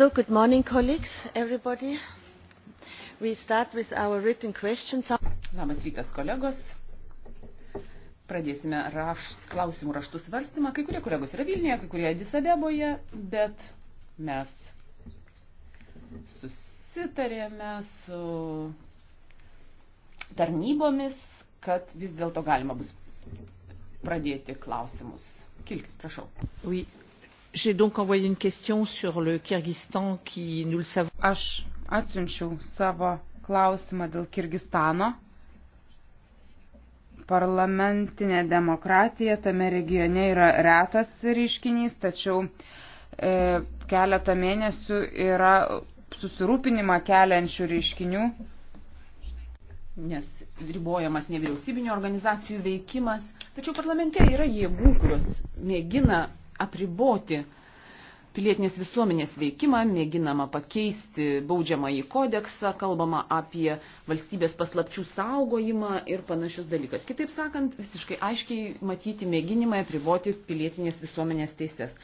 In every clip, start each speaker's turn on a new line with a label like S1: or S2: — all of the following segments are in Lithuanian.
S1: So, good morning, colleagues, everybody.
S2: We start with our written questions. Labas rytas, kolegos. Pradėsime raš, klausimų raštų svarstymą. Kai kurie kolegos yra Vilniuje, kai kurie Adisabeboje, bet mes susitarėme su tarnybomis, kad vis dėlto galima bus pradėti klausimus. Kilkis, prašau. Oui. J'ai donc envoyé
S3: une question sur le Kyrgyzstan qui, nous le savons. Aš atsiunčiau savo klausimą dėl Kirgistano. Parlamentinė demokratija tame regione yra retas reiškinys, tačiau e, keletą mėnesių yra susirūpinimą keliančių reiškinių.
S2: Nes ribojamas nevyriausybinio organizacijų veikimas, tačiau parlamente yra jėgų, kurios mėgina apriboti pilietinės visuomenės veikimą, mėginama pakeisti baudžiamąjį kodeksą, kalbama apie valstybės paslapčių saugojimą ir panašius dalykas. Kitaip sakant, visiškai aiškiai matyti mėginimą apriboti pilietinės visuomenės teises.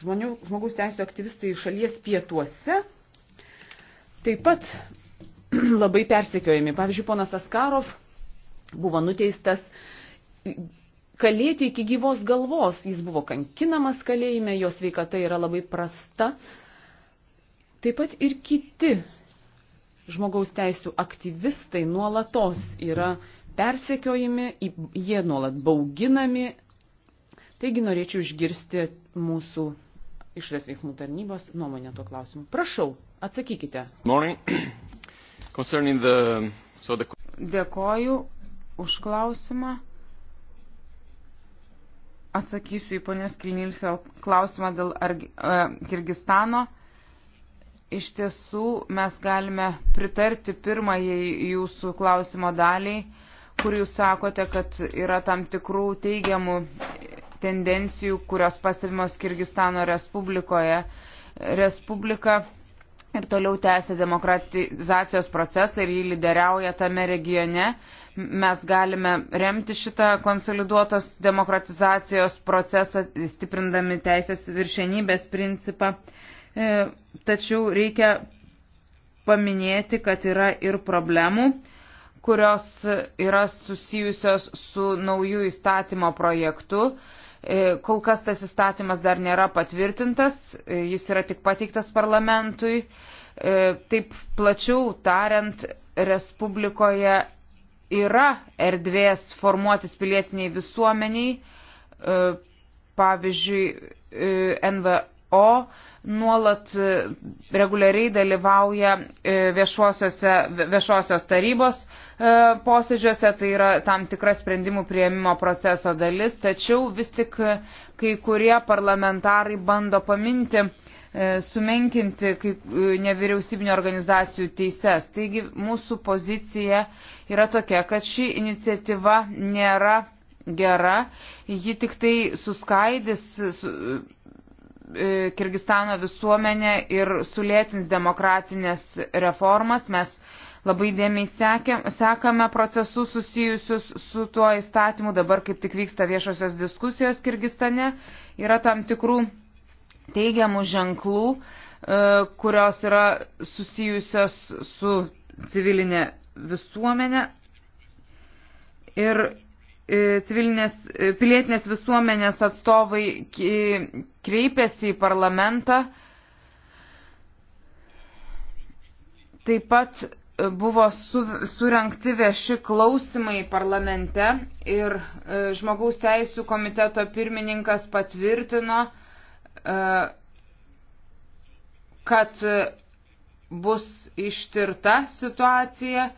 S2: Žmonių, žmogus teisų aktyvistai šalies pietuose taip pat labai persekiojami. Pavyzdžiui, ponas Askarov buvo nuteistas kalėti iki gyvos galvos. Jis buvo kankinamas kalėjime, jo sveikata yra labai prasta. Taip pat ir kiti žmogaus teisų aktyvistai nuolatos yra persekiojami, jie nuolat bauginami. Taigi norėčiau išgirsti mūsų išrės veiksmų tarnybos nuomonę tuo klausimu. Prašau, atsakykite.
S4: The... So the...
S3: Dėkoju už klausimą atsakysiu į ponios Kilnilsio klausimą dėl Argi, e, Kirgistano. Iš tiesų mes galime pritarti pirmajai jūsų klausimo daliai, kur jūs sakote, kad yra tam tikrų teigiamų tendencijų, kurios pastebimos Kirgistano Respublikoje. Respublika ir toliau tęsia demokratizacijos procesą ir jį lyderiauja tame regione. Mes galime remti šitą konsoliduotos demokratizacijos procesą, stiprindami teisės viršenybės principą. E, tačiau reikia paminėti, kad yra ir problemų, kurios yra susijusios su naujų įstatymo projektu. E, kol kas tas įstatymas dar nėra patvirtintas, e, jis yra tik pateiktas parlamentui. E, taip plačiau tariant, Respublikoje yra erdvės formuotis pilietiniai visuomeniai. Pavyzdžiui, NVO NVO nuolat e, reguliariai dalyvauja e, viešosios tarybos e, posėdžiuose, tai yra tam tikra sprendimų prieimimo proceso dalis, tačiau vis tik kai kurie parlamentarai bando paminti sumenkinti kaip nevyriausybinio organizacijų teises. Taigi mūsų pozicija yra tokia, kad ši iniciatyva nėra gera, ji tik tai suskaidys su, E, Kirgistano visuomenę ir sulėtins demokratinės reformas. Mes labai dėmiai sekame procesus susijusius su tuo įstatymu. Dabar kaip tik vyksta viešosios diskusijos Kirgistane. Yra tam tikrų teigiamų ženklų, e, kurios yra susijusios su civilinė visuomenė. Ir E, civilinės, e, pilietinės visuomenės atstovai kreipėsi į parlamentą. Taip pat e, buvo su, surenkti vieši klausimai parlamente ir žmogaus teisų komiteto pirmininkas patvirtino, kad bus ištirta situacija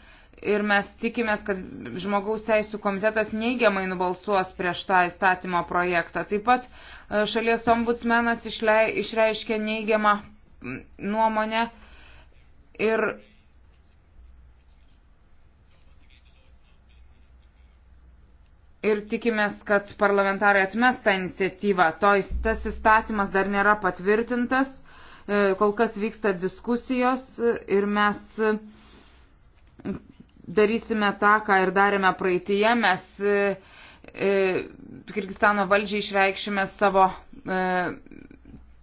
S3: ir mes tikimės, kad žmogaus teisų komitetas neigiamai nubalsuos prieš tą įstatymo projektą. Taip pat e, šalies ombudsmenas išlei, išreiškė neigiamą nuomonę ir Ir tikimės, kad parlamentarai atmes tą iniciatyvą. To, tas įstatymas dar nėra patvirtintas, e, kol kas vyksta diskusijos ir mes darysime tą, ką ir darėme praeitie. Mes e, e, Kirgistano valdžiai išreikšime savo e,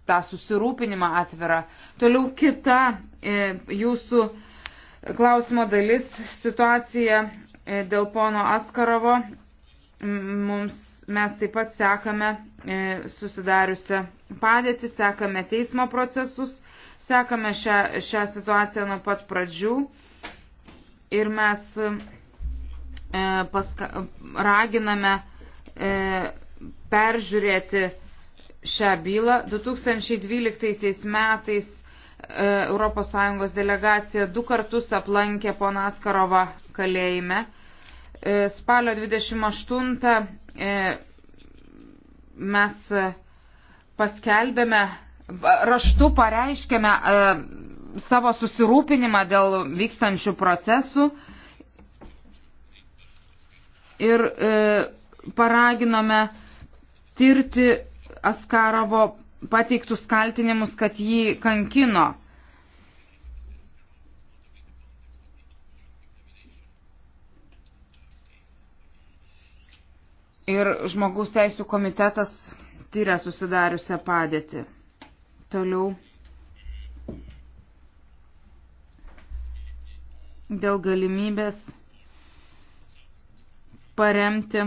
S3: tą susirūpinimą atvirą. Toliau kita jūsų klausimo dalis situacija dėl pono Askarovo. Mums, mes taip pat sekame susidariusią padėtį, sekame teismo procesus, sekame šią, šią situaciją nuo pat pradžių ir mes e, paska, raginame e, peržiūrėti šią bylą. 2012 metais ES delegacija du kartus aplankė poną Askarovą kalėjime. E, spalio 28 mes paskelbėme, raštu pareiškėme savo susirūpinimą dėl vykstančių procesų ir e, paraginome tirti Askarovo pateiktus kaltinimus, kad jį kankino. ir žmogaus teisų komitetas tyria susidariusią padėtį. Toliau dėl galimybės paremti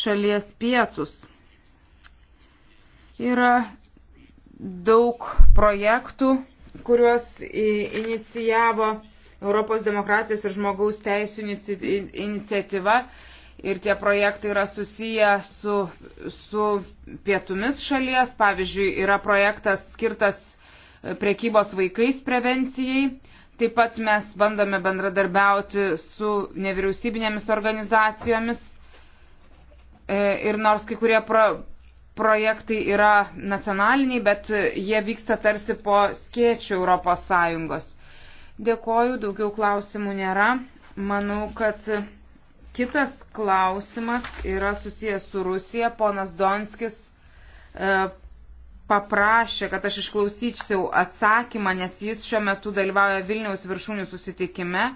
S3: šalies pietus. Yra daug projektų, kuriuos inicijavo Europos demokratijos ir žmogaus teisų iniciatyva. Ir tie projektai yra susiję su, su pietumis šalies. Pavyzdžiui, yra projektas skirtas prekybos vaikais prevencijai Taip pat mes bandome bendradarbiauti su nevyriausybinėmis organizacijomis e, ir nors kai kurie pro, projektai yra nacionaliniai, bet jie vyksta tarsi po skėčių Europos Sąjungos. Dėkoju, daugiau klausimų nėra. Manau, kad kitas klausimas yra susijęs su Rusija. Ponas Donskis e, paprašė, kad aš išklausyčiau atsakymą, nes jis šiuo metu dalyvauja Vilniaus viršūnių susitikime.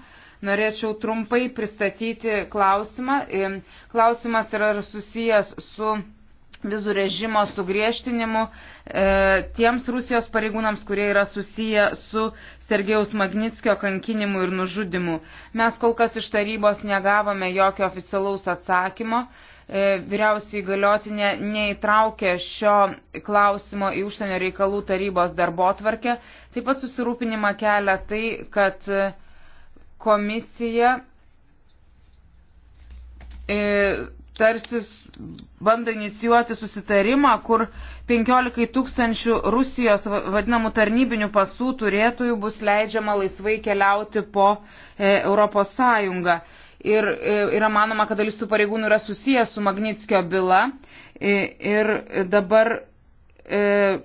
S3: Norėčiau trumpai pristatyti klausimą. E, klausimas yra susijęs su vizų režimo sugriežtinimu e, tiems Rusijos pareigūnams, kurie yra susiję su Sergejaus Magnitskio kankinimu ir nužudimu. Mes kol kas iš tarybos negavome jokio oficialaus atsakymo. E, E, vyriausiai galiotinė neįtraukė šio klausimo į užsienio reikalų tarybos darbo tvarkę. Taip pat susirūpinimą kelia tai, kad e, komisija e, tarsi bando inicijuoti susitarimą, kur 15 tūkstančių Rusijos vadinamų tarnybinių pasų turėtojų bus leidžiama laisvai keliauti po e, Europos Sąjungą ir e, yra manoma, kad dalis tų pareigūnų yra susijęs su Magnitskio byla. E, ir dabar e,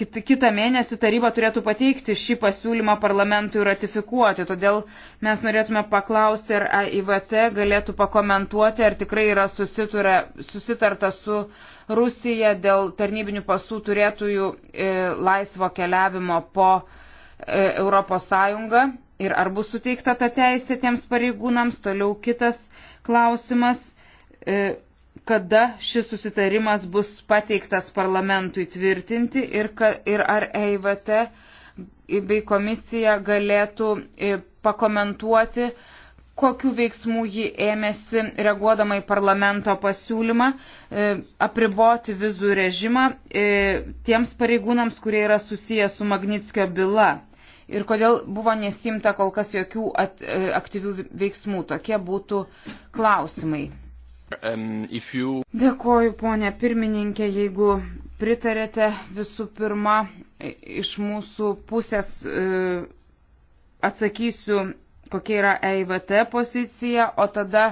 S3: kitą mėnesį taryba turėtų pateikti šį pasiūlymą parlamentui ratifikuoti. Todėl mes norėtume paklausti, ar AIVT galėtų pakomentuoti, ar tikrai yra susitarta su Rusija dėl tarnybinių pasų turėtųjų e, laisvo keliavimo po e, Europos Sąjungą ir ar bus suteikta ta teisė tiems pareigūnams. Toliau kitas klausimas, e, kada šis susitarimas bus pateiktas parlamentui tvirtinti ir, ka, ir ar EIVT bei komisija galėtų e, pakomentuoti, kokiu veiksmu ji ėmėsi reaguodama į parlamento pasiūlymą e, apriboti vizų režimą e, tiems pareigūnams, kurie yra susiję su Magnitskio byla ir kodėl buvo nesimta kol kas jokių at, e, aktyvių veiksmų. Tokie būtų klausimai.
S4: Um, you...
S3: Dėkoju, ponė pirmininkė, jeigu pritarėte visų pirma e, iš mūsų pusės e, atsakysiu, kokia yra EIVT pozicija, o tada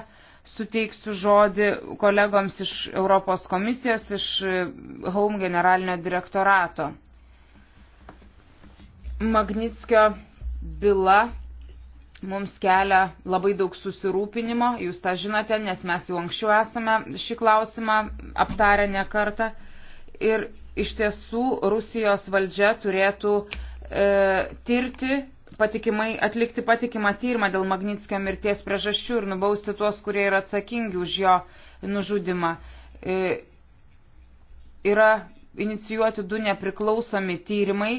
S3: suteiksiu žodį kolegoms iš Europos komisijos, iš e, Home generalinio direktorato. Magnitskio byla mums kelia labai daug susirūpinimo, jūs tą žinote, nes mes jau anksčiau esame šį klausimą aptarę ne kartą. Ir iš tiesų Rusijos valdžia turėtų e, tirti, patikimai, atlikti patikimą tyrimą dėl Magnitskio mirties priežasčių ir nubausti tuos, kurie yra atsakingi už jo nužudimą. E, yra inicijuoti du nepriklausomi tyrimai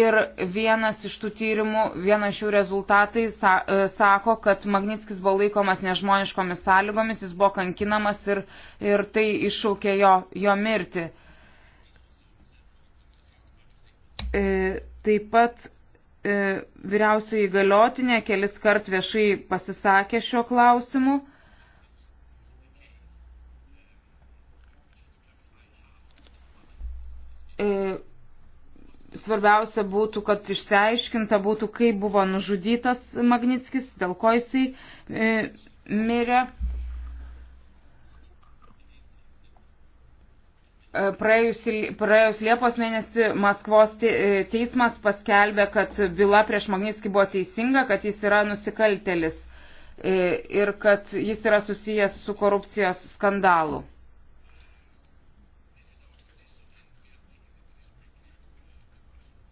S3: Ir vienas iš tų tyrimų, vienas šių rezultatai sa, e, sako, kad Magnitskis buvo laikomas nežmoniškomis sąlygomis, jis buvo kankinamas ir, ir tai iššaukė jo, jo mirtį. E, taip pat e, vyriausioji galiotinė kelis kart viešai pasisakė šiuo klausimu. svarbiausia būtų, kad išsiaiškinta būtų, kaip buvo nužudytas Magnitskis, dėl ko jisai e, mirė. E, praėjus, praėjus Liepos mėnesį Maskvos e, teismas paskelbė, kad byla prieš Magnitskį buvo teisinga, kad jis yra nusikaltelis e, ir kad jis yra susijęs su korupcijos skandalu.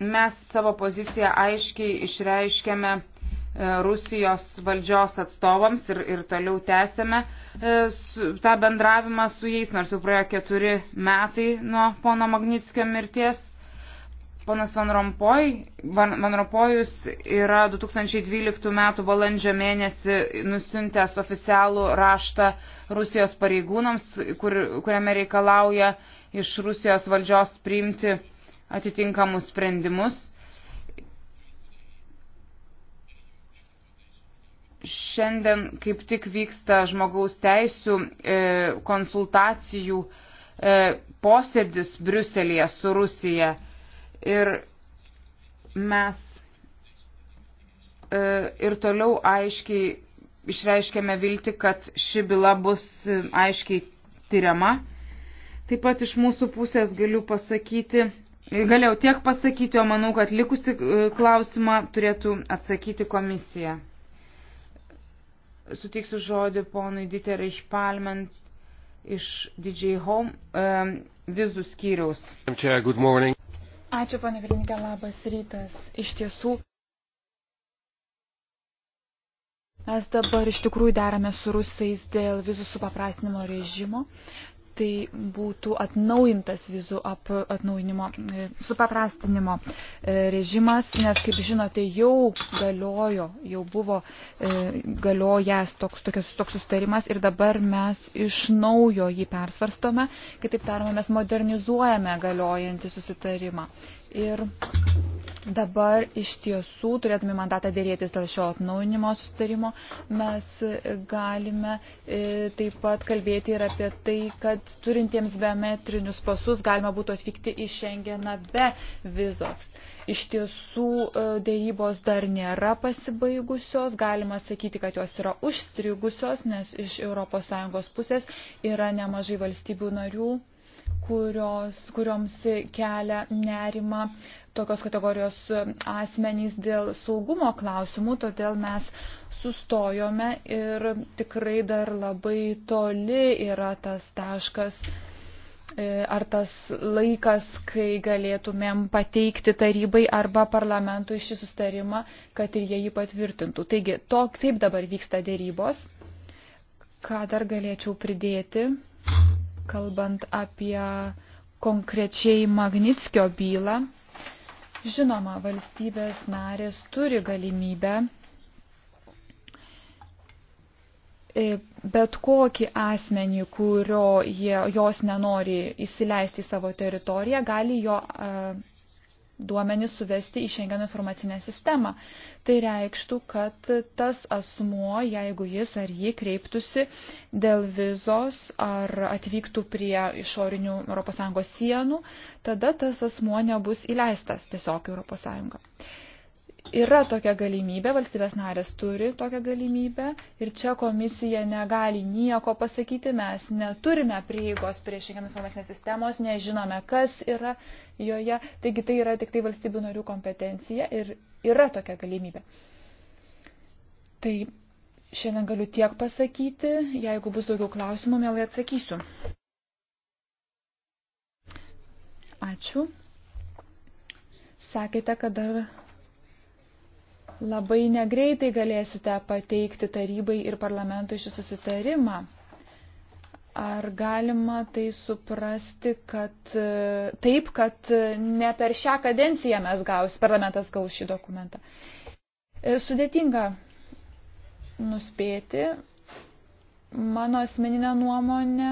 S3: Mes savo poziciją aiškiai išreiškėme e, Rusijos valdžios atstovams ir, ir toliau tęsėme e, tą bendravimą su jais, nors jau praėjo keturi metai nuo pono Magnitskio mirties. Ponas Van, Rompoj, Van, Van Rompojus yra 2012 m. balandžio mėnesį nusiuntęs oficialų raštą Rusijos pareigūnams, kur, kuriame reikalauja iš Rusijos valdžios priimti uh, atitinkamus sprendimus. Šiandien kaip tik vyksta žmogaus teisų e, konsultacijų e, posėdis Briuselėje su Rusija. Ir mes e, ir toliau aiškiai išreiškėme vilti, kad ši byla bus e, aiškiai tyriama. Taip pat iš mūsų pusės galiu pasakyti, Galėjau tiek pasakyti, o manau, kad likusi e, klausimą turėtų atsakyti komisija. Sutiksiu žodį ponui Diterai Špalment iš DJ Home um, vizų skyriaus.
S5: Ačiū,
S6: ponė Pirmininkė, labas rytas. Iš tiesų, mes dabar iš tikrųjų derame su rusais dėl vizų supaprastinimo režimo tai būtų atnaujintas vizų ap, atnaujinimo, e, supaprastinimo e, režimas, nes, kaip žinote, jau galiojo, jau buvo e, galiojęs toks, toks, toks sustarimas ir dabar mes iš naujo jį persvarstome, kitaip tarome, mes modernizuojame galiojantį susitarimą. Ir dabar iš tiesų turėtume mandatą dėrėtis dėl šio atnaujinimo sustarimo. Mes galime e, taip pat kalbėti ir apie tai, kad turintiems biometrinius pasus galima būtų atvykti į Šengeną be vizos. Iš tiesų e, dėrybos dar nėra pasibaigusios, galima sakyti, kad jos yra užstrigusios, nes iš ES pusės yra nemažai valstybių narių, kurios, kurioms kelia nerima tokios kategorijos asmenys dėl saugumo klausimų, todėl mes sustojome ir tikrai dar labai toli yra tas taškas e, ar tas laikas, kai galėtumėm pateikti tarybai arba parlamentui šį sustarimą, kad ir jie jį patvirtintų. Taigi, to, taip dabar vyksta dėrybos. Ką dar galėčiau pridėti? kalbant apie konkrečiai Magnitskio bylą, žinoma, valstybės narės turi galimybę e, bet kokį asmenį, kurio jie, jos nenori įsileisti į savo teritoriją, gali jo e, duomenys suvesti į šiandien informacinę sistemą. Tai reikštų, kad tas asmuo, jeigu jis ar ji kreiptųsi dėl vizos ar atvyktų prie išorinių ES sienų, tada tas asmuo nebus įleistas tiesiog ES. Yra tokia galimybė, valstybės narės turi tokią galimybę ir čia komisija negali nieko pasakyti, mes neturime prieigos prie šiandien informacinės sistemos, nežinome, kas yra joje, taigi tai yra tik tai valstybių narių kompetencija ir yra tokia galimybė. Tai šiandien galiu tiek pasakyti, jeigu bus daugiau klausimų, mielai atsakysiu. Ačiū. Sakėte, kad dar labai negreitai galėsite pateikti tarybai ir parlamentui šį susitarimą. Ar galima tai suprasti, kad taip, kad ne per šią kadenciją mes gaus, parlamentas gaus šį dokumentą? E, sudėtinga nuspėti. Mano asmeninė nuomonė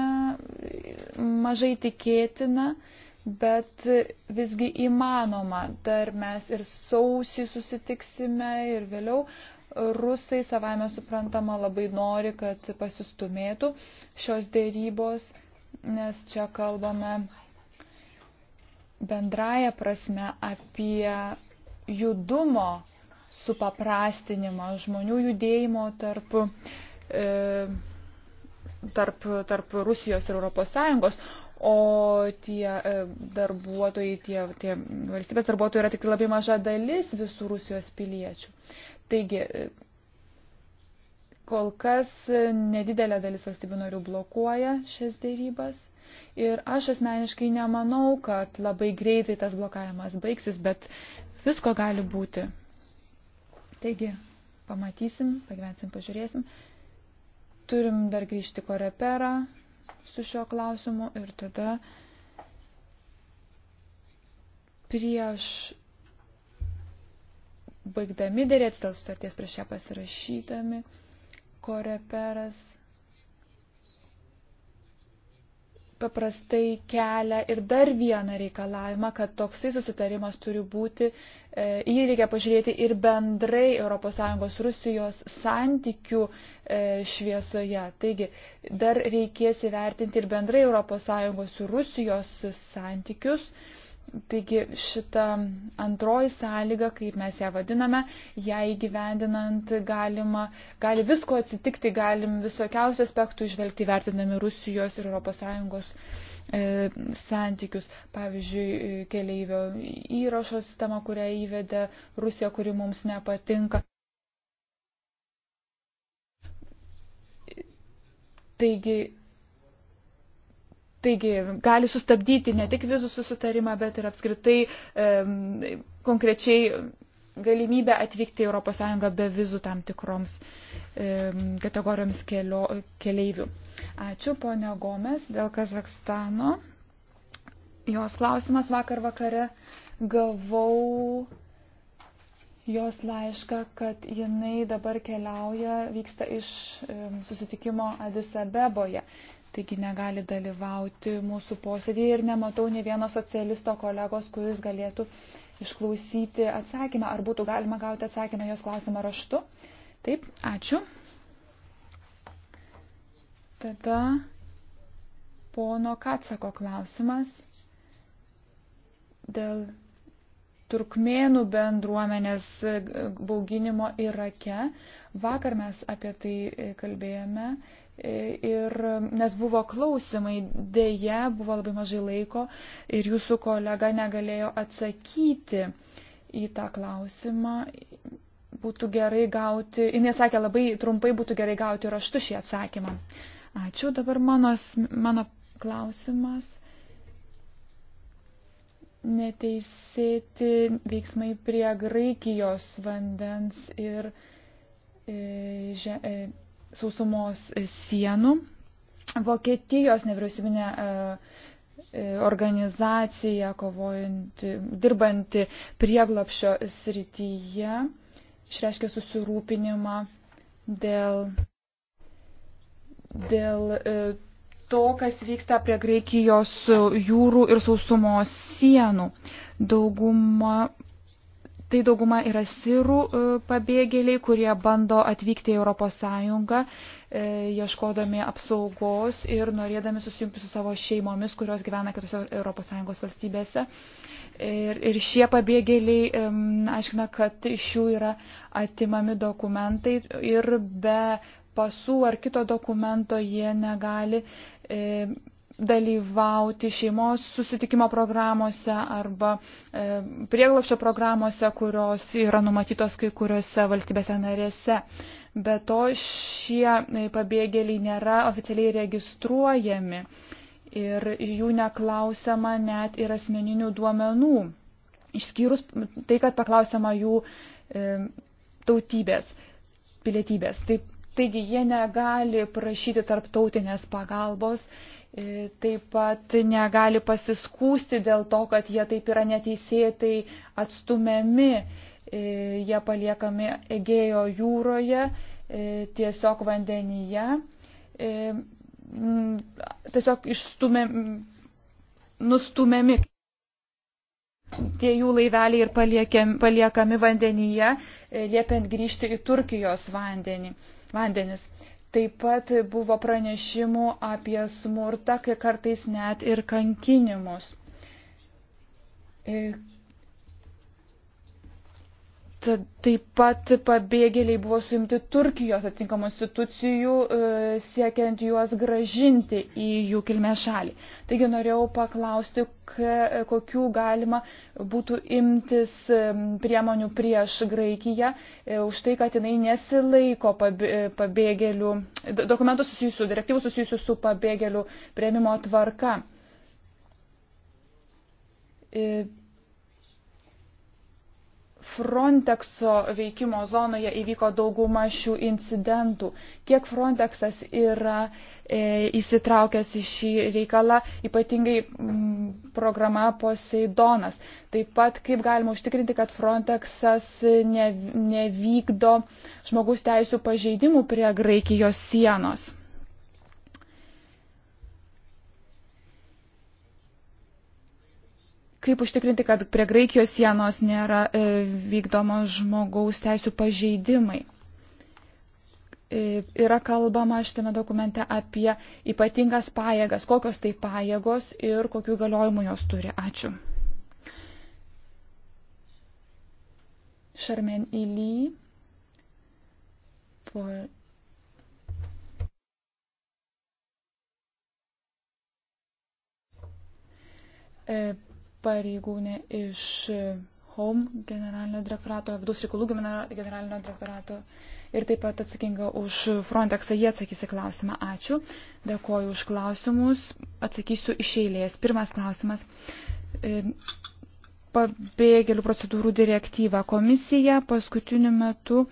S6: mažai tikėtina, bet visgi įmanoma. Dar mes ir sausį susitiksime ir vėliau. Rusai savame suprantama labai nori, kad pasistumėtų šios dėrybos, nes čia kalbame bendraja prasme apie judumo supaprastinimą, žmonių judėjimo tarp, e, tarp, tarp Rusijos ir ES, o tie e, darbuotojai, tie, tie valstybės darbuotojai yra tik labai maža dalis visų Rusijos piliečių. Taigi, e, kol kas nedidelė dalis valstybių narių blokuoja šias dėrybas. Ir aš asmeniškai nemanau, kad labai greitai tas blokavimas baigsis, bet visko gali būti. Taigi, pamatysim, pagyvensim, pažiūrėsim. Turim dar grįžti koreperą, su šio klausimu ir tada prieš baigdami dėrėti dėl sutarties prieš ją pasirašydami, koreperas paprastai kelia ir dar vieną reikalavimą, kad toksai susitarimas turi būti, e, jį reikia pažiūrėti ir bendrai ES Rusijos santykių e, šviesoje. Taigi, dar reikės įvertinti ir bendrai ES Rusijos santykius. E, Taigi šita antroji sąlyga, kaip mes ją vadiname, ją įgyvendinant galima, gali visko atsitikti, galim visokiausių aspektų išvelgti vertinami Rusijos ir ES e, santykius. Pavyzdžiui, keleivio įrašo sistema, kurią įvedė Rusija, kuri mums nepatinka. Taigi Taigi gali sustabdyti ne tik vizų susitarimą, bet ir apskritai e, konkrečiai galimybę atvykti į ES be vizų tam tikroms e, kategorijoms kelio, keleivių. Ačiū, ponia Gomes, dėl Kazakstano. Jos klausimas vakar vakare gavau jos laišką, kad jinai dabar keliauja, vyksta iš susitikimo Adis Abeboje taigi negali dalyvauti mūsų posėdėje ir nematau ne vieno socialisto kolegos, kuris galėtų išklausyti atsakymą, ar būtų galima gauti atsakymą jos klausimą raštu. Taip, ačiū. Tada pono Katsako klausimas dėl turkmėnų bendruomenės bauginimo Irake. Vakar mes apie tai kalbėjome Ir nes buvo klausimai, dėje buvo labai mažai laiko ir jūsų kolega negalėjo atsakyti į tą klausimą. Būtų gerai gauti, jinai sakė labai trumpai, būtų gerai gauti raštu šį atsakymą. Ačiū, dabar mano, mano klausimas neteisėti veiksmai prie Graikijos vandens ir e, že, e, sausumos sienų. Vokietijos nevyriausybinė e, e, organizacija, kovojanti, dirbanti prieglapšio srityje, išreiškė susirūpinimą dėl, dėl e, to, kas vyksta prie Graikijos jūrų ir sausumos sienų. Dauguma Tai dauguma yra sirų e, pabėgėliai, kurie bando atvykti į ES, e, ieškodami apsaugos ir norėdami susijungti su savo šeimomis, kurios gyvena kitose ES valstybėse. Ir, ir šie pabėgėliai um, aiškina, kad iš jų yra atimami dokumentai ir be pasų ar kito dokumento jie negali e, dalyvauti šeimos susitikimo programuose arba e, prieglapšio programuose, kurios yra numatytos kai kuriuose valstybėse narėse. Be to šie e, pabėgėliai nėra oficialiai registruojami ir jų neklausama net ir asmeninių duomenų, išskyrus tai, kad paklausama jų e, tautybės, pilietybės. Taip, taigi jie negali prašyti tarptautinės pagalbos E, taip pat negali pasiskūsti dėl to, kad jie taip yra neteisėtai atstumiami, e, jie paliekami Egėjo jūroje, e, tiesiog vandenyje, tiesiog išstumiami, nustumiami tie jų laiveliai ir paliekiam, paliekami vandenyje, liepiant grįžti į Turkijos vandenį, vandenis. Taip pat buvo pranešimų apie smurtą, kai kartais net ir kankinimus e, Taip pat pabėgėliai buvo suimti Turkijos atitinkamų institucijų, e, siekiant juos gražinti į jų kilmės šalį. Taigi norėjau paklausti, kokių galima būtų imtis e, priemonių prieš Graikiją e, už tai, kad jinai nesilaiko pabėgėlių, dokumentų susijusių, direktyvų susijusių su pabėgėlių prieimimo tvarka Frontexo veikimo zonoje įvyko dauguma šių incidentų, kiek Frontexas yra e, įsitraukęs į šį reikalą, ypatingai m, programa Poseidonas. Taip pat kaip galima užtikrinti, kad Frontexas ne, nevykdo žmogus teisų pažeidimų prie Graikijos sienos. kaip užtikrinti, kad prie Graikijos sienos nėra e, vykdomos žmogaus teisų pažeidimai. E, yra kalbama šitame dokumente apie ypatingas pajėgas, kokios tai pajėgos ir kokiu galiojimu jos turi. Ačiū. Šarmen Ily. For e, pareigūnė iš Home generalinio direktorato, vidaus reikalų generalinio direktorato ir taip pat atsakinga už Frontexą. Tai jie atsakys į klausimą. Ačiū. Dėkoju už klausimus. Atsakysiu iš eilės. Pirmas klausimas. E, pabėgėlių procedūrų direktyva. Komisija paskutiniu metu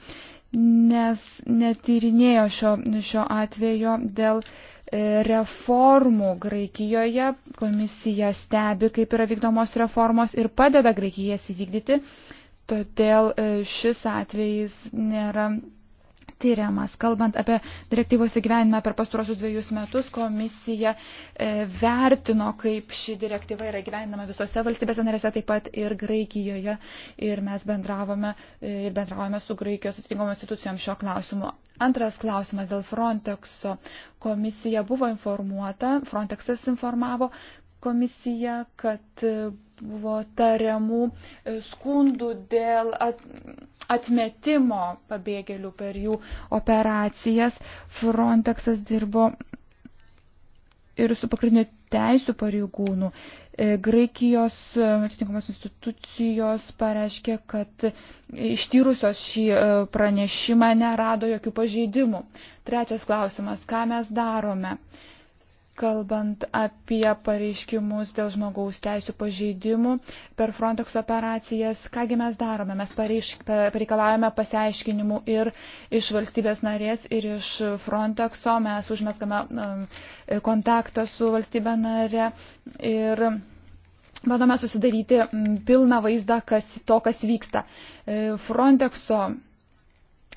S6: nes netyrinėjo šio, šio atvejo dėl reformų Graikijoje. Komisija stebi, kaip yra vykdomos reformos ir padeda Graikijas įvykdyti. Todėl e, šis atvejis nėra tyriamas. Kalbant apie direktyvos įgyvenimą per pastarosius dviejus metus, komisija e, vertino, kaip ši direktyva yra gyvenama visose valstybėse narėse, taip pat ir Graikijoje. Ir mes bendravome, e, bendravome su Graikijos atsitinkamo institucijom šio klausimu. Antras klausimas dėl Frontexo. Komisija buvo informuota, Frontexas informavo, komisiją, kad e, buvo tariamų e, skundų dėl atmetimo pabėgėlių per jų operacijas. Frontexas dirbo ir su pagrindiniu teisų pareigūnų. E, Graikijos atitinkamos institucijos pareiškė, kad ištyrusios šį pranešimą nerado jokių pažeidimų. Trečias klausimas, ką mes darome? kalbant apie pareiškimus dėl žmogaus teisų pažeidimų per Frontex operacijas, kągi mes darome? Mes pareišk, pareikalavome pasiaiškinimų ir iš valstybės narės, ir iš Frontexo, mes užmeskame um, kontaktą su valstybė narė ir bandome susidaryti pilną vaizdą kas, to, kas vyksta. E, Frontexo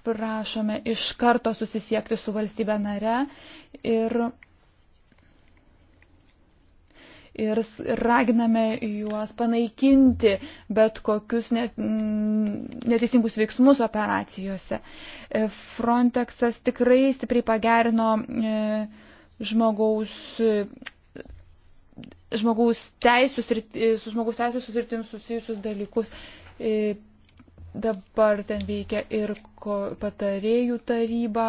S6: prašome iš karto susisiekti su valstybė nare ir ir raginame juos panaikinti bet kokius net, neteisingus veiksmus operacijose. E, Frontexas tikrai stipriai pagerino e, žmogaus žmogaus teisų e, su žmogaus teisės susirtim susijusius dalykus. Dabar ten veikia ir patarėjų taryba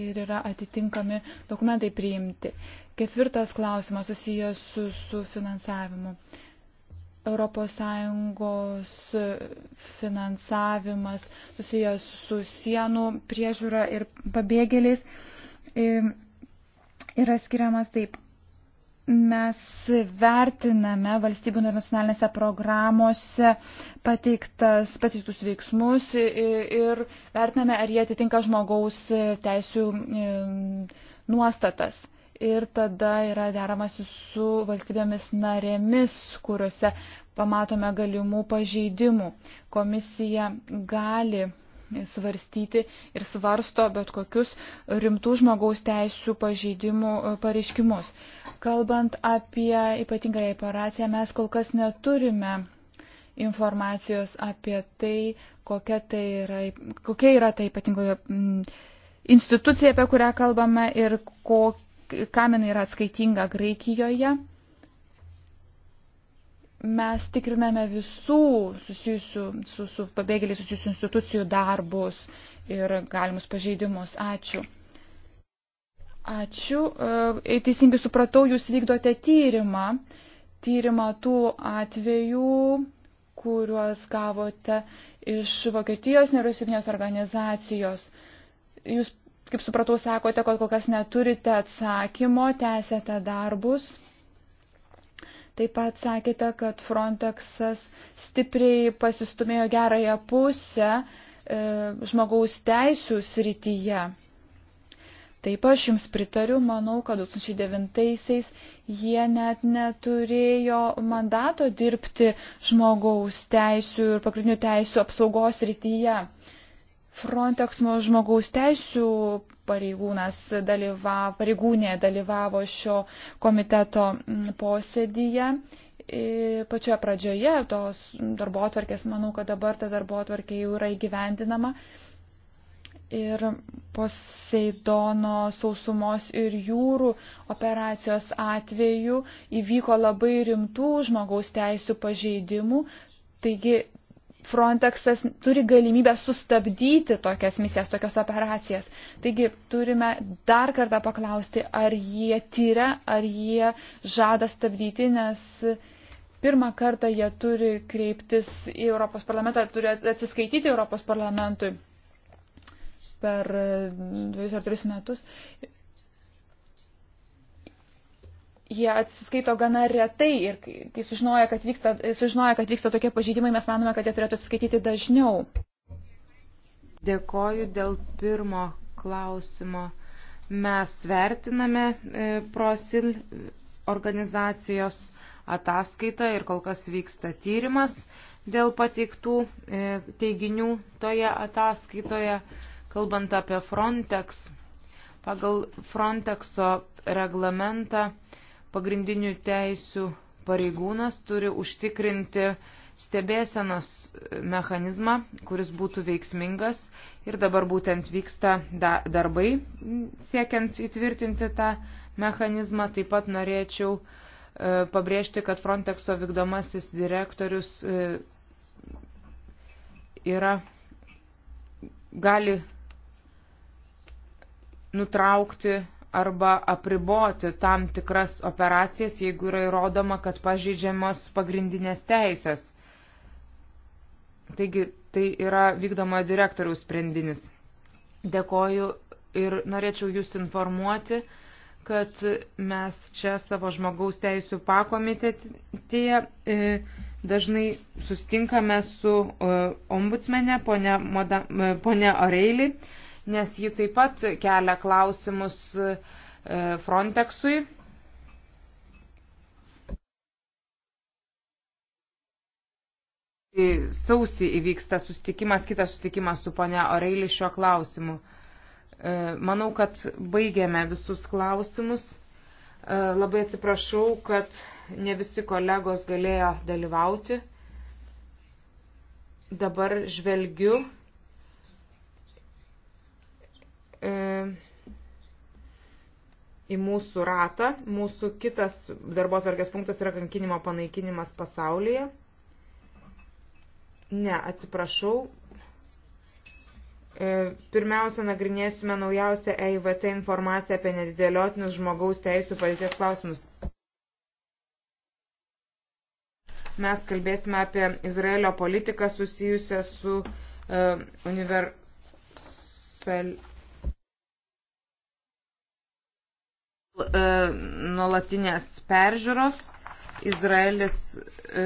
S6: ir yra atitinkami dokumentai priimti. Ketvirtas klausimas susijęs su, su finansavimu. ES finansavimas susijęs su sienų priežiūra ir pabėgėliais yra skiriamas taip. Mes vertiname valstybių ir nacionalinėse programuose pateiktas, pateiktus veiksmus ir vertiname, ar jie atitinka žmogaus teisų nuostatas ir tada yra deramasi su valstybėmis narėmis, kuriuose pamatome galimų pažeidimų. Komisija gali svarstyti ir svarsto bet kokius rimtų žmogaus teisų pažeidimų e, pareiškimus. Kalbant apie ypatingąją operaciją, mes kol kas neturime informacijos apie tai, kokia, tai yra, kokia yra ta ypatingoje institucija, apie kurią kalbame ir kokia kam jinai yra atskaitinga Graikijoje. Mes tikriname visų susijusių, su, su pabėgėliai susijusių institucijų darbus ir galimus pažeidimus. Ačiū. Ačiū. E, teisingai supratau, jūs vykdote tyrimą. Tyrimą tų atvejų, kuriuos gavote iš Vokietijos nevyriausybinės organizacijos. Jūs Kaip supratau, sakote, kad kol kas neturite atsakymo, tęsėte darbus. Taip pat sakėte, kad Frontexas stipriai pasistumėjo gerąją pusę e, žmogaus teisų srityje. Taip aš jums pritariu, manau, kad 2009-aisiais jie net neturėjo mandato dirbti žmogaus teisų ir pagrindinių teisų apsaugos rytyje. Frontex nuo žmogaus teisų pareigūnas dalyvavo, pareigūnė dalyvavo šio komiteto mm, posėdyje. E, pačioje pradžioje tos darbo atvarkės, manau, kad dabar ta darbo atvarkė jau yra įgyvendinama. Ir Poseidono sausumos ir jūrų operacijos atveju įvyko labai rimtų žmogaus teisų pažeidimų. Taigi Frontexas turi galimybę sustabdyti tokias misijas, tokias operacijas. Taigi turime dar kartą paklausti, ar jie tyria, ar jie žada stabdyti, nes pirmą kartą jie turi kreiptis į Europos parlamentą, turi atsiskaityti Europos parlamentui per dvius ar tris metus jie atsiskaito gana retai ir kai sužinoja, kad vyksta, sužinoja, kad vyksta tokie pažydimai, mes manome, kad jie turėtų atsiskaityti dažniau.
S3: Dėkoju dėl pirmo klausimo. Mes vertiname e, prosil organizacijos ataskaitą ir kol kas vyksta tyrimas dėl pateiktų e, teiginių toje ataskaitoje, kalbant apie Frontex. Pagal Frontexo reglamentą pagrindinių teisių pareigūnas turi užtikrinti stebėsenos mechanizmą, kuris būtų veiksmingas ir dabar būtent vyksta darbai siekiant įtvirtinti tą mechanizmą. Taip pat norėčiau e, pabrėžti, kad Frontexo vykdomasis direktorius e, yra gali nutraukti arba apriboti tam tikras operacijas, jeigu yra įrodoma, kad pažeidžiamos pagrindinės teisės. Taigi tai yra vykdomojo direktoriaus sprendinis. Dėkoju ir norėčiau Jūs informuoti, kad mes čia savo žmogaus teisų pakomitetėje e, dažnai sustinkame su e, ombudsmenė, ponia, e, ponia Oreilį nes ji taip pat kelia klausimus e, Frontexui. Sausį įvyksta sustikimas, kitas sustikimas su ponia Oreilį šiuo klausimu. E, manau, kad baigėme visus klausimus. E, labai atsiprašau, kad ne visi kolegos galėjo dalyvauti. Dabar žvelgiu E, į mūsų ratą. Mūsų kitas darbos vargės punktas yra kankinimo panaikinimas pasaulyje. Ne, atsiprašau. E, pirmiausia, nagrinėsime naujausią EIVT informaciją apie nedideliotinius žmogaus teisų padėties klausimus. Mes kalbėsime apie Izraelio politiką susijusią su uh, universal E, nuolatinės peržiūros Izraelis, e,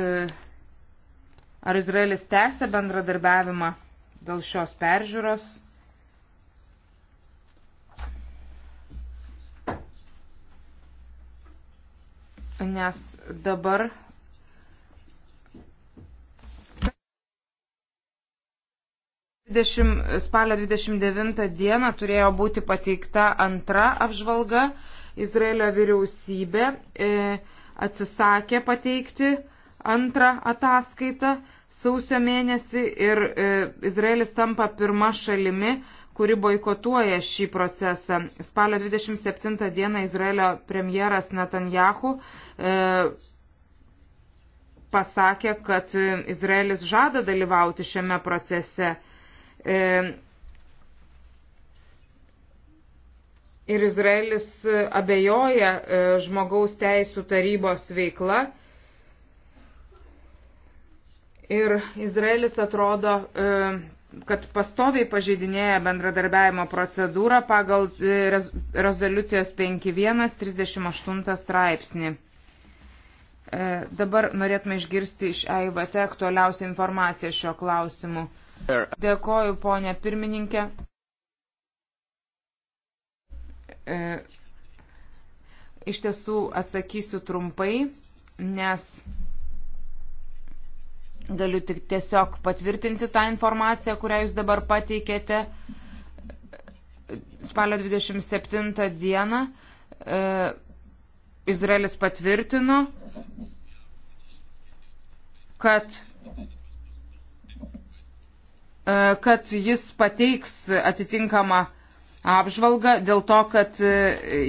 S3: ar Izraelis tęsia bendradarbiavimą dėl šios peržiūros. Nes dabar spalio 29 dieną turėjo būti pateikta antra apžvalga Izraelio vyriausybė e, atsisakė pateikti antrą ataskaitą sausio mėnesį ir e, Izraelis tampa pirma šalimi, kuri boikotuoja šį procesą. Spalio 27 dieną Izraelio premjeras Netanjahu e, pasakė, kad Izraelis žada dalyvauti šiame procese. E, ir Izraelis abejoja e, žmogaus teisų tarybos veikla. Ir Izraelis atrodo, e, kad pastoviai pažeidinėja bendradarbiavimo procedūrą pagal e, rezoliucijos 5138 straipsnį. Dabar norėtume išgirsti iš EIVT aktualiausią informaciją šio klausimu. Dėkoju, ponė pirmininkė. E, iš tiesų atsakysiu trumpai, nes galiu tik tiesiog patvirtinti tą informaciją, kurią jūs dabar pateikėte spalio 27 dieną. E, Izraelis patvirtino, kad e, kad jis pateiks atitinkamą apžvalgą dėl to, kad e,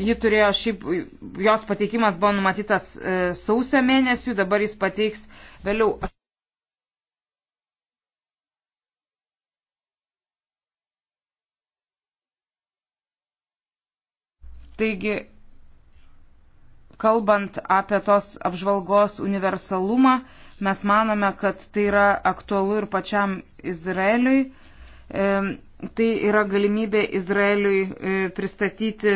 S3: ji turėjo šiaip, jos pateikimas buvo numatytas e, sausio mėnesių, dabar jis pateiks vėliau. Taigi, kalbant apie tos apžvalgos universalumą, mes manome, kad tai yra aktualu ir pačiam Izraeliui tai yra galimybė Izraeliui e, pristatyti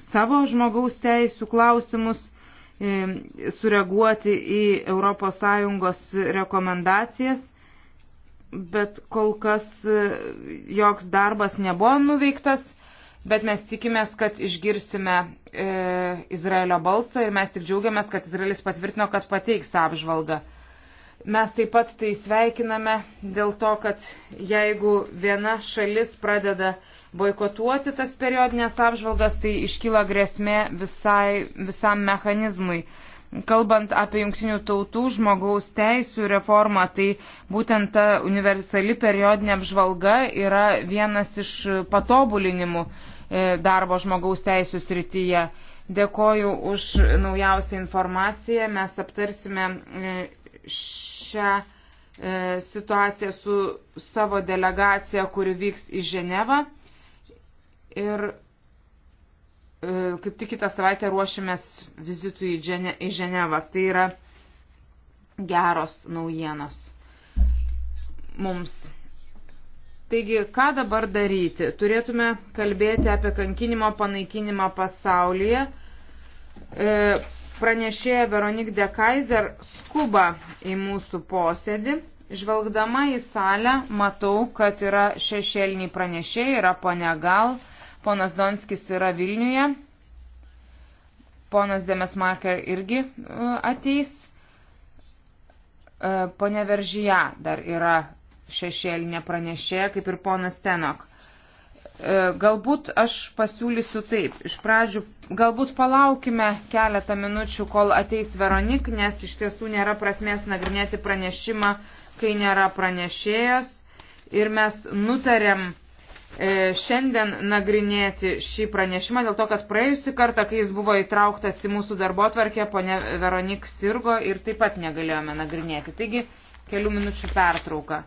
S3: savo žmogaus teisų klausimus, sureaguoti į ES rekomendacijas, bet kol kas e, joks darbas nebuvo nuveiktas, bet mes tikimės, kad išgirsime e, Izraelio balsą ir mes tik džiaugiamės, kad Izraelis patvirtino, kad pateiks apžvalgą. Mes taip pat tai sveikiname dėl to, kad jeigu viena šalis pradeda boikotuoti tas periodinės apžvalgas, tai iškyla grėsmė visai, visam mechanizmui. Kalbant apie jungtinių tautų žmogaus teisų reformą, tai būtent ta universali periodinė apžvalga yra vienas iš patobulinimų e, darbo žmogaus teisų srityje. Dėkoju už naujausią informaciją. Mes aptarsime e, šią e, situaciją su savo delegacija, kuri vyks į Ženevą. Ir e, kaip tik kitą savaitę ruošiamės vizitui į, Džene, į Ženevą. Tai yra geros naujienos mums. Taigi, ką dabar daryti? Turėtume kalbėti apie kankinimo panaikinimą pasaulyje. E, pranešėja Veronik de Kaiser skuba į mūsų posėdį. Žvelgdama į salę, matau, kad yra šešėliniai pranešėjai, yra ponia Gal, ponas Donskis yra Vilniuje, ponas Demesmarker irgi e, ateis, e, ponia Veržyja dar yra šešėlinė pranešėja, kaip ir ponas Tenok. E, galbūt aš pasiūlysiu taip. Iš pradžių galbūt palaukime keletą minučių, kol ateis Veronik, nes iš tiesų nėra prasmės nagrinėti pranešimą, kai nėra pranešėjos. Ir mes nutarėm e, šiandien nagrinėti šį pranešimą dėl to, kad praėjusi kartą, kai jis buvo įtrauktas į mūsų darbo tvarkę, ponė Veronik sirgo ir taip pat negalėjome nagrinėti. Taigi, kelių minučių pertrauka.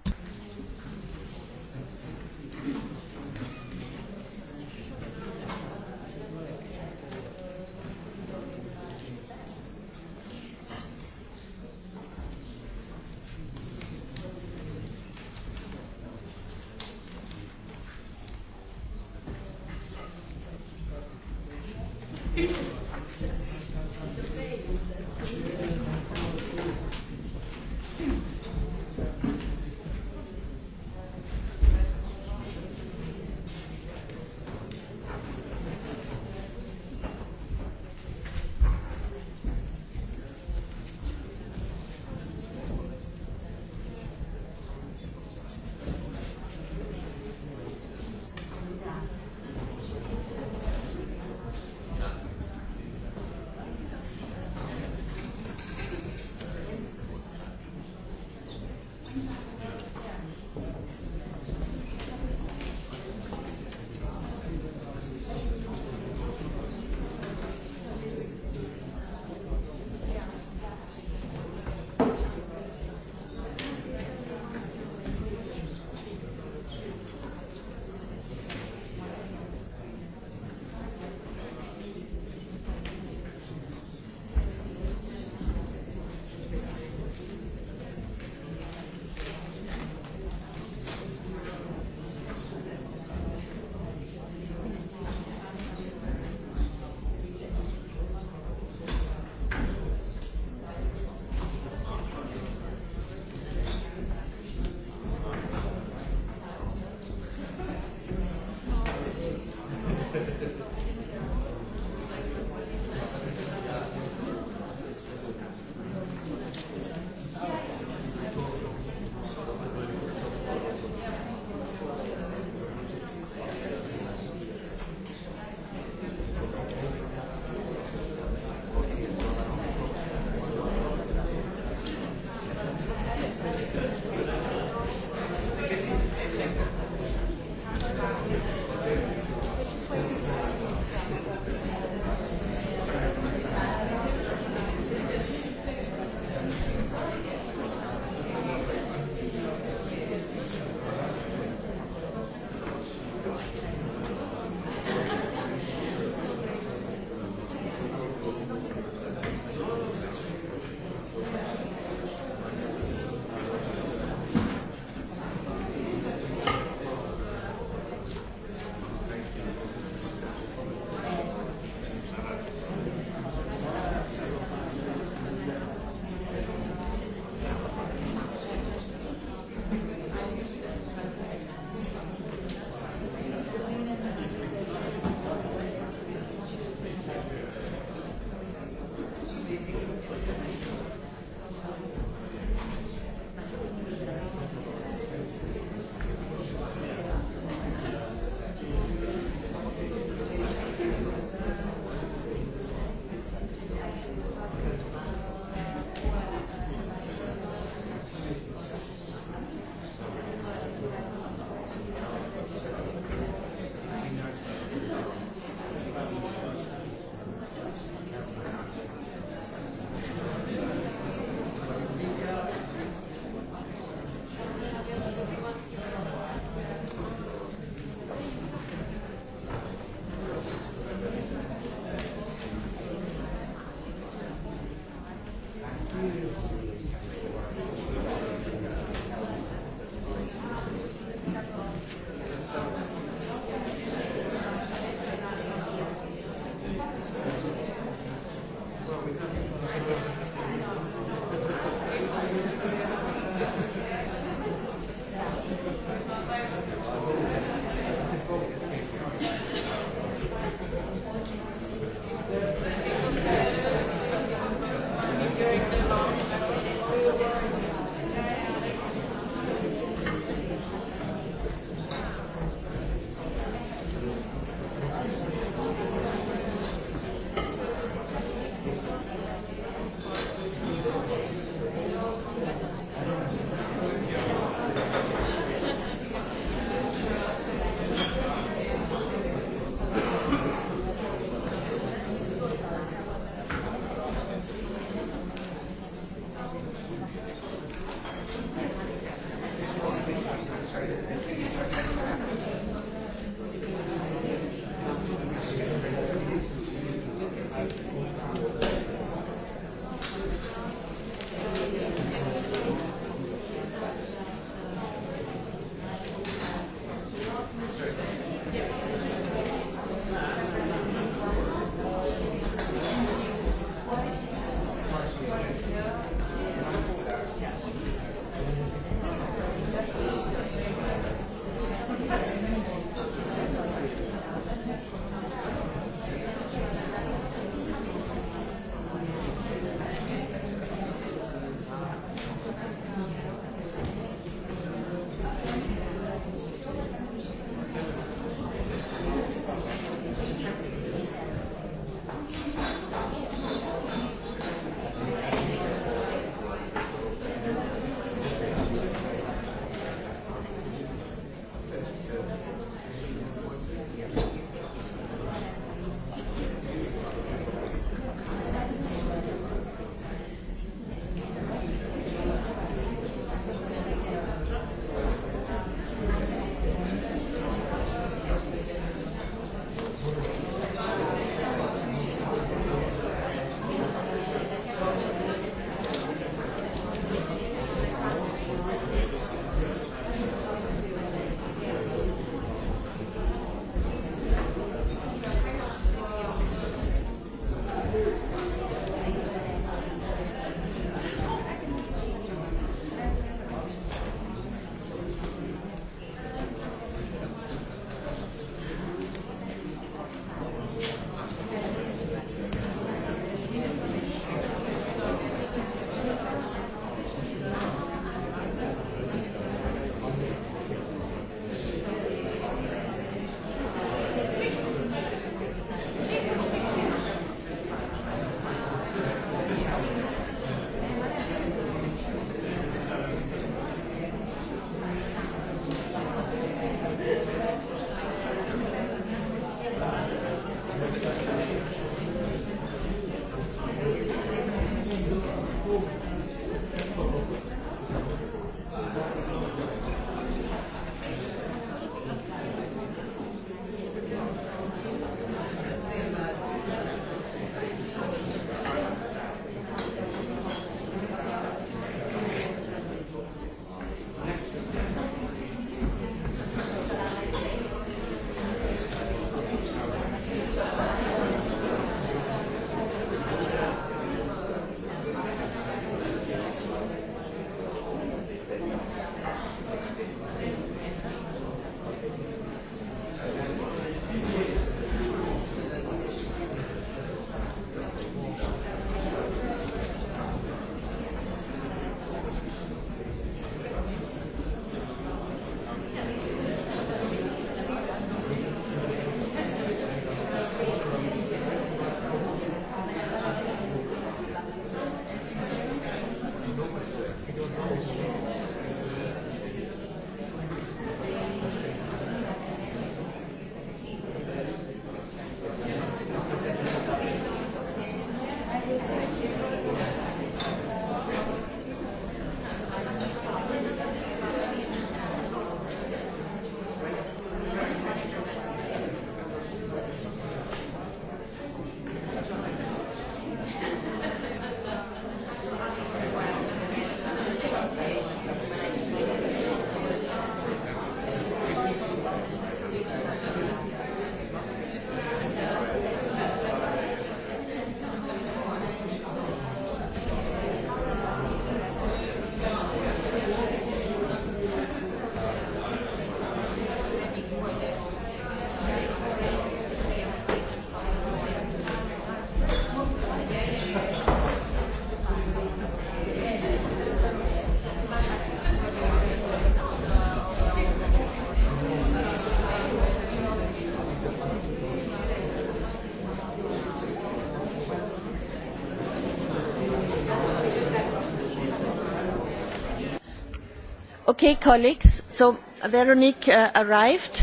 S1: Okay,
S2: colleagues, so Veronique uh, arrived.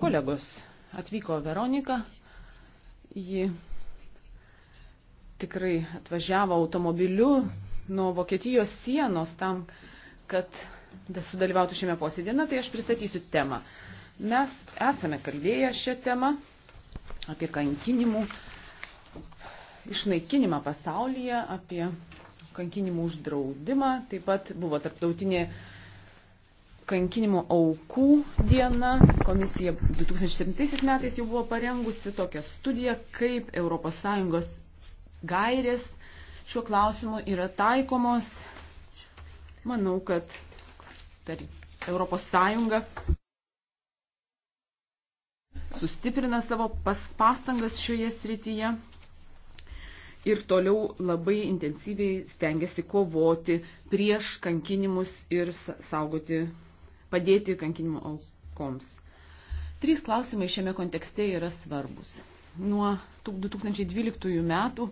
S2: Kolegos, atvyko Veronika, ji tikrai atvažiavo automobiliu nuo Vokietijos sienos tam, kad sudalyvautų šiame posėdėje. Na, tai aš pristatysiu temą. Mes esame kalbėję šią temą apie kankinimų išnaikinimą pasaulyje, apie kankinimų uždraudimą, taip pat buvo tarptautinė uh, kankinimo aukų diena. Komisija 2007 metais jau buvo parengusi tokią studiją, kaip ES gairės šiuo klausimu yra taikomos. Manau, kad tar, Europos Sąjunga sustiprina savo pas, pastangas šioje srityje ir toliau labai intensyviai stengiasi kovoti prieš kankinimus ir saugoti padėti kankinimo aukoms. Trys klausimai šiame kontekste yra svarbus. Nuo 2012 metų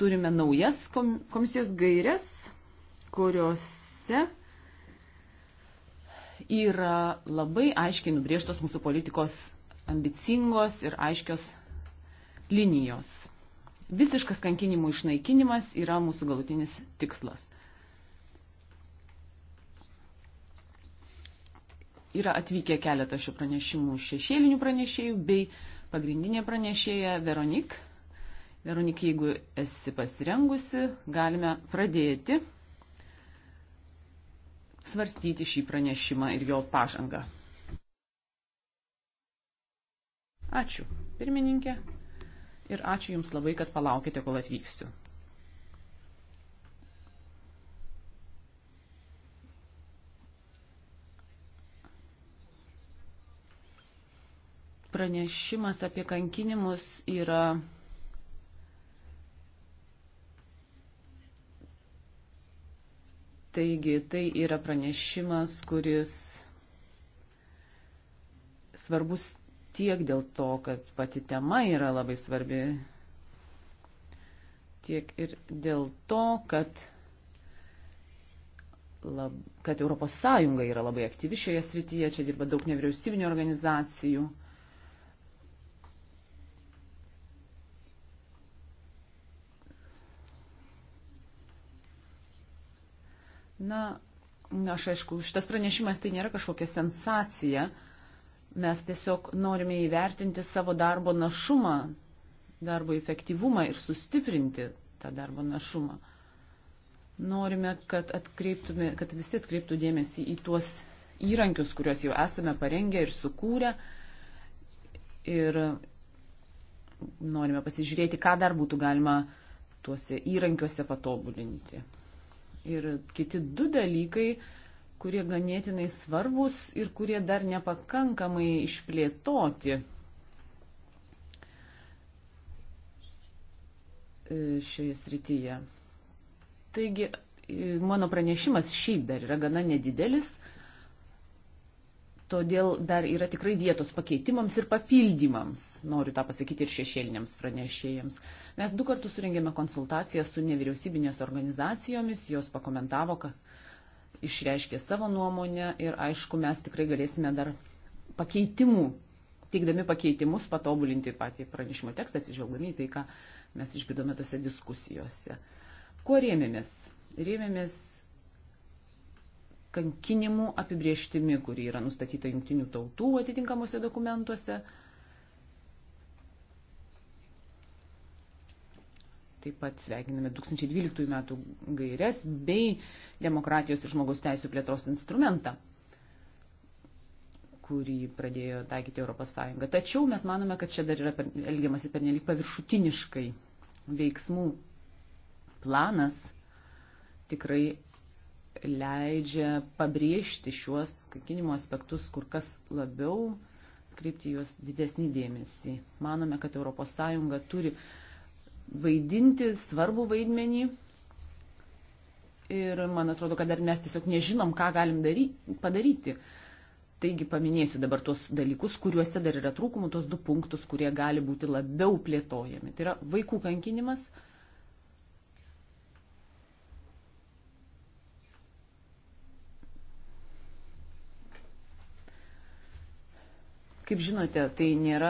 S2: turime naujas komisijos gairias, kuriuose yra labai aiškiai nubrėžtos mūsų politikos ambicingos ir aiškios linijos. Visiškas kankinimų išnaikinimas yra mūsų galutinis tikslas. yra atvykę keletą šių pranešimų šešėlinių pranešėjų bei pagrindinė pranešėja Veronik. Veronik, jeigu esi pasirengusi, galime pradėti svarstyti šį pranešimą ir jo pažangą. Ačiū, pirmininkė, ir ačiū Jums labai, kad palaukite, kol atvyksiu. pranešimas apie kankinimus yra Taigi tai yra pranešimas, kuris svarbus tiek dėl to, kad pati tema yra labai svarbi, tiek ir dėl to, kad, lab, kad ES yra labai aktyvi šioje srityje, čia dirba daug nevyriausybinio organizacijų. Na, aš aišku, šitas pranešimas tai nėra kažkokia sensacija. Mes tiesiog norime įvertinti savo darbo našumą, darbo efektyvumą ir sustiprinti tą darbo našumą. Norime, kad, kad visi atkreiptų dėmesį į tuos įrankius, kuriuos jau esame parengę ir sukūrę. Ir norime pasižiūrėti, ką dar būtų galima tuose įrankiuose patobulinti ir kiti du dalykai, kurie ganėtinai svarbus ir kurie dar nepakankamai išplėtoti e, šioje srityje. Taigi, e, mano pranešimas šiaip dar yra gana nedidelis todėl dar yra tikrai vietos pakeitimams ir papildymams, noriu tą pasakyti ir šešėliniams pranešėjams. Mes du kartus surengėme konsultaciją su nevyriausybinės organizacijomis, jos pakomentavo, kad išreiškė savo nuomonę ir aišku, mes tikrai galėsime dar pakeitimų, teikdami pakeitimus, patobulinti patį pranešimo tekstą, atsižvelgdami į tai, ką mes išgirdome tose diskusijose. Kuo rėmėmės? Rėmėmės kankinimų apibrieštimi, kuri yra nustatyta jungtinių tautų atitinkamuose dokumentuose. Taip pat sveikiname 2012 metų gairias bei demokratijos ir žmogaus teisų plėtros instrumentą kurį pradėjo taikyti ES. Tačiau mes manome, kad čia dar yra per, elgiamasi pernelyg paviršutiniškai. Veiksmų planas tikrai leidžia pabrėžti šiuos kankinimo aspektus kur kas labiau, kreipti juos didesnį dėmesį. Manome, kad ES turi vaidinti svarbų vaidmenį ir man atrodo, kad dar mes tiesiog nežinom, ką galim daryti, padaryti. Taigi paminėsiu dabar tuos dalykus, kuriuose dar yra trūkumų, tuos du punktus, kurie gali būti labiau plėtojami. Tai yra vaikų kankinimas Kaip žinote, tai nėra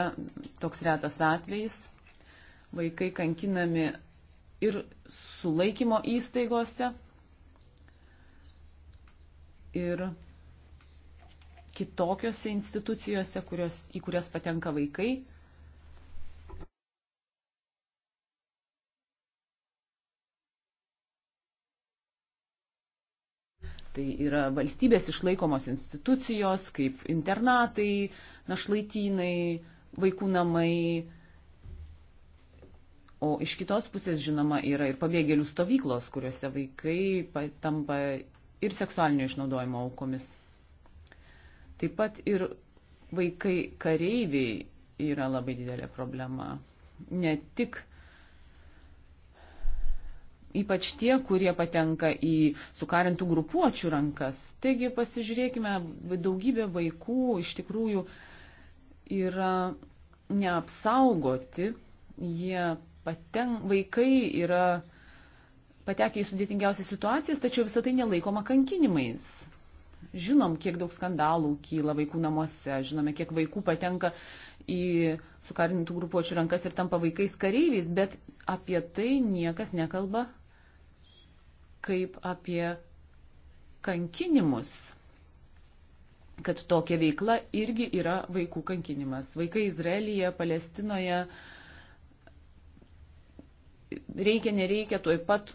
S2: toks retas atvejis. Vaikai kankinami ir sulaikymo įstaigose, ir kitokiose institucijose, kurios, į kurias patenka vaikai. Tai yra valstybės išlaikomos institucijos, kaip internatai, našlaitynai, vaikų namai. O iš kitos pusės, žinoma, yra ir pabėgėlių stovyklos, kuriuose vaikai tampa ir seksualinio išnaudojimo aukomis. Taip pat ir vaikai kareiviai yra labai didelė problema. Ne tik ypač tie, kurie patenka į sukarintų grupuočių rankas. Taigi pasižiūrėkime, daugybė vaikų iš tikrųjų yra neapsaugoti, jie paten, vaikai yra patekę į sudėtingiausias situacijas, tačiau visą tai nelaikoma kankinimais. Žinom, kiek daug skandalų kyla vaikų namuose, žinome, kiek vaikų patenka į sukarintų grupuočių rankas ir tampa vaikais kareiviais, bet apie tai niekas nekalba kaip apie kankinimus, kad tokia veikla irgi yra vaikų kankinimas. Vaikai Izraelyje, Palestinoje reikia, nereikia, tuoj pat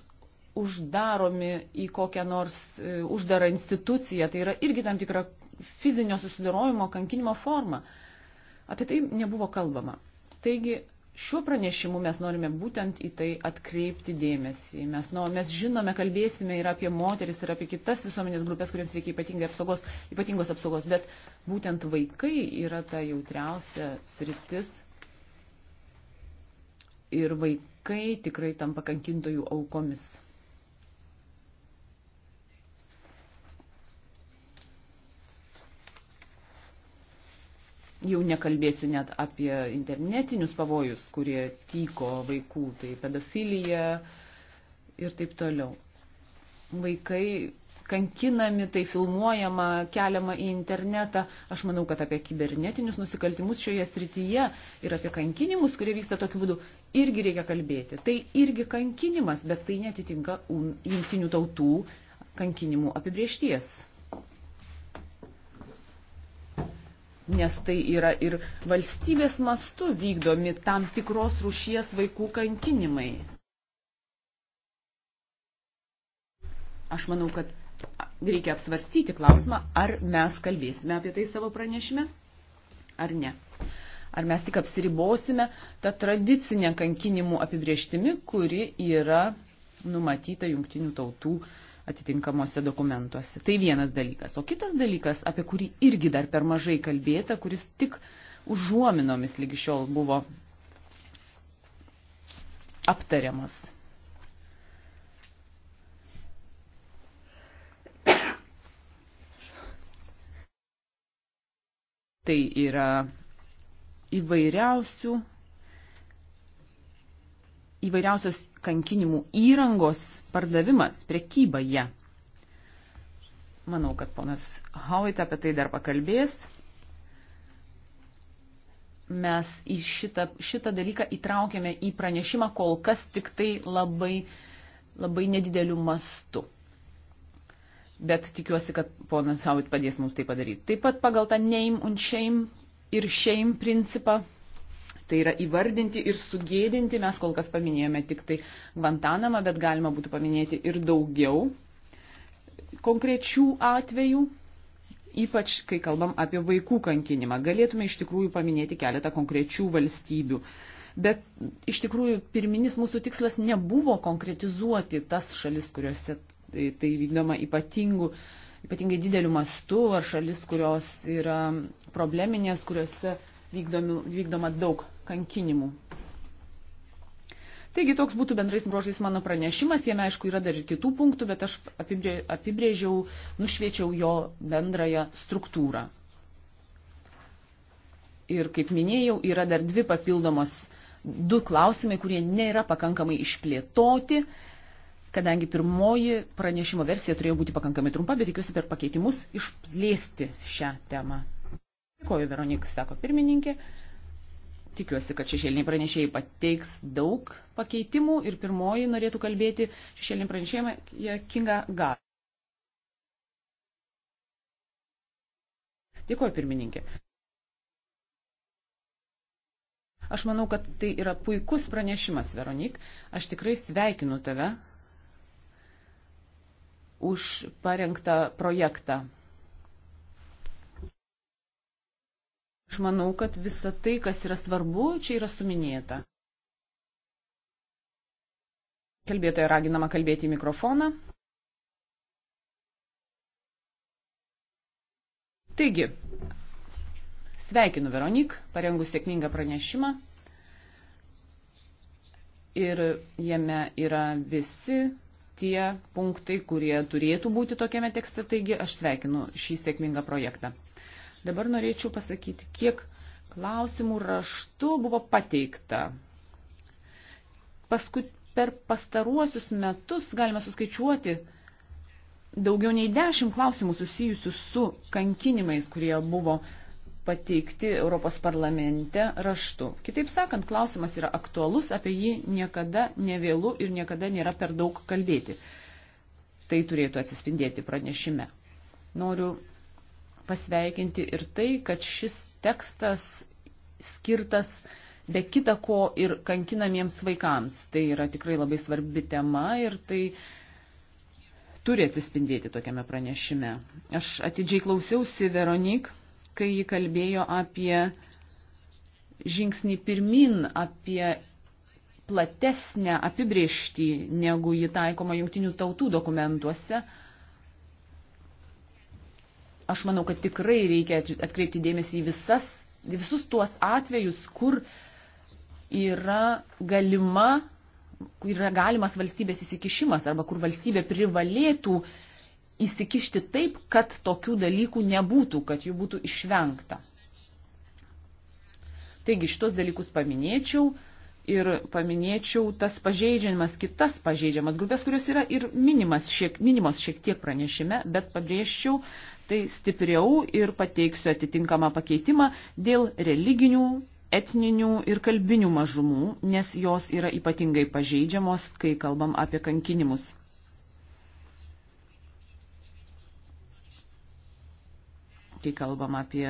S2: uždaromi į kokią nors e, uždarą instituciją. Tai yra irgi tam tikra fizinio susidarojimo kankinimo forma. Apie tai nebuvo kalbama. Taigi šiuo pranešimu mes norime būtent į tai atkreipti dėmesį. Mes, nu, mes žinome, kalbėsime ir apie moteris, ir apie kitas visuomenės grupės, kuriems reikia ypatingai apsaugos, ypatingos apsaugos, bet būtent vaikai yra ta jautriausia sritis. Ir vaikai tikrai tampa kankintojų aukomis. Jau nekalbėsiu net apie internetinius pavojus, kurie tyko vaikų, tai pedofilija ir taip toliau. Vaikai kankinami, tai filmuojama, keliama į internetą. Aš manau, kad apie kibernetinius nusikaltimus šioje srityje ir apie kankinimus, kurie vyksta tokiu būdu, irgi reikia kalbėti. Tai irgi kankinimas, bet tai netitinka jungtinių tautų kankinimų apibriešties. nes tai yra ir valstybės mastu vykdomi tam tikros rušies vaikų kankinimai. Aš manau, kad reikia apsvarstyti klausimą, ar mes kalbėsime apie tai savo pranešime, ar ne. Ar mes tik apsiribosime tą tradicinę kankinimų apibrieštimi, kuri yra numatyta jungtinių tautų uh, atitinkamuose dokumentuose. Tai vienas dalykas. O kitas dalykas, apie kurį irgi dar per mažai kalbėta, kuris tik užuominomis lygi šiol buvo aptariamas. Tai yra įvairiausių įvairiausios kankinimų įrangos pardavimas, prekyba ją. Manau, kad ponas Howitt apie tai dar pakalbės. Mes į šitą, šitą dalyką įtraukėme į pranešimą kol kas tik tai labai, labai nedideliu mastu. Bet tikiuosi, kad ponas Howitt padės mums tai padaryti. Taip pat pagal tą name and shame ir shame principą Tai yra įvardinti ir sugėdinti, mes kol kas paminėjome tik tai Guantanamą, bet galima būtų paminėti ir daugiau konkrečių atvejų, ypač kai kalbam apie vaikų kankinimą. Galėtume iš tikrųjų paminėti keletą konkrečių valstybių. Bet iš tikrųjų pirminis mūsų tikslas nebuvo konkretizuoti tas šalis, kuriuose tai, tai vykdoma ypatingų, ypatingai dideliu mastu, ar šalis, kurios yra probleminės, kuriuose vykdomi, vykdoma daug kankinimų. Taigi toks būtų bendrais brožais mano pranešimas, jame aišku yra dar ir kitų punktų, bet aš apibrėžiau, nušviečiau jo bendrąją struktūrą. Ir kaip minėjau, yra dar dvi papildomos, du klausimai, kurie nėra pakankamai išplėtoti, kadangi pirmoji pranešimo versija turėjo būti pakankamai trumpa, bet tikiuosi per pakeitimus išplėsti šią temą. Dėkoju, Veronik, sako pirmininkė. Tikiuosi, kad šešėliniai pranešėjai pateiks daug pakeitimų ir pirmoji norėtų kalbėti šešėlinį pranešėjimą Kinga Gal. Dėkuoju, pirmininkė. Aš manau, kad tai yra puikus pranešimas, Veronik. Aš tikrai sveikinu tave už parengtą projektą Aš manau, kad visa tai, kas yra svarbu, čia yra suminėta. Kalbėtoja raginama kalbėti į mikrofoną. Taigi, sveikinu Veronik, parengus sėkmingą pranešimą. Ir jame yra visi tie punktai, kurie turėtų būti tokiame tekste, taigi aš sveikinu šį sėkmingą projektą. Dabar norėčiau pasakyti, kiek klausimų raštu buvo pateikta. Paskui per pastaruosius metus galime suskaičiuoti daugiau nei dešimt klausimų susijusių su kankinimais, kurie buvo pateikti Europos parlamente raštu. Kitaip sakant, klausimas yra aktualus, apie jį niekada nevėlu ir niekada nėra per daug kalbėti. Tai turėtų atsispindėti pranešime. Noriu pasveikinti ir tai, kad šis tekstas skirtas be kita ko ir kankinamiems vaikams. Tai yra tikrai labai svarbi tema ir tai turi atsispindėti tokiame pranešime. Aš atidžiai klausiausi Veronik, kai ji kalbėjo apie žingsnį pirmin, apie platesnę apibriežtį, negu jį taikoma jungtinių tautų dokumentuose – Aš manau, kad tikrai reikia atkreipti dėmesį į visas, visus tuos atvejus, kur yra galima, kur yra galimas valstybės įsikišimas arba kur valstybė privalėtų įsikišti taip, kad tokių dalykų nebūtų, kad jų būtų išvengta. Taigi šitos dalykus paminėčiau ir paminėčiau tas pažeidžiamas, kitas pažeidžiamas grupės, kurios yra ir minimas šiek, minimos šiek tiek pranešime, bet pabrėžčiau tai stipriau ir pateiksiu atitinkamą pakeitimą dėl religinių, etninių ir kalbinių mažumų, nes jos yra ypatingai pažeidžiamos, kai kalbam apie kankinimus. Kai kalbam apie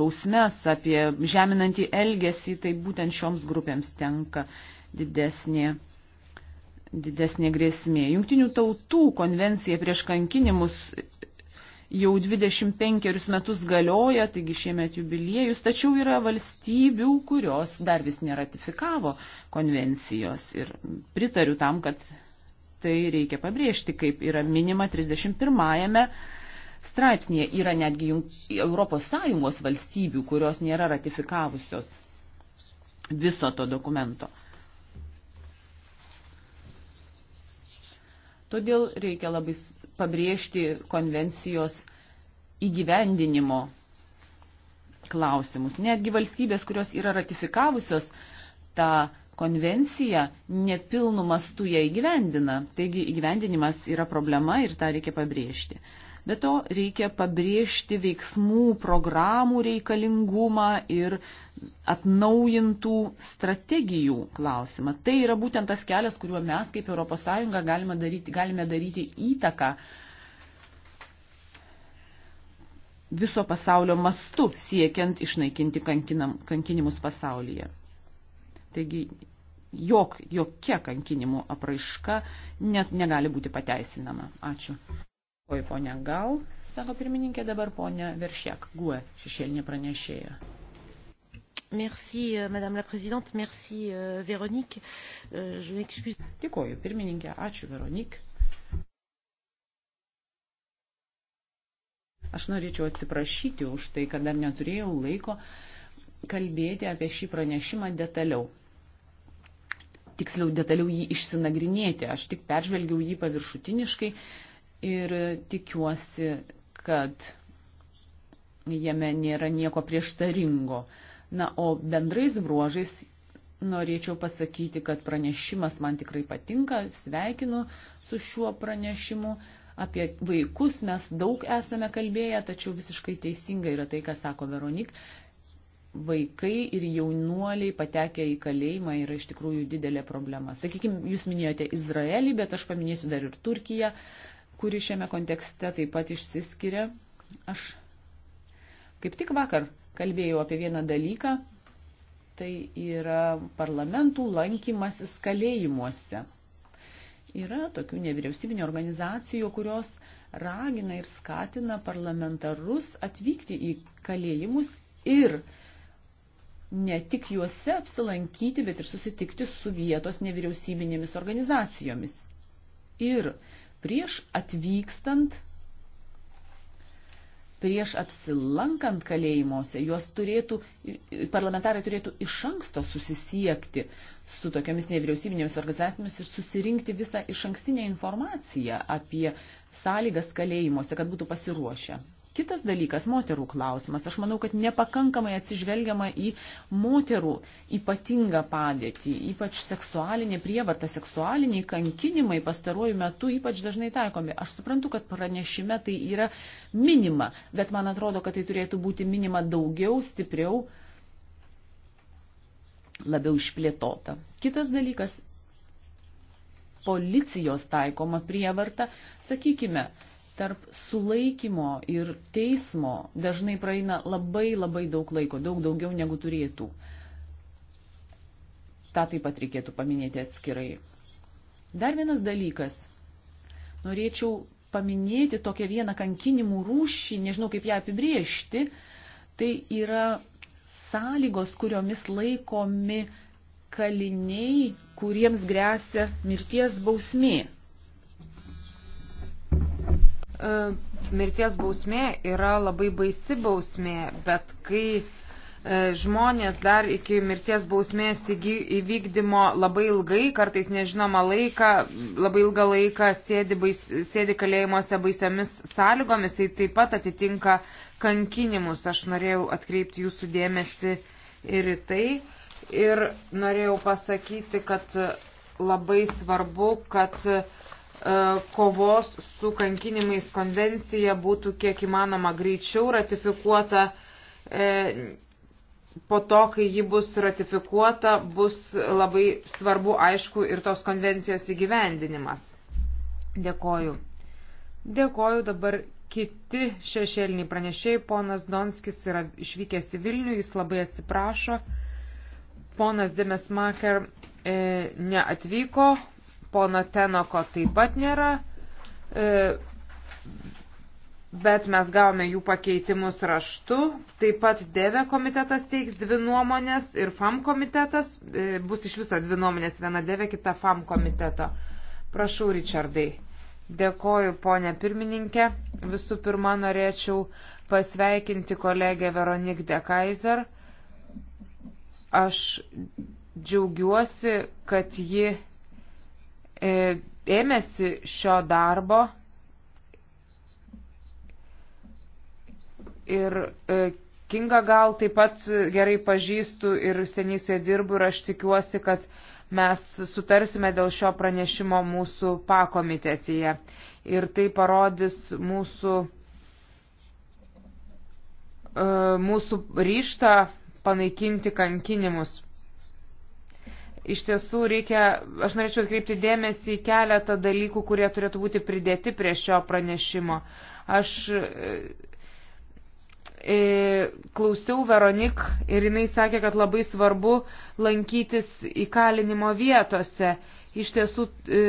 S2: bausmes, apie žeminantį elgesį, tai būtent šioms grupėms tenka didesnė didesnė grėsmė. Jungtinių tautų konvencija prieš kankinimus jau 25 metus galioja, taigi šiemet jubiliejus, tačiau yra valstybių, kurios dar vis neratifikavo konvencijos ir pritariu tam, kad tai reikia pabrėžti, kaip yra minima 31 straipsnėje, yra netgi Europos Sąjungos valstybių, kurios nėra ratifikavusios viso to dokumento. Todėl reikia labai pabrėžti konvencijos įgyvendinimo klausimus. Netgi valstybės, kurios yra ratifikavusios tą konvenciją, nepilnu mastu ją įgyvendina. Taigi įgyvendinimas yra problema ir tą reikia pabrėžti. Uh, Be to reikia pabrėžti veiksmų programų reikalingumą ir atnaujintų strategijų klausimą. Tai yra būtent tas kelias, kuriuo mes kaip ES galime daryti, galime daryti įtaką viso pasaulio mastu siekiant išnaikinti kankinam, kankinimus pasaulyje. Taigi jok, jokia kankinimų apraiška net negali būti pateisinama. Ačiū. Oi, ponia Gal, sako pirmininkė, dabar ponia Veršiak, GUE, šešėlinė pranešėja. Merci, euh, madame la présidente, merci, euh, Véronique. Euh, je m'excuse. Dėkoju, pirmininkė, ačiū, Véronique. Aš norėčiau atsiprašyti už tai, kad dar neturėjau laiko kalbėti apie šį pranešimą detaliau. Tiksliau, detaliau jį išsinagrinėti. Aš tik peržvelgiau jį paviršutiniškai ir tikiuosi, kad jame nėra nieko prieštaringo. Na, o bendrais bruožais norėčiau pasakyti, kad pranešimas man tikrai patinka, sveikinu su šiuo pranešimu. Apie vaikus mes daug esame kalbėję, tačiau visiškai teisinga yra tai, ką sako Veronik. Vaikai ir jaunuoliai patekę į kalėjimą yra iš tikrųjų didelė problema. Sakykime, jūs minėjote Izraelį, bet aš paminėsiu dar ir Turkiją kuri šiame kontekste taip pat išsiskiria. Aš kaip tik vakar kalbėjau apie vieną dalyką, tai yra parlamentų lankymasis kalėjimuose. Yra tokių nevyriausybinio organizacijų, kurios ragina ir skatina parlamentarus atvykti į kalėjimus ir ne tik juose apsilankyti, bet ir susitikti su vietos nevyriausybinėmis organizacijomis. Ir prieš atvykstant, prieš apsilankant kalėjimuose, juos turėtų, parlamentarai turėtų iš anksto susisiekti su tokiamis nevyriausybinėmis organizacijomis ir susirinkti visą iš ankstinę informaciją apie sąlygas kalėjimuose, kad būtų pasiruošę. Kitas dalykas - moterų klausimas. Aš manau, kad nepakankamai atsižvelgiama į moterų ypatingą padėtį, ypač seksualinė prievarta, seksualiniai kankinimai pastaruoju metu ypač dažnai taikomi. Aš suprantu, kad pranešime tai yra minima, bet man atrodo, kad tai turėtų būti minima daugiau, stipriau, labiau išplėtota. Kitas dalykas policijos taikoma prievarta, sakykime, tarp sulaikymo ir teismo dažnai praeina labai labai daug laiko, daug daugiau negu turėtų. Ta taip pat reikėtų paminėti atskirai. Dar vienas dalykas. Norėčiau paminėti tokią vieną kankinimų rūšį, nežinau kaip ją apibriežti. Tai yra sąlygos, kuriomis laikomi kaliniai, kuriems grėsia mirties bausmė.
S3: E, mirties bausmė yra labai baisi bausmė, bet kai e, žmonės dar iki mirties bausmės įvykdymo labai ilgai, kartais nežinoma laiką, labai ilgą laiką sėdi, bais, sėdi kalėjimuose baisiomis sąlygomis, tai taip pat atitinka kankinimus. Aš norėjau atkreipti jūsų dėmesį ir į tai. Ir norėjau pasakyti, kad labai svarbu, kad uh, E, kovos su kankinimais konvencija būtų kiek įmanoma greičiau ratifikuota. E, po to, kai ji bus ratifikuota, bus labai svarbu, aišku, ir tos konvencijos įgyvendinimas. Dėkoju. Dėkoju dabar kiti šešėliniai pranešėjai. Ponas Donskis yra išvykęs į Vilnių, jis labai atsiprašo. Ponas Demesmaker e, neatvyko, pono Tenoko taip pat nėra, e, bet mes gavome jų pakeitimus raštu. Taip pat Deve komitetas teiks dvi nuomonės ir FAM komitetas. E, bus iš viso dvi nuomonės, viena Deve, kita FAM komiteto. Prašau, Richardai. Dėkoju, ponė pirmininkė. Visų pirma, norėčiau pasveikinti kolegę Veronik de Kaiser. Aš džiaugiuosi, kad ji E, ėmėsi šio darbo ir e, Kinga gal taip pat gerai pažįstu ir seniai su ja dirbu ir aš tikiuosi, kad mes sutarsime dėl šio pranešimo mūsų pakomitetyje. Ir tai parodys mūsų, e, mūsų ryštą panaikinti kankinimus. Iš tiesų reikia, aš norėčiau atkreipti dėmesį į keletą dalykų, kurie turėtų būti pridėti prie šio pranešimo. Aš e, e, klausiau Veronik ir jinai sakė, kad labai svarbu lankytis įkalinimo vietose. Iš tiesų, e,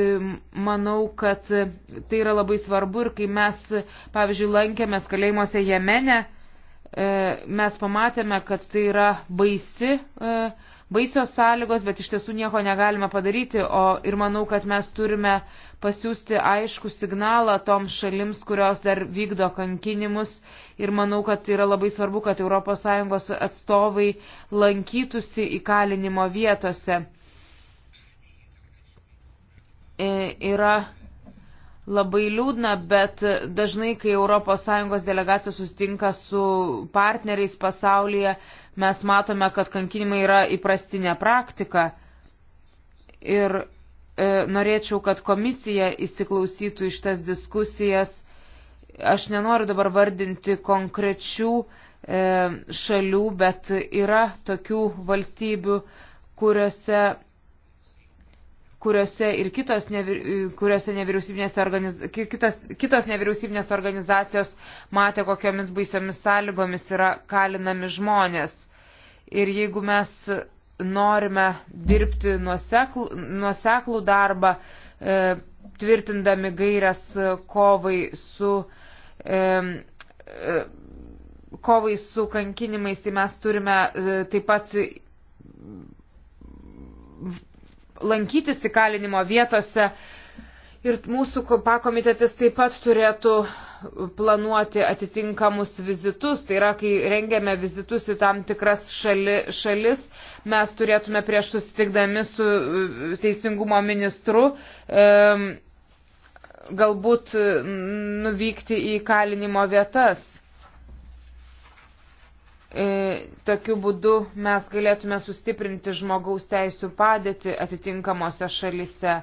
S3: manau, kad tai yra labai svarbu ir kai mes, pavyzdžiui, lankėmės kalėjimuose Jemene, mes pamatėme, kad tai yra baisi baisios sąlygos, bet iš tiesų nieko negalime padaryti. O ir manau, kad mes turime pasiūsti aišku signalą toms šalims, kurios dar vykdo kankinimus. Ir manau, kad yra labai svarbu, kad ES atstovai lankytųsi įkalinimo vietose. E, yra labai liūdna, bet dažnai, kai ES delegacijos sustinka su partneriais pasaulyje, mes matome, kad kankinimai yra įprastinė praktika. Ir e, norėčiau, kad komisija įsiklausytų iš tas diskusijas. Aš nenoriu dabar vardinti konkrečių e, šalių, bet yra tokių valstybių, kuriuose kuriuose ir kitos, nevir, kuriuose nevyriausybinės, organiz, kitos, kitos nevyriausybinės organizacijos matė, kokiomis baisiomis sąlygomis yra kalinami žmonės. Ir jeigu mes norime dirbti nuoseklų, nuoseklų darbą, e, tvirtindami gairias kovai su. E, e, kovai su kankinimais, tai mes turime e, taip pat lankytis įkalinimo vietose. Ir mūsų pakomitetis taip pat turėtų planuoti atitinkamus vizitus. Tai yra, kai rengiame vizitus į tam tikras šali, šalis, mes turėtume prieš susitikdami su e, teisingumo ministru e, galbūt nuvykti į kalinimo vietas. E, tokiu būdu mes galėtume sustiprinti žmogaus teisų padėtį atitinkamose šalise.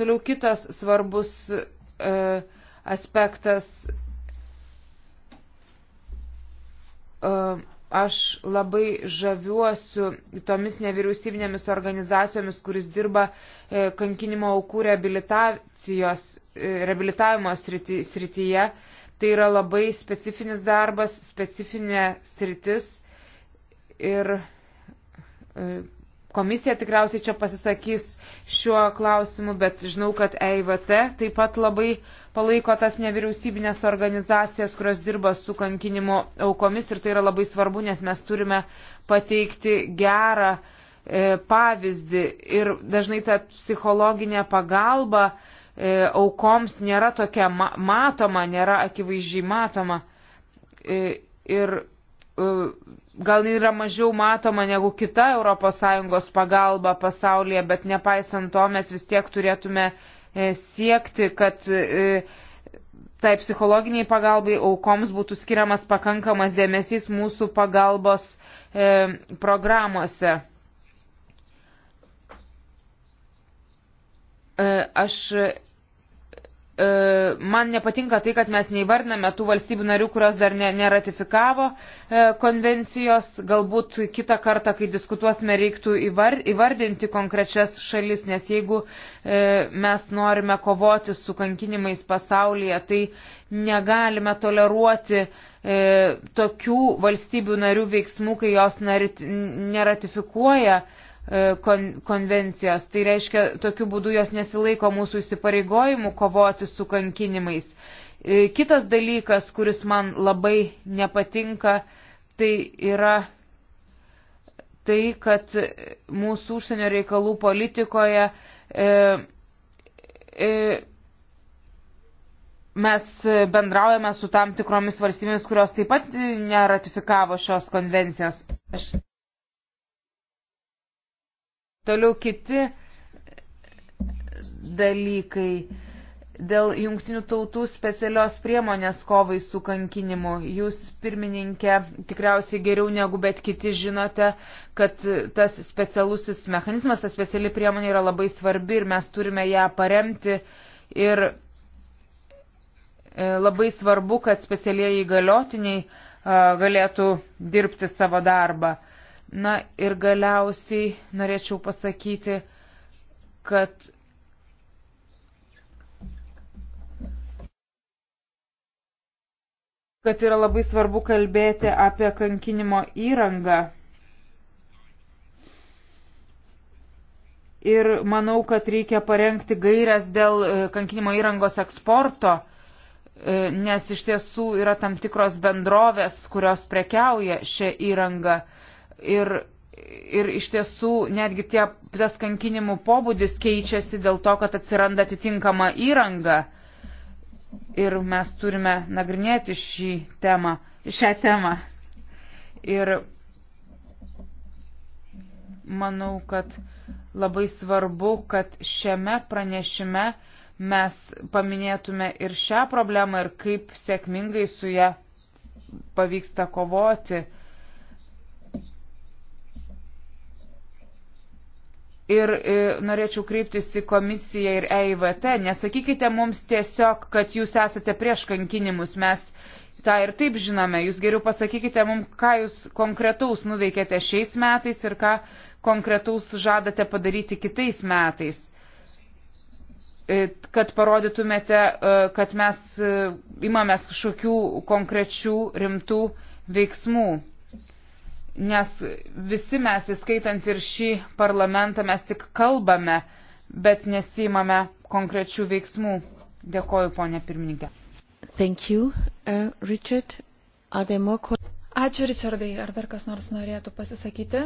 S3: Toliau kitas svarbus e, aspektas. E, aš labai žaviuosiu tomis nevyriausybinėmis organizacijomis, kuris dirba e, kankinimo aukų reabilitacijos, e, reabilitavimo srity, srityje. E, Tai yra labai specifinis darbas, specifinė sritis ir e, komisija tikriausiai čia pasisakys šiuo klausimu, bet žinau, kad EIVT taip pat labai palaiko tas nevyriausybinės organizacijas, kurios dirba su kankinimo aukomis ir tai yra labai svarbu, nes mes turime pateikti gerą e, pavyzdį ir dažnai ta psichologinė pagalba e, E, aukoms nėra tokia matoma, nėra akivaizdžiai matoma. E, ir e, gal yra mažiau matoma negu kita ES pagalba pasaulyje, bet nepaisant to mes vis tiek turėtume siekti, kad tai psichologiniai pagalbai aukoms būtų skiriamas pakankamas dėmesys mūsų pagalbos programuose. Aš E, man nepatinka tai, kad mes neįvardiname tų valstybių narių, kurios dar neratifikavo e, konvencijos. Galbūt kitą kartą, kai diskutuosime, reiktų įvardinti konkrečias šalis, nes jeigu e, mes norime kovoti su kankinimais pasaulyje, tai negalime toleruoti tokių valstybių narių veiksmų, kai jos neratifikuoja E, kon, konvencijos. Tai reiškia, tokiu būdu jos nesilaiko mūsų įsipareigojimų kovoti su kankinimais. E, kitas dalykas, kuris man labai nepatinka, tai yra tai, kad mūsų užsienio reikalų politikoje e, e, mes bendraujame su tam tikromis valstybėmis, kurios taip pat neratifikavo šios konvencijos. Aš... Toliau kiti dalykai dėl jungtinių tautų specialios priemonės kovai su kankinimu. Jūs, pirmininkė, tikriausiai geriau negu bet kiti žinote, kad tas specialusis mechanizmas, ta speciali priemonė yra labai svarbi ir mes turime ją paremti. Ir e, labai svarbu, kad specialieji galiotiniai galėtų dirbti savo darbą. Na ir galiausiai norėčiau pasakyti, kad kad yra labai svarbu kalbėti apie kankinimo įrangą. Ir manau, kad reikia parengti gairias dėl e, kankinimo įrangos eksporto, e, nes iš tiesų yra tam tikros bendrovės, kurios prekiauja šią įrangą ir, ir iš tiesų netgi tie, tas kankinimų pobūdis keičiasi dėl to, kad atsiranda atitinkama įranga. Ir mes turime nagrinėti šį temą, šią temą. Ir manau, kad labai svarbu, kad šiame pranešime mes paminėtume ir šią problemą ir kaip sėkmingai su ją pavyksta kovoti. ir e, norėčiau kreiptis į komisiją ir EIVT. Nesakykite mums tiesiog, kad jūs esate prieš kankinimus, mes tą ir taip žinome. Jūs geriau pasakykite mums, ką jūs konkretaus nuveikėte šiais metais ir ką konkretaus žadate padaryti kitais metais e, kad parodytumėte, e, kad mes e, imamės kažkokių konkrečių rimtų veiksmų nes visi mes, įskaitant ir šį parlamentą, mes tik kalbame, bet nesimame konkrečių veiksmų. Dėkoju, ponė pirmininkė.
S1: Thank you, uh, Richard. Ademoko.
S6: Ačiū, Richardai. Ar dar kas nors norėtų pasisakyti?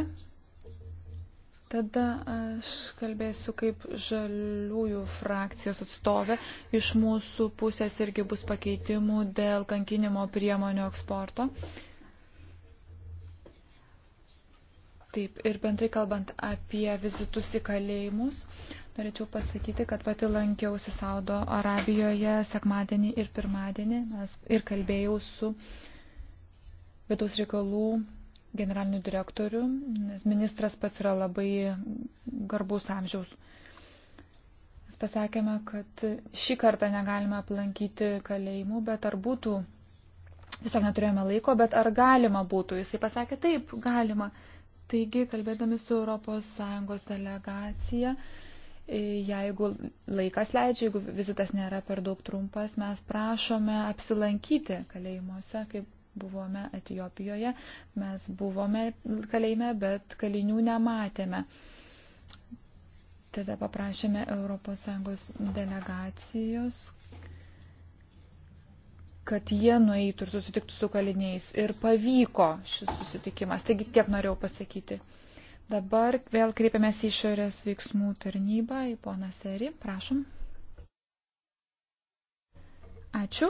S6: Tada aš kalbėsiu kaip žaliųjų frakcijos atstovė. Iš mūsų pusės irgi bus pakeitimų dėl kankinimo priemonių eksporto. Uh, Taip, ir bendrai kalbant apie vizitus į kalėjimus, norėčiau pasakyti, kad pati lankiausi Saudo Arabijoje sekmadienį ir pirmadienį mes ir kalbėjau su vidaus reikalų generaliniu direktoriu, nes ministras pats yra labai garbus amžiaus mes pasakėme, kad šį kartą negalime aplankyti kalėjimų, bet ar būtų, tiesiog neturėjome laiko, bet ar galima būtų. Jisai pasakė, taip, galima. Taigi, kalbėdami su ES delegacija, e, jeigu laikas leidžia, jeigu vizitas nėra per daug trumpas, mes prašome apsilankyti kalėjimuose, kaip buvome Etijopijoje. Mes buvome kalėjime, bet kalinių nematėme. Tada paprašėme ES delegacijos, kad jie nueitų ir susitiktų su kaliniais. Ir pavyko šis susitikimas. Taigi tiek norėjau pasakyti. Dabar vėl kreipiamės į išorės veiksmų tarnybą, į poną Serį. Prašom. Ačiū.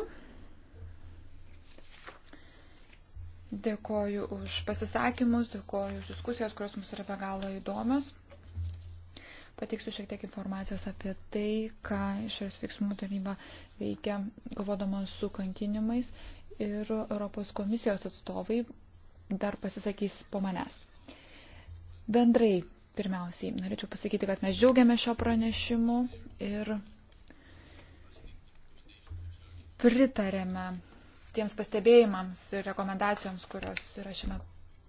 S6: Dėkoju už pasisakymus, dėkoju už diskusijas, kurios mums yra be galo įdomios pateiksiu šiek tiek informacijos apie tai, ką išorės veiksmų taryba veikia kovodama su kankinimais ir Europos komisijos atstovai dar pasisakys po manęs. Bendrai, pirmiausiai, norėčiau pasakyti, kad mes džiaugiame šio pranešimu ir pritarėme tiems pastebėjimams ir rekomendacijoms, kurios yra šiame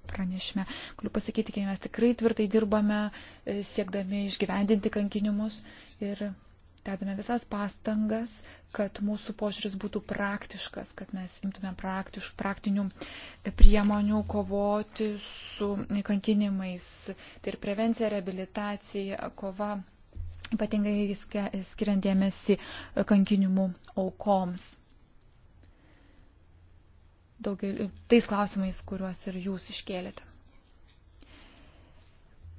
S6: pranešime. Galiu pasakyti, kad mes tikrai tvirtai dirbame, e, siekdami išgyvendinti kankinimus ir dedame visas pastangas, kad mūsų požiūris būtų praktiškas, kad mes imtume praktiš, praktinių priemonių kovoti su kankinimais. Tai ir prevencija, rehabilitacija, kova, ypatingai skiriant dėmesį kankinimų aukoms daugelį, tais klausimais, kuriuos ir jūs iškėlėte.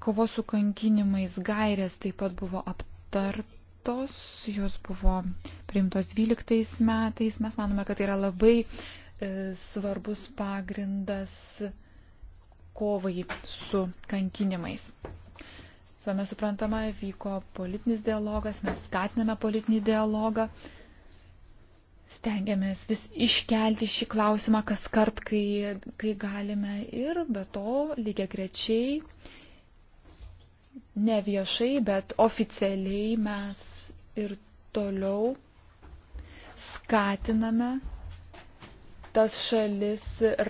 S6: Kovos su kankinimais gairės taip pat buvo aptartos, jos buvo priimtos 12 metais. Mes manome, kad tai yra labai e, svarbus pagrindas kovai su kankinimais. Savame suprantama, vyko politinis dialogas, mes skatiname politinį dialogą. E, stengiamės vis iškelti šį klausimą kas kart, kai, kai galime ir be to lygiai grečiai, ne viešai, bet oficialiai mes ir toliau skatiname tas šalis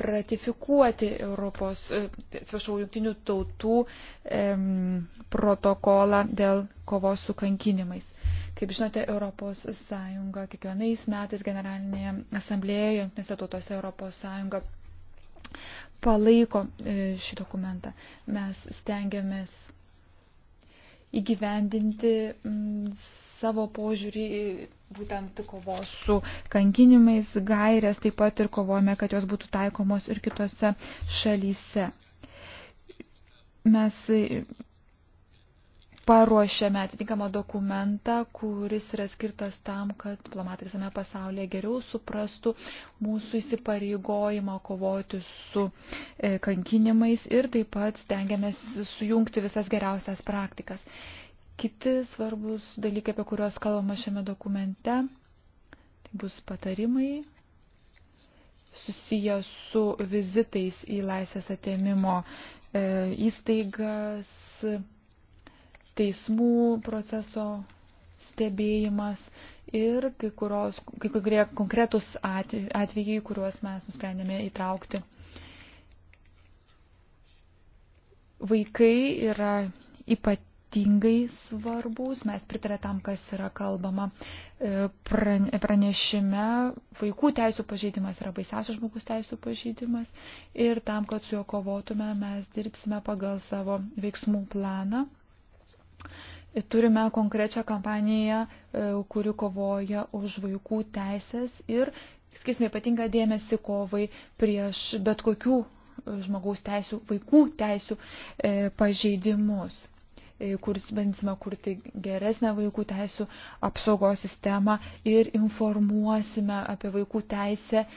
S6: ratifikuoti Europos, e, atsiprašau, jungtinių tautų em, protokolą dėl kovos su kankinimais. Kaip žinote, Europos Sąjunga kiekvienais metais generalinėje asamblėje, jungtinėse tautose Europos Sąjunga palaiko e, šį dokumentą. Mes stengiamės įgyvendinti savo požiūrį būtent kovos su kankinimais, gairės, taip pat ir kovojame, kad jos būtų taikomos ir kitose šalyse. Mes paruošėme atitinkamą dokumentą, kuris yra skirtas tam, kad diplomatai visame pasaulyje geriau suprastų mūsų įsipareigojimą kovoti su e, kankinimais ir taip pat stengiamės sujungti visas geriausias praktikas. Kiti svarbus dalykai, apie kuriuos kalbama šiame dokumente, tai bus patarimai susiję su vizitais į laisvės atėmimo e, įstaigas, teismų proceso stebėjimas ir kai, kurios, kai kurie konkretus atvejai, kuriuos mes nusprendėme įtraukti. Vaikai yra ypatingai svarbus, mes pritarė tam, kas yra kalbama e, pranešime. Vaikų teisų pažeidimas yra baisiausias žmogus teisų pažeidimas ir tam, kad su juo kovotume, mes dirbsime pagal savo veiksmų planą Turime konkrečią kampaniją, e, kuri kovoja už vaikų teisės ir skirsime ypatingą dėmesį kovai prieš bet kokių e, žmogaus teisų, vaikų teisų e, pažeidimus e, kuris bandysime kurti geresnę vaikų teisų apsaugos sistemą ir informuosime apie vaikų teisę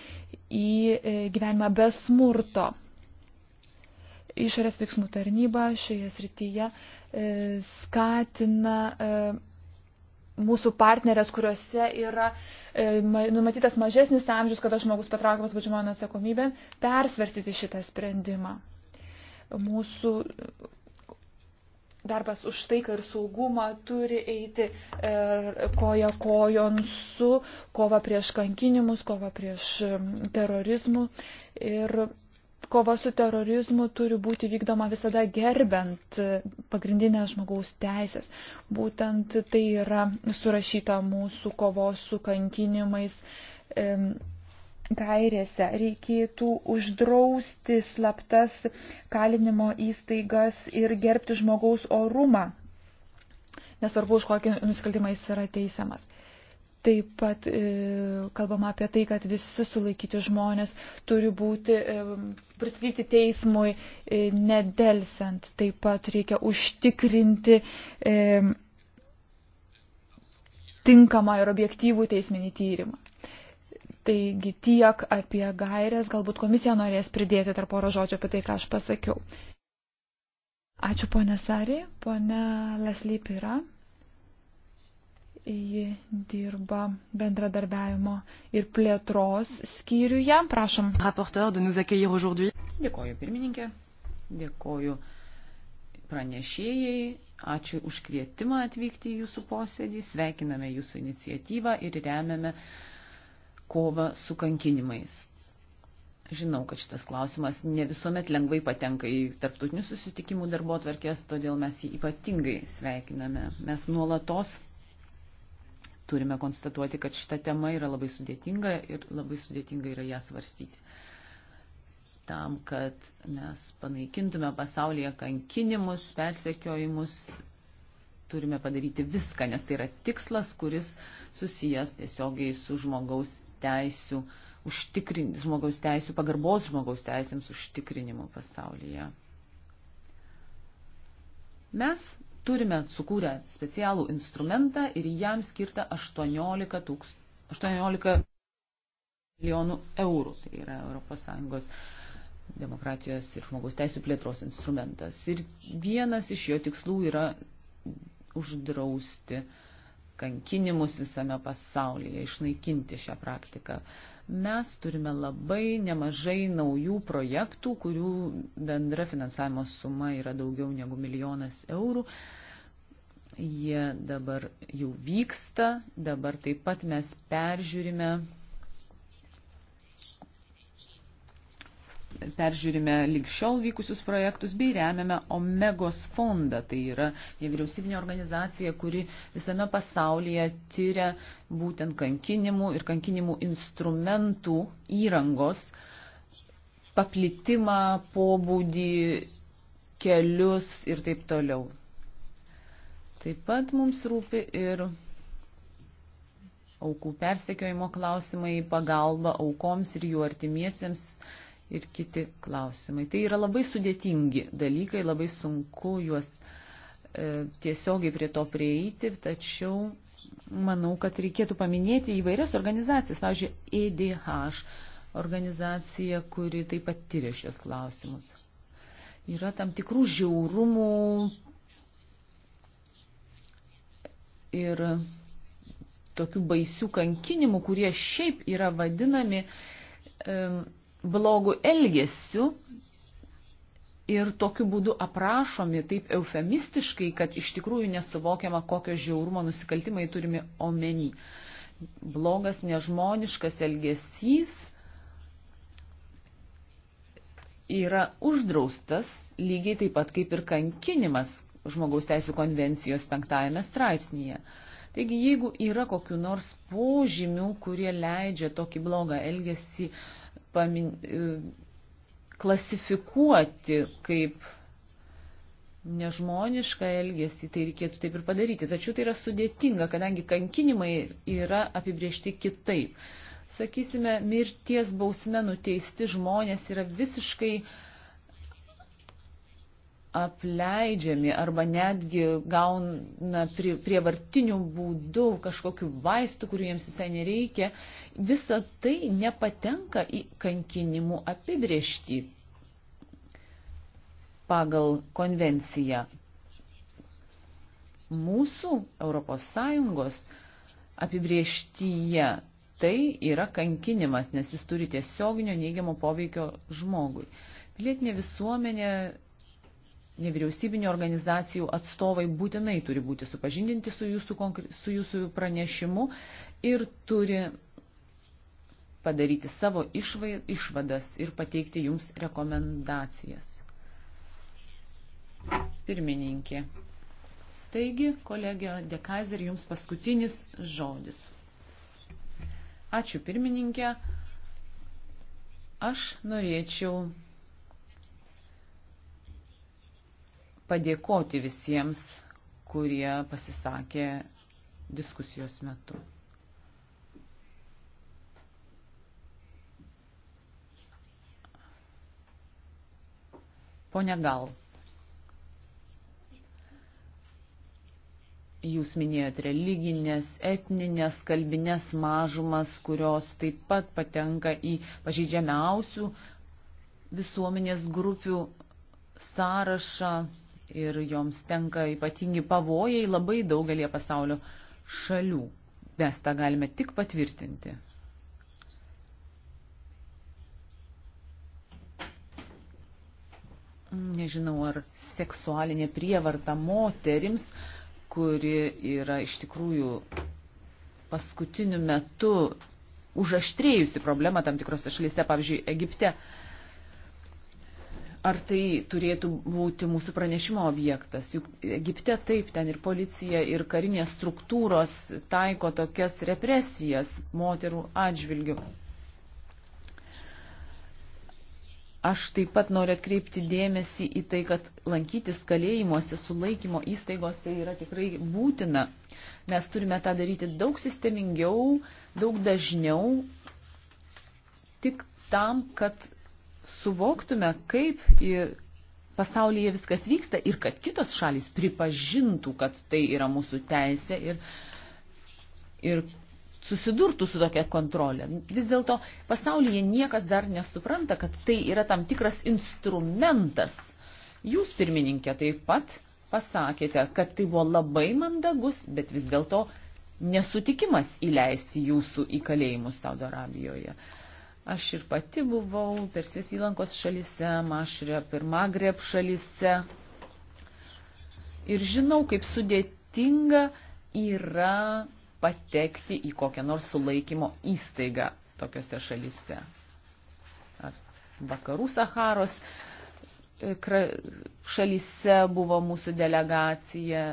S6: į gyvenimą be smurto išorės veiksmų tarnyba šioje srityje e, skatina e, mūsų partnerės, kuriuose yra e, numatytas mažesnis amžius, kada žmogus patraukiamas baudžiamojo atsakomybėn, persvarstyti šitą sprendimą. Mūsų darbas už taiką ir saugumą turi eiti koja kojon su kova prieš kankinimus, kova prieš terorizmų ir kova su terorizmu turi būti vykdoma visada gerbent pagrindinės žmogaus teisės. Būtent tai yra surašyta mūsų kovos su kankinimais gairėse reikėtų uždrausti slaptas kalinimo įstaigas ir gerbti žmogaus orumą, nesvarbu už kokį nusikaltimą jis yra teisiamas. Taip pat e, kalbama apie tai, kad visi sulaikyti žmonės turi būti e, pristatyti teismui e, nedelsiant. Taip pat reikia užtikrinti e, tinkamą ir objektyvų teisminį tyrimą. Taigi tiek apie gairės, galbūt komisija norės pridėti tarp poro žodžio apie tai, ką aš pasakiau. Ačiū ponė Sarė, ponė Leslyp yra. Ji dirba bendradarbiavimo ir plėtros skyriuje. Prašom.
S2: Dėkoju pirmininkė, dėkoju pranešėjai, ačiū už kvietimą atvykti į jūsų posėdį, sveikiname jūsų iniciatyvą ir remiame kovą su kankinimais. Žinau, kad šitas klausimas ne visuomet lengvai patenka į tarptautinių susitikimų darbo atverkės, todėl mes jį ypatingai sveikiname. Mes nuolatos turime konstatuoti, kad šita tema yra labai sudėtinga ir labai sudėtinga yra ją svarstyti. Tam, kad mes panaikintume pasaulyje kankinimus, persekiojimus, turime padaryti viską, nes tai yra tikslas, kuris susijęs tiesiogiai su žmogaus teisų, užtikrin, žmogaus teisų, pagarbos žmogaus teisėms užtikrinimu pasaulyje. Mes turime sukūrę specialų instrumentą ir jam skirta 18, tūks, 18 milijonų eurų. Tai yra ES demokratijos ir žmogaus teisų plėtros instrumentas. Ir vienas iš jo tikslų yra uždrausti kankinimus visame pasaulyje, išnaikinti šią praktiką. Mes turime labai nemažai naujų projektų, kurių bendra finansavimo suma yra daugiau negu milijonas eurų. Uh, Jie dabar jau vyksta, dabar taip pat mes peržiūrime, peržiūrime likščiol vykusius projektus bei remiame Omegos fondą. Tai yra nevyriausybinė organizacija, kuri visame pasaulyje tyria būtent kankinimų ir kankinimų instrumentų įrangos paplitimą, pobūdį, kelius ir taip toliau. Taip pat mums rūpi ir aukų persekiojimo klausimai, pagalba aukoms ir jų artimiesiems ir kiti klausimai. Tai yra labai sudėtingi dalykai, labai sunku juos e, tiesiogiai prie to prieiti, tačiau manau, kad reikėtų paminėti įvairias organizacijas, pavyzdžiui, EDH organizacija, kuri taip pat tyria šios klausimus. Yra tam tikrų žiaurumų, ir tokių baisių kankinimų, kurie šiaip yra vadinami blogų elgesių ir tokiu būdu aprašomi taip eufemistiškai, kad iš tikrųjų nesuvokiama, kokio žiaurumo nusikaltimai turime omeny. Blogas nežmoniškas elgesys yra uždraustas lygiai taip pat kaip ir kankinimas, žmogaus teisų konvencijos penktajame straipsnyje. Taigi, jeigu yra kokiu nors požymių, kurie leidžia tokį blogą elgesį pamin, e, klasifikuoti kaip nežmonišką elgesį, tai reikėtų taip ir padaryti. Tačiau tai yra sudėtinga, kadangi kankinimai yra apibriešti kitaip. Sakysime, mirties bausme nuteisti žmonės yra visiškai uh, apleidžiami arba netgi gauna prie, prievartinių būdų kažkokių vaistų, kurių jiems visai nereikia, visa tai nepatenka į kankinimų apibriešti pagal konvenciją. Mūsų ES apibrieštyje tai yra kankinimas, nes jis turi tiesioginio neigiamo poveikio žmogui. Pilietinė visuomenė nevyriausybinio organizacijų atstovai būtinai turi būti supažindinti su jūsų, su jūsų pranešimu ir turi padaryti savo išvadas ir pateikti jums rekomendacijas. Pirmininkė. Taigi, kolegio Dekaiser, jums paskutinis žodis. Ačiū pirmininkė. Aš norėčiau padėkoti visiems, kurie pasisakė diskusijos metu. Pone Gal, jūs minėjot religinės, etninės, kalbinės mažumas, kurios taip pat patenka į pažydžiamiausių visuomenės grupių sąrašą ir joms tenka ypatingi pavojai labai daugelie pasaulio šalių. Mes tą galime tik patvirtinti. Nežinau, ar seksualinė prievarta moterims, kuri yra iš tikrųjų paskutiniu metu užaštrėjusi problema tam tikrose šalyse, pavyzdžiui, Egipte, uh, Ar tai turėtų būti mūsų pranešimo objektas? Juk Egipte taip, ten ir policija, ir karinės struktūros taiko tokias represijas moterų atžvilgių. Aš taip pat noriu atkreipti dėmesį į tai, kad lankytis kalėjimuose, sulaikymo įstaigose tai yra tikrai būtina. Mes turime tą daryti daug sistemingiau, daug dažniau, tik tam, kad suvoktume, kaip pasaulyje viskas vyksta ir kad kitos šalis pripažintų, kad tai yra mūsų teisė ir, ir susidurtų su tokia kontrolė. Vis dėlto pasaulyje niekas dar nesupranta, kad tai yra tam tikras instrumentas. Jūs, pirmininkė, taip pat pasakėte, kad tai buvo labai mandagus, bet vis dėlto nesutikimas įleisti jūsų į kalėjimus Saudo Arabijoje. Uh, Aš ir pati buvau Persijos įlankos šalyse, Mašrė ir Magreb šalyse. Ir žinau, kaip sudėtinga yra patekti į kokią nors sulaikymo įstaigą tokiuose šalyse. Ar vakarų Saharos e, šalyse buvo mūsų delegacija.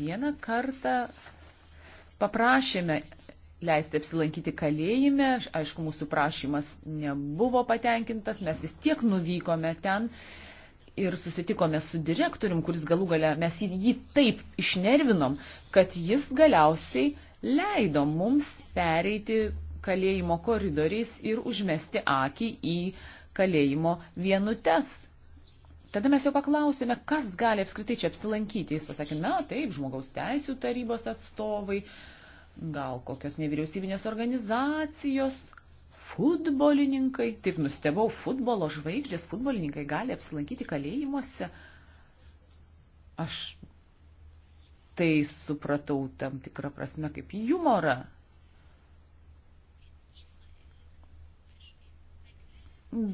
S2: Vieną kartą paprašėme leisti apsilankyti kalėjime. Aišku, mūsų prašymas nebuvo patenkintas, mes vis tiek nuvykome ten ir susitikome su direktorium, kuris galų gale mes jį taip išnervinom, kad jis galiausiai leido mums pereiti kalėjimo koridoriais ir užmesti akį į kalėjimo vienutes. Tada mes jau paklausėme, kas gali apskritai čia apsilankyti. Jis pasakė, na taip, žmogaus teisų tarybos atstovai, uh, gal kokios nevyriausybinės organizacijos, futbolininkai, taip nustebau, futbolo žvaigždės, futbolininkai gali apsilankyti kalėjimuose. Aš tai supratau tam tikrą prasme kaip humorą.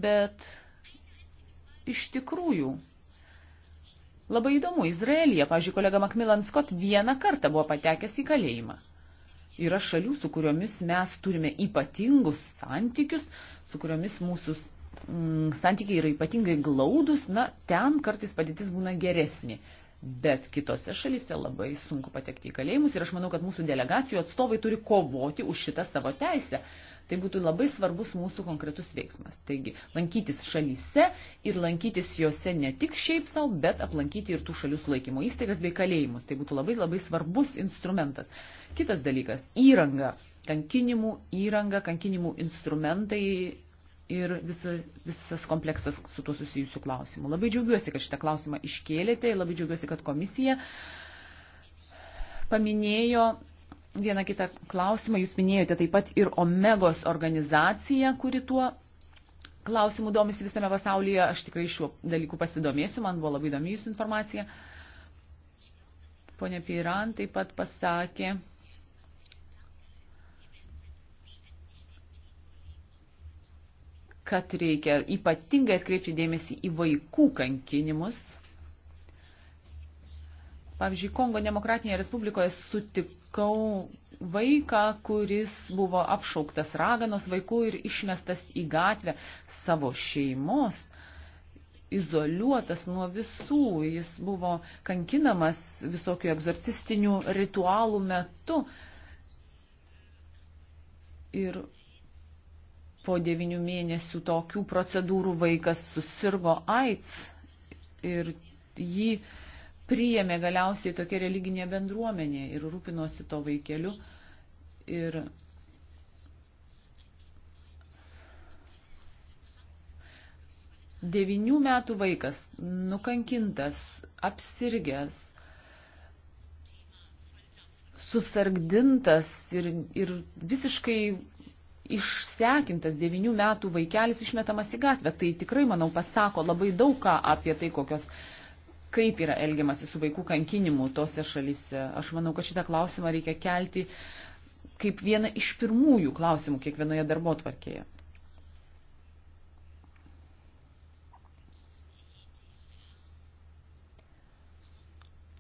S2: Bet iš tikrųjų labai įdomu, Izraelija, pažiūrėjau, kolega Macmillan Scott vieną kartą buvo patekęs į kalėjimą. Yra šalių, su kuriomis mes turime ypatingus santykius, su kuriomis mūsų mm, santykiai yra ypatingai glaudus, na, ten kartais padėtis būna geresnė. Bet kitose šalyse labai sunku patekti į kalėjimus ir aš manau, kad mūsų delegacijų atstovai turi kovoti už šitą savo teisę. Tai būtų labai svarbus mūsų konkretus veiksmas. Taigi, lankytis šalyse ir lankytis juose ne tik šiaip savo, bet aplankyti ir tų šalių sulaikymo įstaigas bei kalėjimus. Tai būtų labai labai svarbus instrumentas. Kitas dalykas - įranga. Kankinimų įranga, kankinimų instrumentai ir visa, visas kompleksas su tuo susijusių klausimų. Labai džiaugiuosi, kad šitą klausimą iškėlėte ir labai džiaugiuosi, kad komisija paminėjo vieną kitą klausimą. Jūs minėjote taip pat ir Omegos organizaciją, kuri tuo klausimu domisi visame pasaulyje. Aš tikrai šiuo dalyku pasidomėsiu, man buvo labai įdomi jūsų informacija. Pone Piran taip pat pasakė. kad reikia ypatingai atkreipti dėmesį į vaikų kankinimus Pavyzdžiui, Kongo demokratinėje respublikoje sutikau vaiką, kuris buvo apšauktas raganos vaikų ir išmestas į gatvę savo šeimos izoliuotas nuo visų, jis buvo kankinamas visokių egzorcistinių ritualų metu. Ir po devinių mėnesių tokių procedūrų vaikas susirgo AIDS ir jį priėmė galiausiai tokia religinė bendruomenė ir rūpinosi to vaikeliu. Ir devinių metų vaikas, nukankintas, apsirgęs, susargdintas ir, ir visiškai išsekintas devinių metų vaikelis išmetamas į gatvę. Tai tikrai, manau, pasako labai daug ką apie tai, kokios kaip yra elgiamasi su vaikų kankinimu tose šalise. Aš manau, kad šitą klausimą reikia kelti kaip vieną iš pirmųjų klausimų kiekvienoje darbo tvarkėje.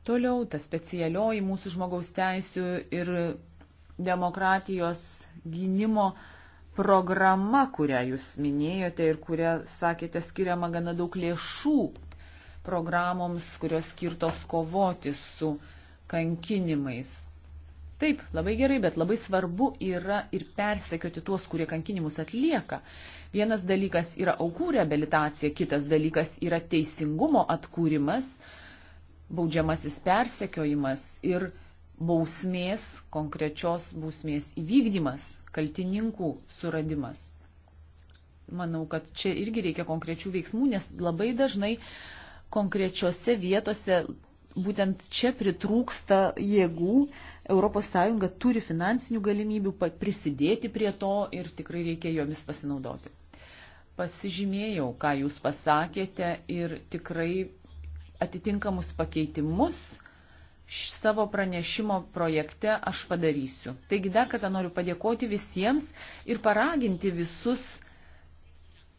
S2: Toliau ta specialioji mūsų žmogaus teisų ir demokratijos gynimo programa, kurią jūs minėjote ir kurią sakėte skiriama gana daug lėšų programoms, kurios skirtos kovoti su kankinimais. Taip, labai gerai, bet labai svarbu yra ir persekioti tuos, kurie kankinimus atlieka. Vienas dalykas yra aukų rehabilitacija, kitas dalykas yra teisingumo atkūrimas, baudžiamasis persekiojimas ir bausmės, konkrečios bausmės įvykdymas, kaltininkų suradimas. Manau, kad čia irgi reikia konkrečių veiksmų, nes labai dažnai konkrečiose vietose būtent čia pritrūksta jėgų, ES turi finansinių galimybių prisidėti prie to ir tikrai reikia jomis pasinaudoti. Pasižymėjau, ką jūs pasakėte ir tikrai atitinkamus pakeitimus savo pranešimo projekte aš padarysiu. Taigi dar kartą noriu padėkoti visiems ir paraginti visus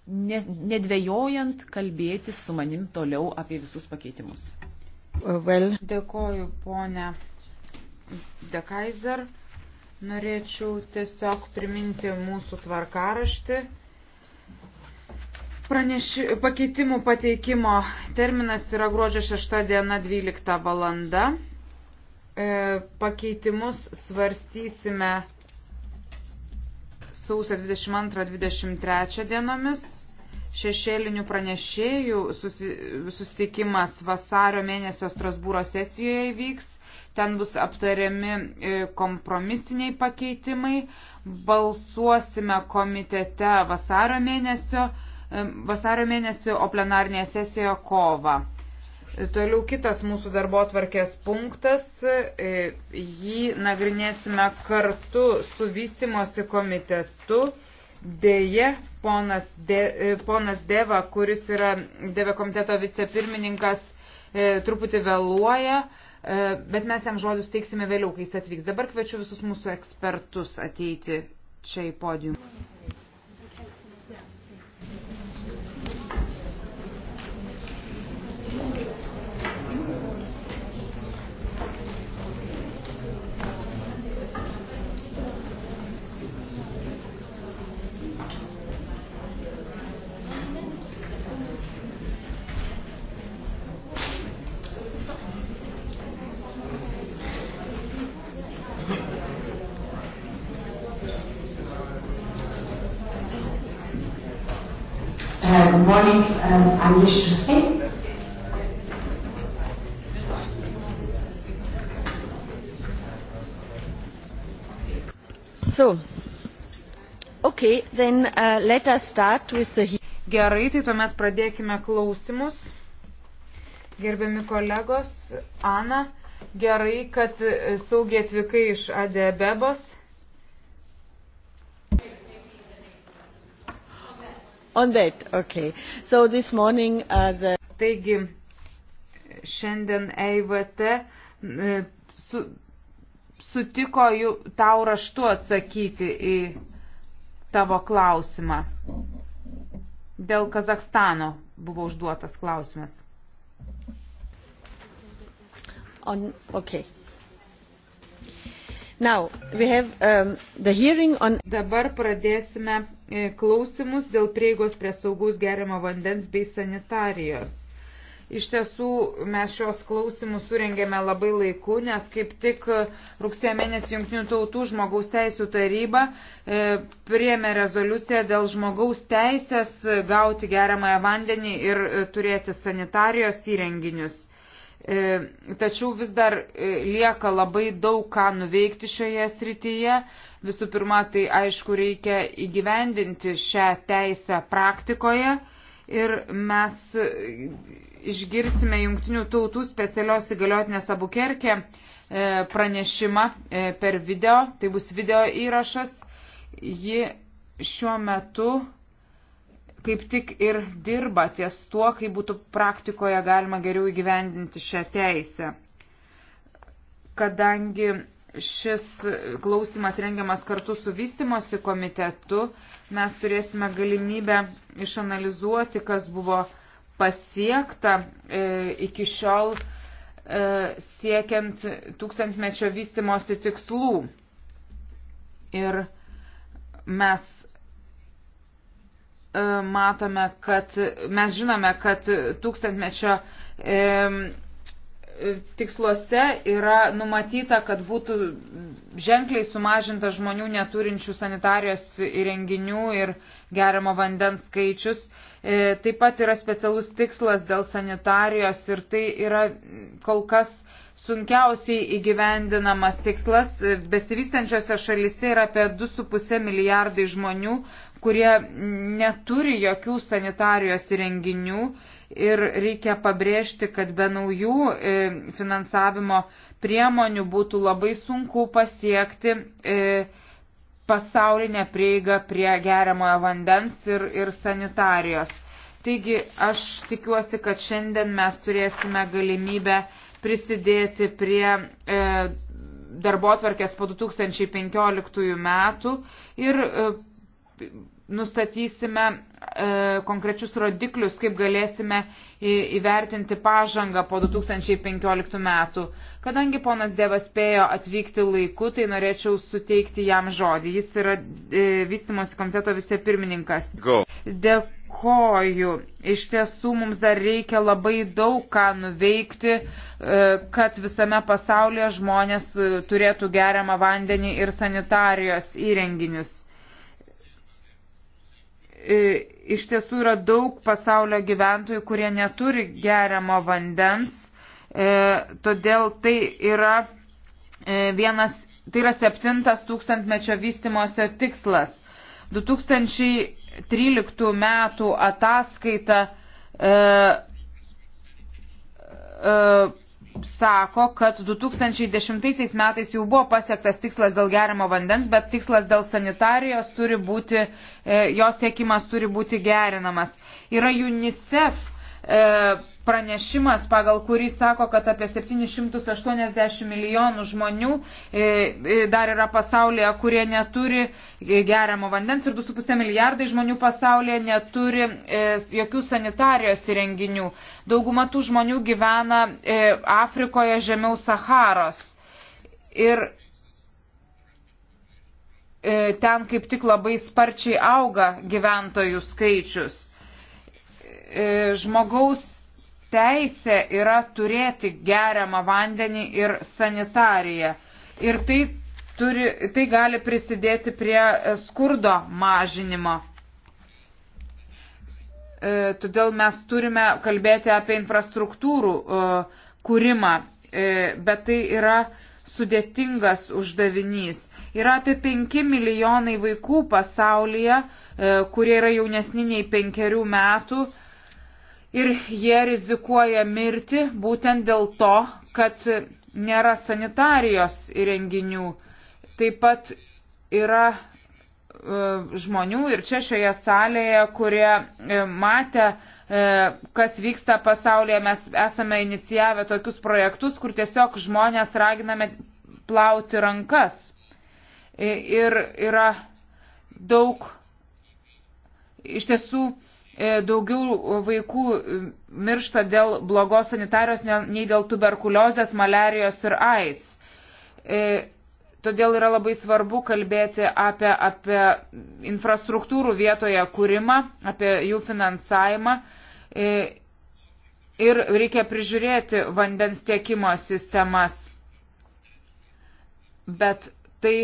S2: nedvėjojant kalbėti su manim toliau apie visus pakeitimus. Well.
S3: Dėkoju, ponė Dekaiser. Norėčiau tiesiog priminti mūsų tvarkaraštį. Praneši, pakeitimų pateikimo terminas yra gruodžio 6 diena 12 valanda. E, pakeitimus svarstysime sausio 22-23 dienomis, šešėlinių pranešėjų susitikimas vasario mėnesio Strasbūro sesijoje įvyks, ten bus aptariami e, kompromisiniai pakeitimai, balsuosime komitete vasario mėnesio, e, vasario mėnesio o plenarnėje sesijoje kovą. Toliau kitas mūsų darbo tvarkės punktas, e, jį nagrinėsime kartu su vystimosi komitetu. Deja, ponas, De, e, ponas Deva, kuris yra Deve komiteto vicepirmininkas, e, truputį vėluoja, bet mes jam žodžius teiksime vėliau, kai jis atvyks. Dabar kviečiu visus mūsų ekspertus ateiti čia į podiumą.
S1: um, and wish to speak.
S3: So, okay, then uh, let us start with the... Gerai, tai tuomet pradėkime klausimus. Gerbiami kolegos, Ana, gerai, kad saugiai atvykai iš Adebebos.
S1: On that, okay. So this morning uh,
S3: the... Taigi, šiandien EIVT e, su, sutiko jų tau raštu atsakyti į tavo klausimą. Dėl Kazakstano buvo užduotas klausimas. On, okay. Now, have, um, on... Dabar pradėsime e, klausimus dėl prieigos prie saugaus gerimo vandens bei sanitarijos. Iš tiesų, mes šios klausimus surengėme labai laiku, nes kaip tik rugsėjo mėnesį Junktinių tautų žmogaus teisų taryba e, priėmė rezoliuciją dėl žmogaus teisės gauti geriamąją vandenį ir e, turėti sanitarijos įrenginius. E, tačiau vis dar e, lieka labai daug ką nuveikti šioje srityje. Visų pirma, tai aišku reikia įgyvendinti šią teisę praktikoje ir mes e, išgirsime jungtinių tautų specialios įgaliotinės abukerkė pranešimą per video, tai bus video įrašas. Ji šiuo metu kaip tik ir dirba ties tuo, kaip būtų praktikoje galima geriau įgyvendinti šią teisę. Kadangi šis klausimas rengiamas kartu su vystimosi komitetu, mes turėsime galimybę išanalizuoti, kas buvo pasiekta e, iki šiol e, siekiant tūkstantmečio vystimosi tikslų. Ir mes E, matome, kad mes žinome, kad tūkstantmečio e, tiksluose yra numatyta, kad būtų ženkliai sumažinta žmonių neturinčių sanitarijos įrenginių ir geriamo vandens skaičius. E, taip pat yra specialus tikslas dėl sanitarijos ir tai yra kol kas sunkiausiai įgyvendinamas tikslas. Besivystančiose šalise yra apie 2,5 milijardai žmonių, kurie neturi jokių sanitarijos įrenginių ir reikia pabrėžti, kad be naujų e, finansavimo priemonių būtų labai sunku pasiekti e, pasaulinę prieigą prie geriamojo vandens ir, ir sanitarijos. Taigi aš tikiuosi, kad šiandien mes turėsime galimybę prisidėti prie e, darbo atvarkės po 2015 metų ir e, nustatysime e, konkrečius rodiklius, kaip galėsime įvertinti pažangą po 2015 metų. Kadangi ponas Dievas spėjo atvykti laiku, tai norėčiau suteikti jam žodį. Jis yra e, vystimosi komiteto vicepirmininkas. Go. Dėkoju. Iš tiesų mums dar reikia labai daug ką nuveikti, e, kad visame pasaulyje žmonės turėtų geriamą vandenį ir sanitarijos įrenginius E, iš tiesų yra daug pasaulio gyventojų, kurie neturi geriamo vandens, e, todėl tai yra e, vienas, tai yra septintas tūkstantmečio vystimosio tikslas. 2013 metų ataskaita e, e, sako, kad 2010 metais jau buvo pasiektas tikslas dėl gerimo vandens, bet tikslas dėl sanitarijos turi būti, e, jos siekimas turi būti gerinamas. Yra UNICEF e, pranešimas, pagal kurį sako, kad apie 780 milijonų žmonių e, e, dar yra pasaulyje, kurie neturi e, geriamo vandens ir 2,5 milijardai žmonių pasaulyje neturi jokių sanitarijos įrenginių. Dauguma tų žmonių gyvena Afrikoje žemiau Saharos. Ir ten kaip tik labai sparčiai auga gyventojų skaičius. Žmogaus teisė yra turėti geriamą vandenį ir sanitariją. Ir tai, turi, tai gali prisidėti prie e, skurdo mažinimo. E, todėl mes turime kalbėti apie infrastruktūrų e, kūrimą, e, bet tai yra sudėtingas uždavinys. Yra apie 5 milijonai vaikų pasaulyje, e, kurie yra jaunesni nei penkerių metų ir jie rizikuoja mirti būtent dėl to, kad nėra sanitarijos įrenginių. Taip pat yra e, žmonių ir čia šioje salėje, kurie e, matė, e, kas vyksta pasaulyje. Mes esame inicijavę tokius projektus, kur tiesiog žmonės raginame plauti rankas. Ir yra daug iš tiesų E, daugiau vaikų miršta dėl blogos sanitarios nei dėl tuberkuliozės, malerijos ir AIDS. E, todėl yra labai svarbu kalbėti apie, apie infrastruktūrų vietoje kūrimą, apie jų finansavimą. E, ir reikia prižiūrėti vandens tiekimo sistemas. Bet tai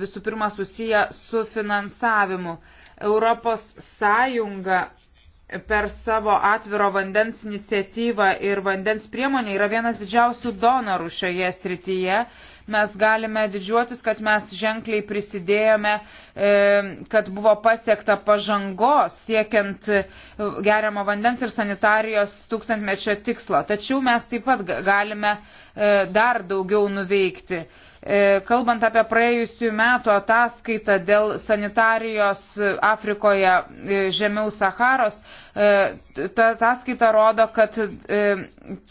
S3: visų pirma susiję su finansavimu. Europos Sąjunga per savo atviro vandens iniciatyvą ir vandens priemonę yra vienas didžiausių donorų šioje srityje. Mes galime didžiuotis, kad mes ženkliai prisidėjome, e, kad buvo pasiekta pažangos siekiant e, geriamo vandens ir sanitarijos tūkstantmečio tikslo. Tačiau mes taip pat galime e, dar daugiau nuveikti. E, kalbant apie praėjusių metų ataskaitą dėl sanitarijos Afrikoje e, žemiau Saharos, e, ta ataskaita rodo, kad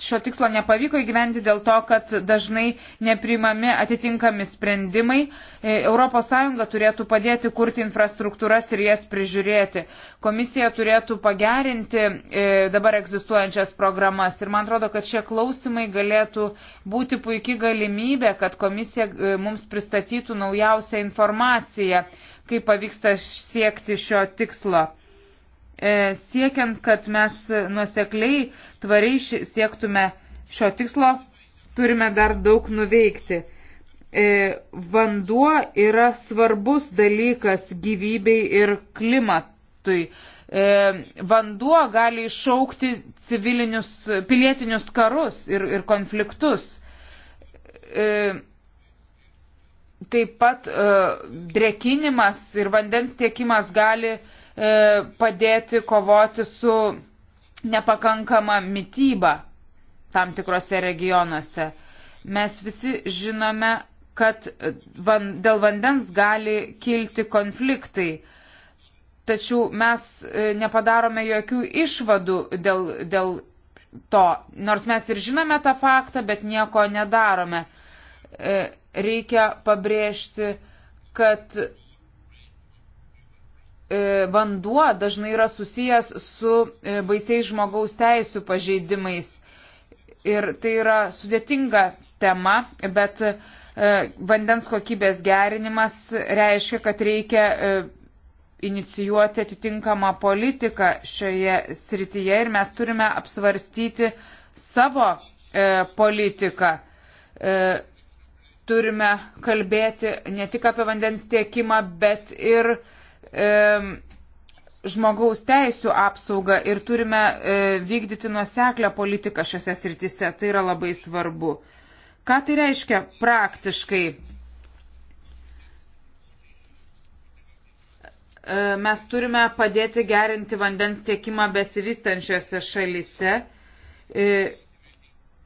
S3: šio tikslo nepavyko įgyventi dėl to, kad dažnai neprimami atitinkami sprendimai. ES turėtų padėti kurti infrastruktūras ir jas prižiūrėti. Komisija turėtų pagerinti dabar egzistuojančias programas. Ir man atrodo, kad šie klausimai galėtų būti puikia galimybė, kad komisija komisija e, mums pristatytų naujausią informaciją, kaip pavyksta siekti šio tikslo. E, siekiant, kad mes nuosekliai, tvariai siektume šio tikslo, turime dar daug nuveikti. E, vanduo yra svarbus dalykas gyvybei ir klimatui. Vanduo gali iššaukti civilinius, pilietinius karus ir, ir konfliktus taip pat e, drekinimas ir vandens tiekimas gali e, padėti kovoti su nepakankama mytyba tam tikrose regionuose. Mes visi žinome, kad e, van, dėl vandens gali kilti konfliktai. Tačiau mes e, nepadarome jokių išvadų dėl, dėl to. Nors mes ir žinome tą faktą, bet nieko nedarome. E, E, reikia pabrėžti, kad e, vanduo dažnai yra susijęs su e, baisiais žmogaus teisų pažeidimais. Ir tai yra sudėtinga tema, bet vandens kokybės gerinimas reiškia, kad reikia inicijuoti atitinkamą politiką šioje srityje ir mes turime apsvarstyti savo politiką turime kalbėti ne tik apie vandens tiekimą, bet ir e, žmogaus teisų apsaugą ir turime e, vykdyti nuoseklę politiką šiuose srityse. Tai yra labai svarbu. Ką tai reiškia praktiškai? E, mes turime padėti gerinti vandens tiekimą besivystančiose šalyse. E,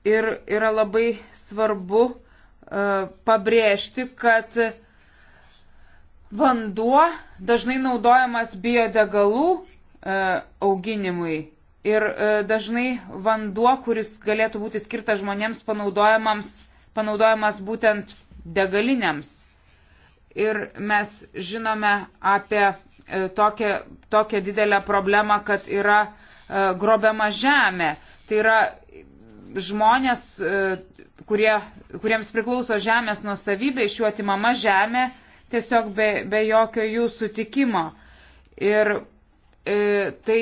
S3: ir yra labai svarbu E, pabrėžti, kad vanduo dažnai naudojamas biodegalų e, auginimui ir e, dažnai vanduo, kuris galėtų būti skirtas žmonėms panaudojamas būtent degalinėms. Ir mes žinome apie tokią, tokią didelę problemą, kad yra grobiama žemė. Tai yra žmonės kurie, kuriems priklauso žemės nusavybė, iš jų atimama žemė tiesiog be, be jokio jų sutikimo. Ir e, tai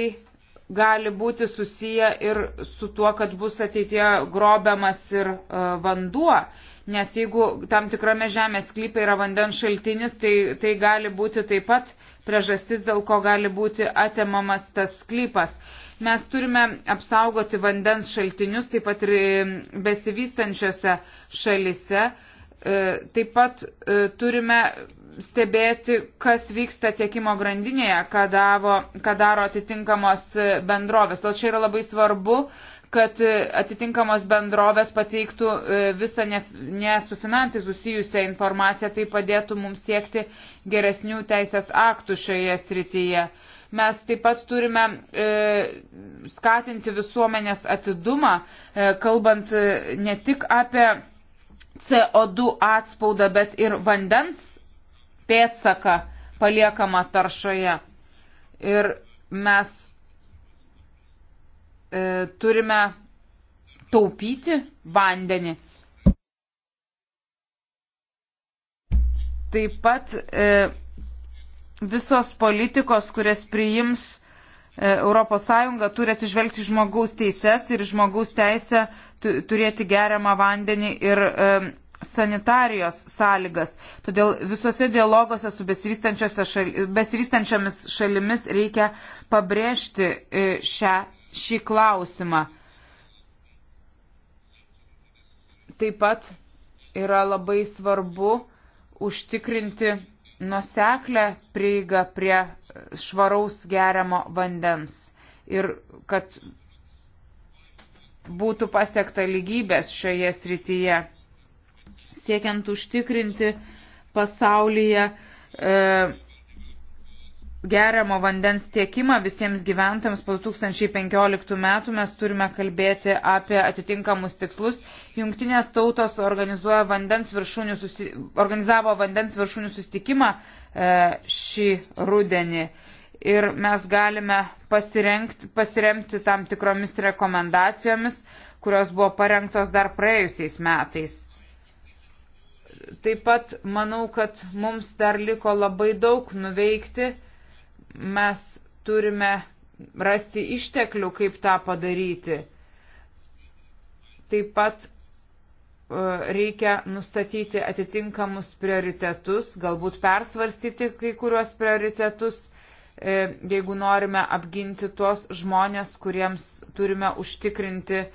S3: gali būti susiję ir su tuo, kad bus ateitie grobiamas ir e, vanduo. Nes jeigu tam tikrame žemės sklype yra vandens šaltinis, tai, tai gali būti taip pat priežastis, dėl ko gali būti atimamas tas sklypas. E, Mes turime apsaugoti vandens šaltinius taip pat ir besivystančiose šalise. E, taip pat e, turime stebėti, kas vyksta tiekimo grandinėje, ką, davo, ką daro atitinkamos e, bendrovės. Todėl čia yra labai svarbu, kad atitinkamos bendrovės pateiktų visą ne, ne su finansai susijusią informaciją, tai padėtų mums siekti geresnių teisės aktų šioje srityje. Uh, Mes taip pat turime e, skatinti visuomenės atidumą, e, kalbant e, ne tik apie CO2 atspaudą, bet ir vandens pėtsaką paliekamą taršoje. Ir mes e, turime taupyti vandenį. Taip pat e, visos politikos, kurias priims ES, turi atsižvelgti žmogaus teises ir žmogaus teisę turėti geriamą vandenį ir e, sanitarijos sąlygas. Todėl visose dialogose su šali, besivystančiomis šalimis reikia pabrėžti e, šią, šį klausimą. Taip pat yra labai svarbu užtikrinti nuseklę prieigą prie švaraus geriamo vandens ir kad būtų pasiekta lygybės šioje srityje, siekiant užtikrinti pasaulyje e, geriamo vandens tiekimą visiems gyventojams po 2015 metų mes turime kalbėti apie atitinkamus tikslus. Jungtinės tautos vandens viršūnių, organizavo vandens viršūnių sustikimą e, šį rudenį. Ir mes galime pasiremti tam tikromis rekomendacijomis, kurios buvo parengtos dar praėjusiais metais taip pat manau, kad mums dar liko labai daug nuveikti Mes turime rasti išteklių, kaip tą padaryti. Taip pat e, reikia nustatyti atitinkamus prioritetus, galbūt persvarstyti kai kuriuos prioritetus, e, jeigu norime apginti tuos žmonės, kuriems turime užtikrinti e,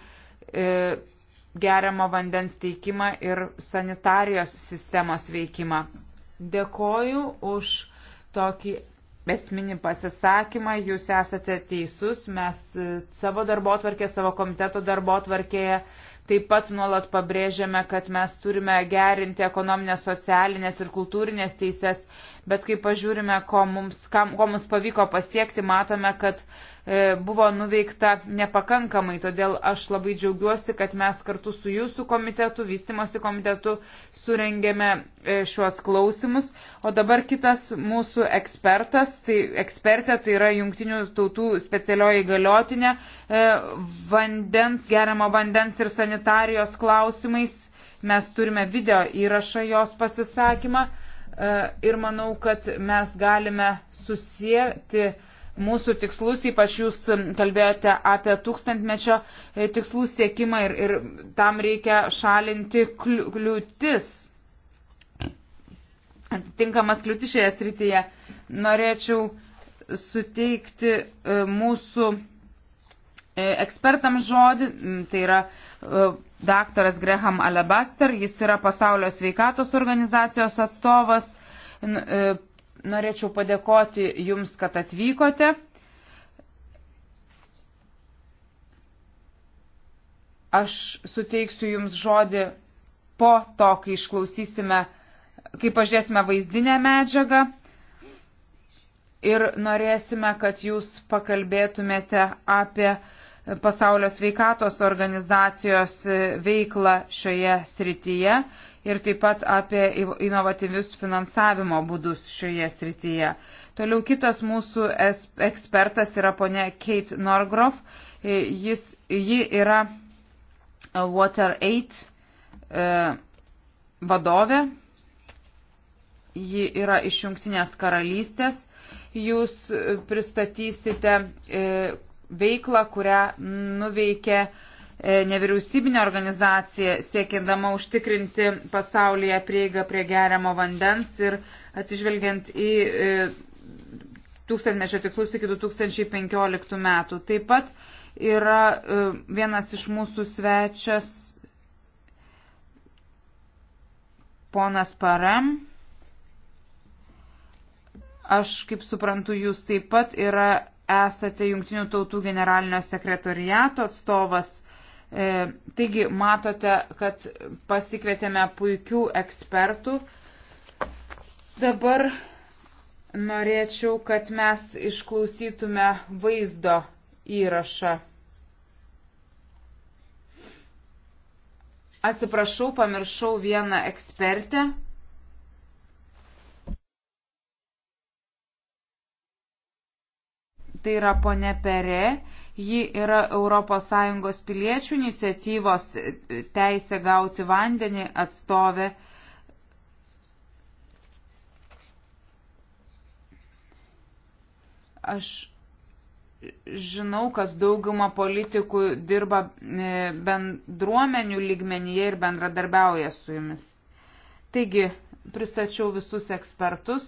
S3: geriamo vandens teikimą ir sanitarijos sistemos veikimą. Dėkoju už tokį esminį pasisakymą. Jūs esate teisus, mes e, savo darbo tvarkė, savo komiteto darbo tvarkėje taip pat nuolat pabrėžiame, kad mes turime gerinti ekonominės, socialinės ir kultūrinės teises, bet kai pažiūrime, ko mums, kam, ko mums pavyko pasiekti, matome, kad E, buvo nuveikta nepakankamai. Todėl aš labai džiaugiuosi, kad mes kartu su jūsų komitetu, vystimosi komitetu, surengėme e, šiuos klausimus. O dabar kitas mūsų ekspertas, tai ekspertė, tai yra jungtinių tautų specialioji galiotinė e, vandens, geriamo vandens ir sanitarijos klausimais. Mes turime video įrašą jos pasisakymą ir manau, kad mes galime susijęti uh, mūsų tikslus, ypač jūs kalbėjote apie tūkstantmečio e, tikslų siekimą ir, ir tam reikia šalinti kliūtis. Tinkamas kliūtis šioje srityje. Norėčiau suteikti e, mūsų e, ekspertam žodį, tai yra daktaras Graham Alabaster, jis yra pasaulio sveikatos organizacijos atstovas, norėčiau padėkoti Jums, kad atvykote. Aš suteiksiu Jums žodį po to, kai išklausysime, kai pažiūrėsime vaizdinę medžiagą ir norėsime, kad Jūs pakalbėtumėte apie pasaulio sveikatos organizacijos veiklą šioje srityje ir taip pat apie inovatyvius finansavimo būdus šioje srityje. Toliau kitas mūsų ekspertas yra ponė Kate Norgrof. E, jis, ji yra e, Water 8 e, vadovė. Ji yra iš Junktinės karalystės. Jūs pristatysite veiklą, kurią nuveikė uh, E, nevyriausybinė organizacija siekindama užtikrinti pasaulyje prieigą prie geriamo vandens ir atsižvelgiant į e, tūkstantmečio tikslus iki 2015 metų. Taip pat yra e, vienas iš mūsų svečias ponas Parem. Aš kaip suprantu, jūs taip pat yra, esate Junktinių tautų generalinio sekretoriato atstovas E, taigi matote, kad pasikvietėme puikių ekspertų. Dabar norėčiau, kad mes išklausytume vaizdo įrašą. Atsiprašau, pamiršau vieną ekspertę. Tai yra ponė Perė. Ji yra ES piliečių iniciatyvos e, teisė gauti vandenį atstovė. Aš žinau, kad dauguma politikų dirba e, bendruomenių lygmenyje ir bendradarbiauja su jumis. Taigi, pristačiau visus ekspertus,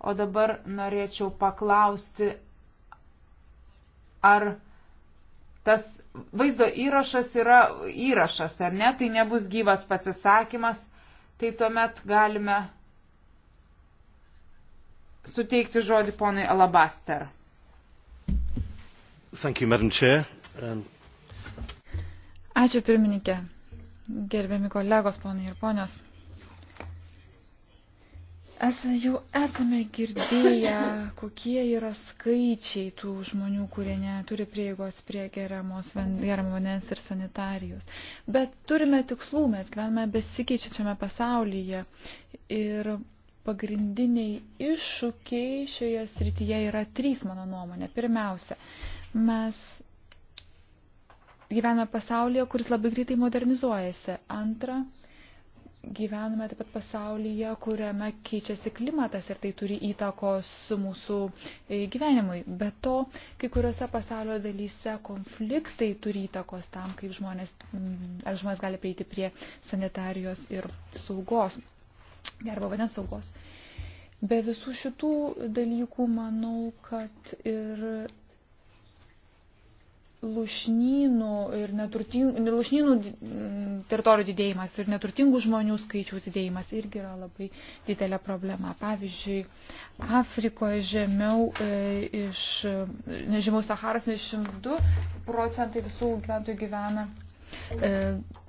S3: o dabar norėčiau paklausti, ar tas vaizdo įrašas yra įrašas, ar ne, tai nebus gyvas pasisakymas, tai tuomet galime suteikti žodį ponui Alabaster.
S7: Thank you, Madam Chair. Um...
S6: Ačiū pirmininkė, gerbiami kolegos, ponai ir ponios. Esame jau esame girdėję, kokie yra skaičiai tų žmonių, kurie neturi prieigos prie geriamos geriamo vandens ir sanitarijos. Bet turime tikslų, mes gyvename besikeičiančiame pasaulyje ir pagrindiniai iššūkiai šioje srityje yra trys, mano nuomonė. Pirmiausia, mes gyvename pasaulyje, kuris labai greitai modernizuojasi. Antra, gyvename taip pat pasaulyje, kuriame keičiasi klimatas ir tai turi įtakos mūsų e, gyvenimui. Be to, kai kuriuose pasaulio dalyse konfliktai turi įtakos tam, kaip žmonės, mm, ar žmonės gali prieiti prie sanitarijos ir saugos, gerbo vandens saugos. Be visų šitų dalykų manau, kad ir lušnynų ir neturtingų, lušnynų mm, teritorijų didėjimas ir neturtingų žmonių skaičiaus didėjimas irgi yra labai didelė problema. Pavyzdžiui, Afrikoje žemiau e, iš, nežemiau Saharos, iš 102 procentai visų gyventojų gyvena e,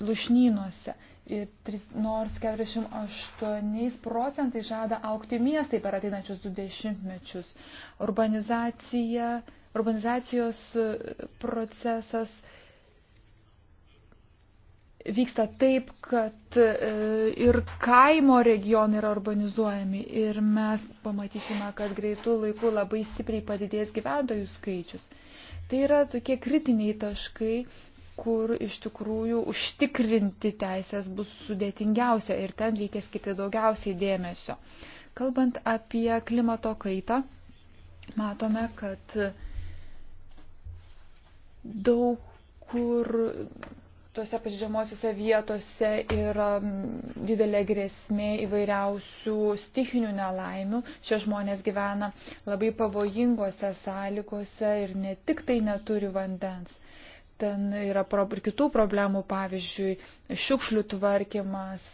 S6: lušnynuose. Ir tris, nors 48 procentai žada aukti miestai per ateinančius du dešimtmečius. Urbanizacija urbanizacijos e, procesas vyksta taip, kad e, ir kaimo regionai yra urbanizuojami ir mes pamatysime, kad greitų laikų labai stipriai padidės gyventojų skaičius. Tai yra tokie kritiniai taškai, kur iš tikrųjų užtikrinti teisės bus sudėtingiausia ir ten reikia skirti daugiausiai dėmesio. Kalbant apie klimato kaitą, matome, kad daug kur tose pažydžiamosiose vietose yra didelė grėsmė įvairiausių stichinių nelaimių. Šie žmonės gyvena labai pavojingose sąlygose ir ne tik tai neturi vandens. Ten yra pro, ir kitų problemų, pavyzdžiui, šiukšlių tvarkymas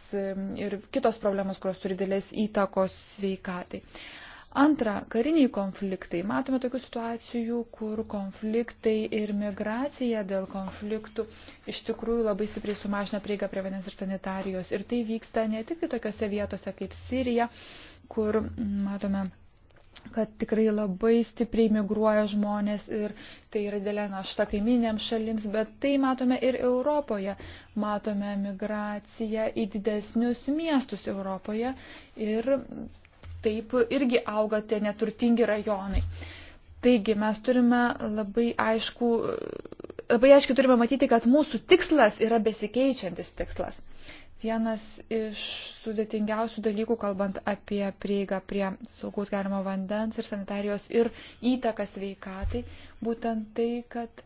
S6: ir kitos problemos, kurios turi dėlės įtakos sveikatai. Uh, Antra, kariniai konfliktai. Matome tokių situacijų, kur konfliktai ir migracija dėl konfliktų iš tikrųjų labai stipriai sumažina prieigą prie vandens ir sanitarijos. Ir tai vyksta ne tik tai tokiose vietose kaip Sirija, kur matome kad tikrai labai stipriai migruoja žmonės ir tai yra dėlė našta kaiminėms šalims, bet tai matome ir Europoje. Matome migraciją į didesnius miestus Europoje ir taip irgi auga tie neturtingi rajonai. Taigi mes turime labai aišku, labai aiškiai turime matyti, kad mūsų tikslas yra besikeičiantis tikslas. Vienas iš sudėtingiausių dalykų, kalbant apie prieigą prie saugaus gerimo vandens ir sanitarijos ir įtaką sveikatai, būtent tai, kad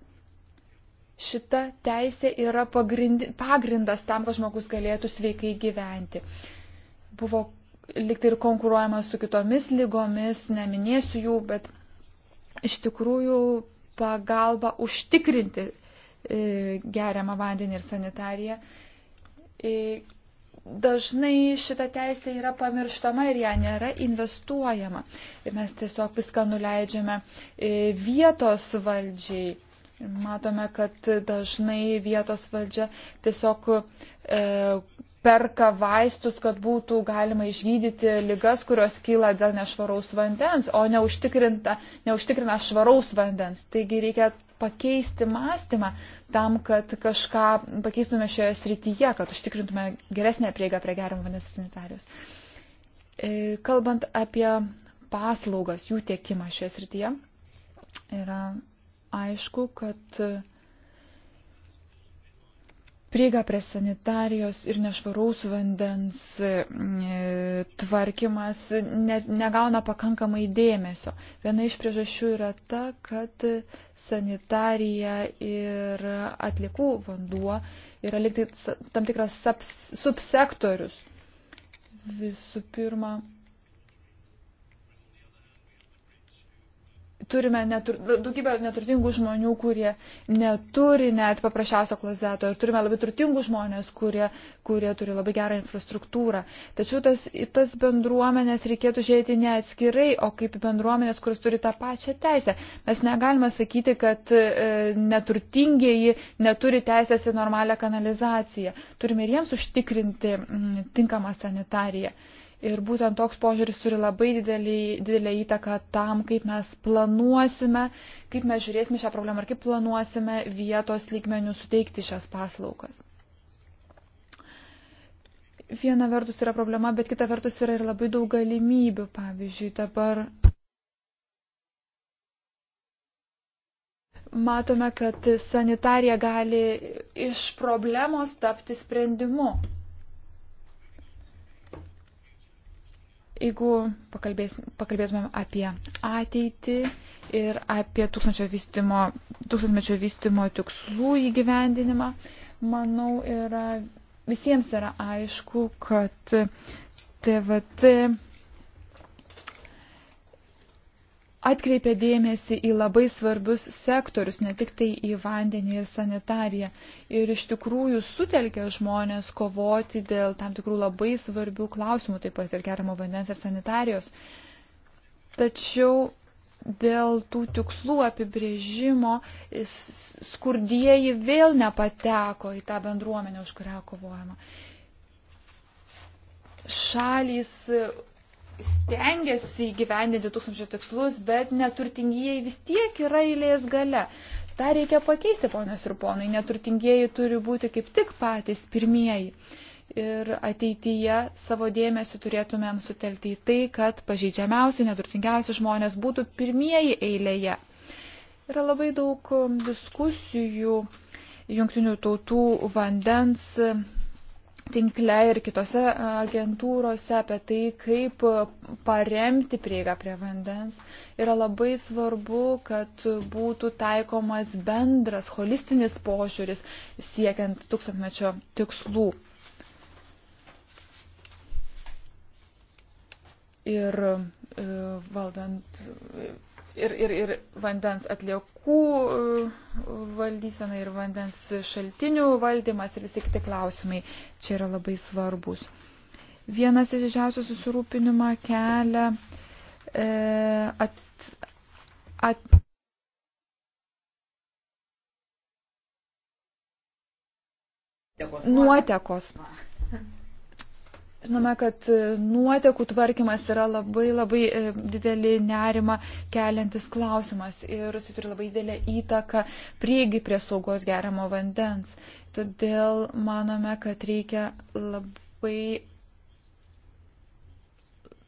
S6: šita teisė yra pagrind, pagrindas tam, kad žmogus galėtų sveikai gyventi. Buvo liktai ir konkuruojama su kitomis lygomis, neminėsiu jų, bet iš tikrųjų pagalba užtikrinti e, geriamą vandenį ir sanitariją. E, dažnai šita teisė yra pamirštama ir ją nėra investuojama. Mes tiesiog viską nuleidžiame e, vietos valdžiai. Matome, kad dažnai vietos valdžia tiesiog e, perka vaistus, kad būtų galima išgydyti lygas, kurios kyla dėl nešvaraus vandens, o neužtikrina švaraus vandens. Taigi reikia pakeisti mąstymą tam, kad kažką pakeistume šioje srityje, kad užtikrintume geresnę prieigą prie gerimo vandens sanitarijos. E, kalbant apie paslaugas, jų tiekimą šioje srityje, yra aišku, kad prieiga prie sanitarijos ir nešvaraus vandens e, tvarkymas ne, negauna pakankamai dėmesio. Viena iš priežasčių yra ta, kad sanitarija ir atlikų vanduo yra liktai tam tikras subsektorius. Visų pirma, turime netur, daugybę neturtingų žmonių, kurie neturi net paprasčiausio klozeto ir turime labai turtingų žmonės, kurie, kurie turi labai gerą infrastruktūrą. Tačiau tas, tas bendruomenės reikėtų žiūrėti ne atskirai, o kaip bendruomenės, kuris turi tą pačią teisę. Mes negalime sakyti, kad e, neturtingieji neturi teisės į normalią kanalizaciją. Turime ir jiems užtikrinti m, tinkamą sanitariją. Ir būtent toks požiūris turi labai didelį, didelį įtaką tam, kaip mes planuosime, kaip mes žiūrėsime šią problemą ir kaip planuosime vietos lygmenių suteikti šias paslaugas. Viena vertus yra problema, bet kita vertus yra ir labai daug galimybių. Pavyzdžiui, dabar matome, kad sanitarija gali iš problemos tapti sprendimu. Jeigu pakalbės, pakalbėtumėm apie ateitį ir apie vystymo, tūkstantmečio vystimo tikslų įgyvendinimą, manau, yra, visiems yra aišku, kad TVT atkreipė dėmesį į labai svarbius sektorius, ne tik tai į vandenį ir sanitariją. Ir iš tikrųjų sutelkė žmonės kovoti dėl tam tikrų labai svarbių klausimų, taip pat ir gerimo vandens ir sanitarijos. Tačiau dėl tų tikslų apibrėžimo skurdieji vėl nepateko į tą bendruomenę, už kurią kovojama. Šalys stengiasi įgyvendinti tūkstančio tikslus, bet neturtingieji vis tiek yra eilės gale. Ta reikia pakeisti, ponios ir ponai, neturtingieji turi būti kaip tik patys pirmieji. Ir ateityje savo dėmesį turėtumėm sutelti į tai, kad pažeidžiamiausi, neturtingiausi žmonės būtų pirmieji eilėje. Yra labai daug diskusijų jungtinių tautų vandens tinkle ir kitose agentūrose apie tai, kaip paremti prieigą prie vandens, yra labai svarbu, kad būtų taikomas bendras, holistinis požiūris siekiant tūkstantmečio tikslų. Ir e, valdant ir, ir, ir vandens atliekų e, valdysena ir vandens šaltinių valdymas ir visi kiti klausimai čia yra labai svarbus. Vienas iš didžiausių susirūpinimą kelia e, at, at, nuotekos. nuotekos. Žinome, kad e, nuotekų tvarkymas yra labai labai e, didelį nerimą keliantis klausimas ir jis turi labai didelę įtaką prieigi prie saugos geriamo vandens. Todėl manome, kad reikia labai.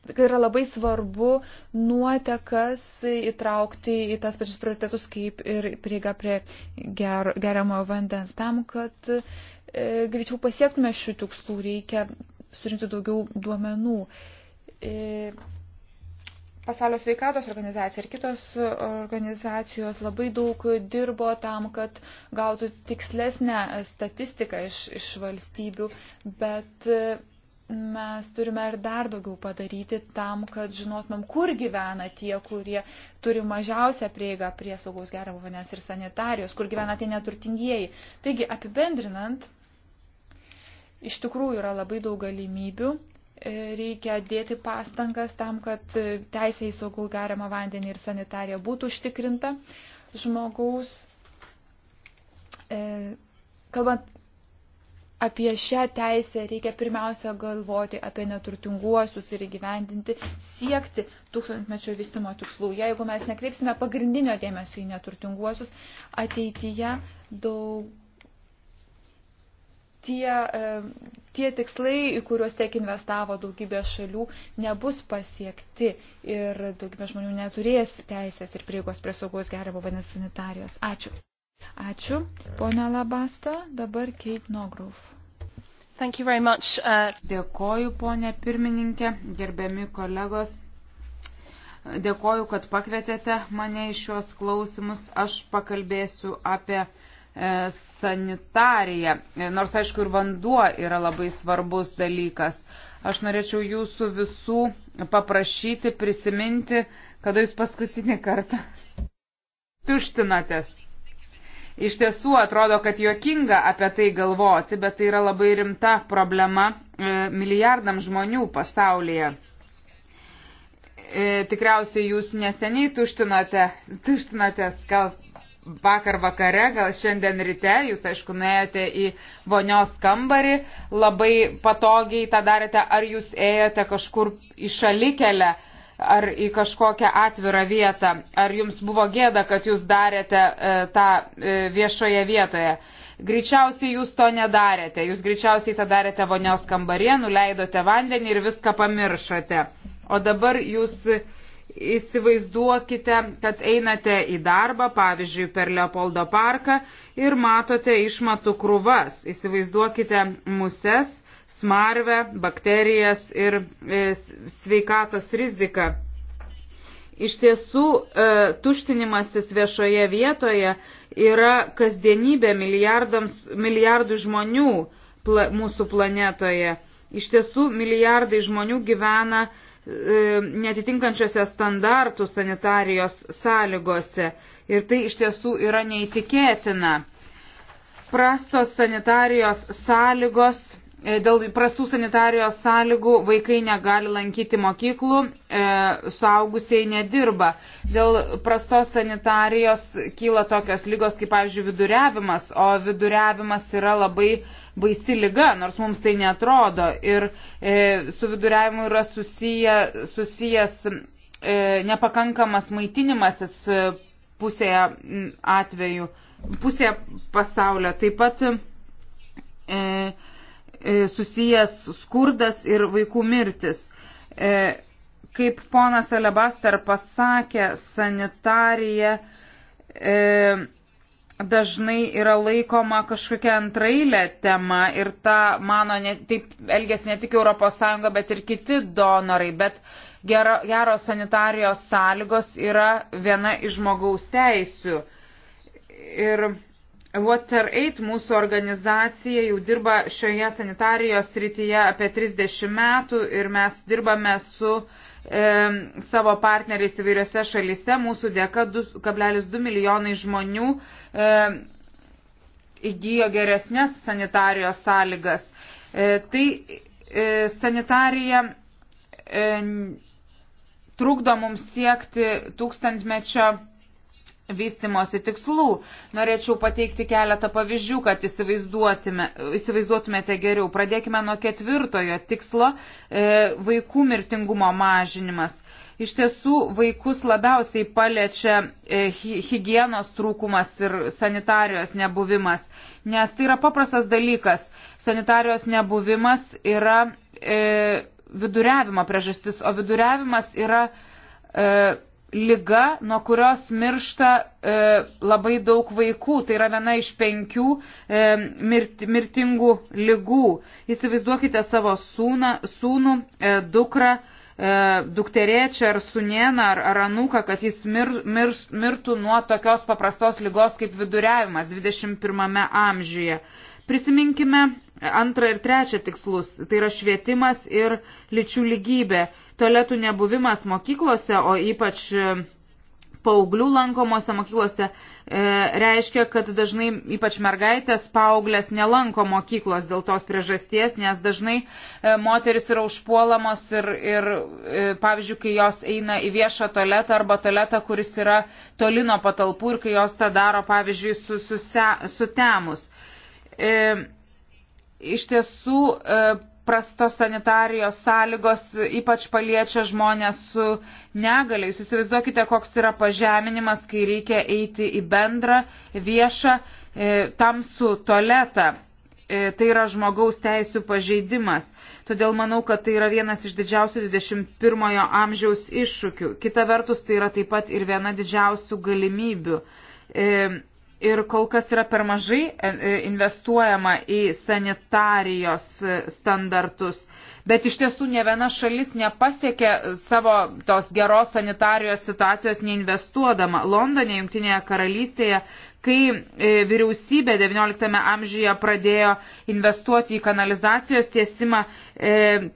S6: Tai yra labai svarbu nuotekas įtraukti į tas pačias prioritetus kaip ir prieiga prie ger, geriamojo vandens. Tam, kad e, greičiau pasiektume šių tikslų, reikia surinkti daugiau duomenų. E, Pasaulio sveikatos organizacija ir kitos organizacijos labai daug dirbo tam, kad gautų tikslesnę statistiką iš, iš valstybių, bet e, mes turime ir dar daugiau padaryti tam, kad žinotumėm, kur gyvena tie, kurie turi mažiausią prieigą prie saugaus geriamo vandens ir sanitarijos, kur gyvena tie neturtingieji. Taigi, apibendrinant, Iš tikrųjų yra labai daug galimybių, e, reikia dėti pastangas tam, kad teisė į saugų geriamą vandenį ir sanitariją būtų užtikrinta žmogaus. E, kalbant apie šią teisę, reikia pirmiausia galvoti apie neturtinguosius ir įgyvendinti, siekti tūkstantmečio vystimo tikslų. Jeigu mes nekreipsime pagrindinio dėmesio į neturtinguosius, ateityje daug tie, e, tie tikslai, į kuriuos tiek investavo daugybė šalių, nebus pasiekti ir daugybė žmonių neturės teisės ir prieigos prie saugos gerimo vandens sanitarijos. Ačiū. Ačiū. Pone Labasta, dabar Kate Nogruf.
S3: Thank you very much. Uh... Dėkoju, ponė pirmininkė, gerbiami kolegos. Dėkoju, kad pakvietėte mane į šios klausimus. Aš pakalbėsiu apie uh, E, sanitarija. E, nors, aišku, ir vanduo yra labai svarbus dalykas. Aš norėčiau jūsų visų paprašyti, prisiminti, kada jūs paskutinį kartą tuštinatės. Iš tiesų atrodo, kad juokinga apie tai galvoti, bet tai yra labai rimta problema e, milijardam žmonių pasaulyje tikriausiai jūs neseniai tuštinate, tuštinatės, gal vakar vakare, gal šiandien ryte, jūs aišku nuėjote į vonios kambarį, labai patogiai tą darėte, ar jūs ėjote kažkur į šalikelę, ar į kažkokią atvirą vietą, ar jums buvo gėda, kad jūs darėte e, tą e, viešoje vietoje. Greičiausiai jūs to nedarėte, jūs greičiausiai tą darėte vonios kambarė, nuleidote vandenį ir viską pamiršote. O dabar jūs Įsivaizduokite, kad einate į darbą, pavyzdžiui, per Leopoldo parką ir matote išmatų krūvas. Įsivaizduokite muses, smarvę, bakterijas ir e, sveikatos riziką. Iš tiesų, e, tuštinimasis viešoje vietoje yra kasdienybė milijardų žmonių pla, mūsų planetoje. Iš tiesų, milijardai žmonių gyvena uh, E, netitinkančiose standartų sanitarijos sąlygose. Ir tai iš tiesų yra neįtikėtina. Prastos sanitarijos sąlygos e, Dėl prastų sanitarijos sąlygų vaikai negali lankyti mokyklų, e, suaugusiai nedirba. Dėl prastos sanitarijos kyla tokios lygos kaip, pavyzdžiui, viduriavimas, o viduriavimas yra labai e, baisi lyga, nors mums tai netrodo. Ir e, su viduriavimu yra susiję, susijęs e, nepakankamas maitinimasis e, pusėje atveju, pusėje pasaulio. Taip pat e, e susijęs skurdas ir vaikų mirtis. E, kaip ponas Alebaster pasakė, sanitarija dažnai yra laikoma kažkokia antrailė tema ir ta mano, ne, taip elgesi ne tik ES, bet ir kiti donorai, bet gero, geros sanitarijos sąlygos yra viena iš žmogaus teisių. Ir Water Aid mūsų organizacija jau dirba šioje sanitarijos srityje apie 30 metų ir mes dirbame su uh, E, savo partneriais įvairiose šalise. Mūsų dėka 2,2 milijonai žmonių e, įgyjo geresnės sanitarijos sąlygas. E, tai sanitarija trukdo mums siekti tūkstantmečio vystimosi tikslų. Norėčiau pateikti keletą pavyzdžių, kad įsivaizduotumėte geriau. Pradėkime nuo ketvirtojo tikslo e, - vaikų mirtingumo mažinimas. Iš tiesų, vaikus labiausiai paliečia e, hygienos trūkumas ir sanitarijos nebuvimas, nes tai yra paprastas dalykas. Sanitarijos nebuvimas yra e, viduriavimo priežastis, o viduriavimas yra e, lyga, nuo kurios miršta e, labai daug vaikų. Tai yra viena iš penkių e, mirt, mirtingų lygų. Įsivaizduokite savo sūną, sūnų, e, dukrą, e, dukterėčią ar sunieną ar, ar anūką, kad jis mir, mir, mirtų nuo tokios paprastos lygos kaip viduriavimas 21 amžiuje. Prisiminkime antrą ir trečią tikslus, tai yra švietimas ir lyčių lygybė. Toletų nebuvimas mokyklose, o ypač e, paauglių lankomose mokyklose e, reiškia, kad dažnai ypač mergaitės paauglės nelanko mokyklos dėl tos priežasties, nes dažnai e, moteris yra užpuolamos ir, ir e, pavyzdžiui, kai jos eina į viešą toletą arba toletą, kuris yra toli nuo patalpų ir kai jos tą daro, pavyzdžiui, su, su, su temus. E, iš tiesų, e, prastos sanitarijos sąlygos ypač paliečia žmonės su negaliai. Jūs įsivaizduokite, koks yra pažeminimas, kai reikia eiti į bendrą viešą e, tamsų tualetą. E, tai yra žmogaus teisų pažeidimas. Todėl manau, kad tai yra vienas iš didžiausių 21-ojo amžiaus iššūkių. Kita vertus, tai yra taip pat ir viena didžiausių galimybių. E, ir kol kas yra per mažai e, e, investuojama į sanitarijos e, standartus. Bet iš tiesų ne viena šalis nepasiekė savo tos geros sanitarijos situacijos neinvestuodama. Londone, Junktinėje karalystėje, kai vyriausybė XIX amžiuje pradėjo investuoti į kanalizacijos tiesimą, e,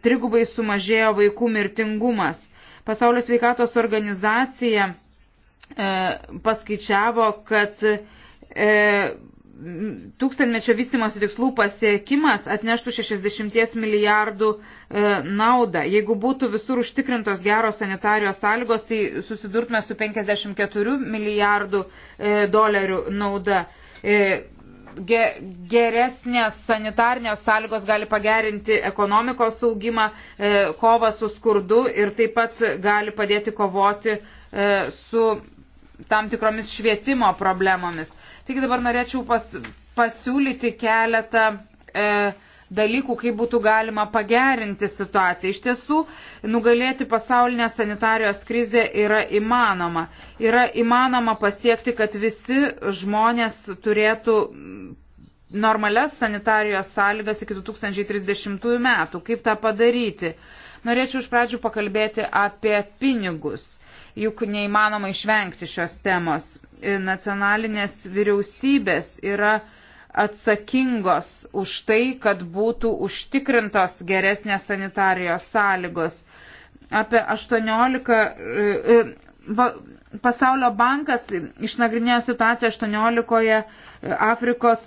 S3: trigubai sumažėjo vaikų mirtingumas. Pasaulio sveikatos organizacija e, paskaičiavo, kad e, e, tūkstantmečio vystimosi tikslų pasiekimas atneštų 60 milijardų e, naudą. Jeigu būtų visur užtikrintos geros sanitarijos sąlygos, tai susidurtume su 54 milijardų e, dolerių nauda. E, ge, geresnės sanitarnės sąlygos gali pagerinti ekonomikos augimą, e, kovą su skurdu ir taip pat gali padėti kovoti e, su tam tikromis švietimo problemomis. Taigi dabar norėčiau pas, pasiūlyti keletą e, dalykų, kaip būtų galima pagerinti situaciją. Iš tiesų, nugalėti pasaulinę sanitarijos krizę yra įmanoma. Yra įmanoma pasiekti, kad visi žmonės turėtų normales sanitarijos sąlygas iki 2030 metų. Kaip tą padaryti? Norėčiau iš pradžių pakalbėti apie pinigus juk neįmanoma išvengti šios temos. Nacionalinės vyriausybės yra atsakingos už tai, kad būtų užtikrintos geresnės sanitarijos sąlygos. Apie 18, Pasaulio bankas išnagrinėjo situaciją 18 e, Afrikos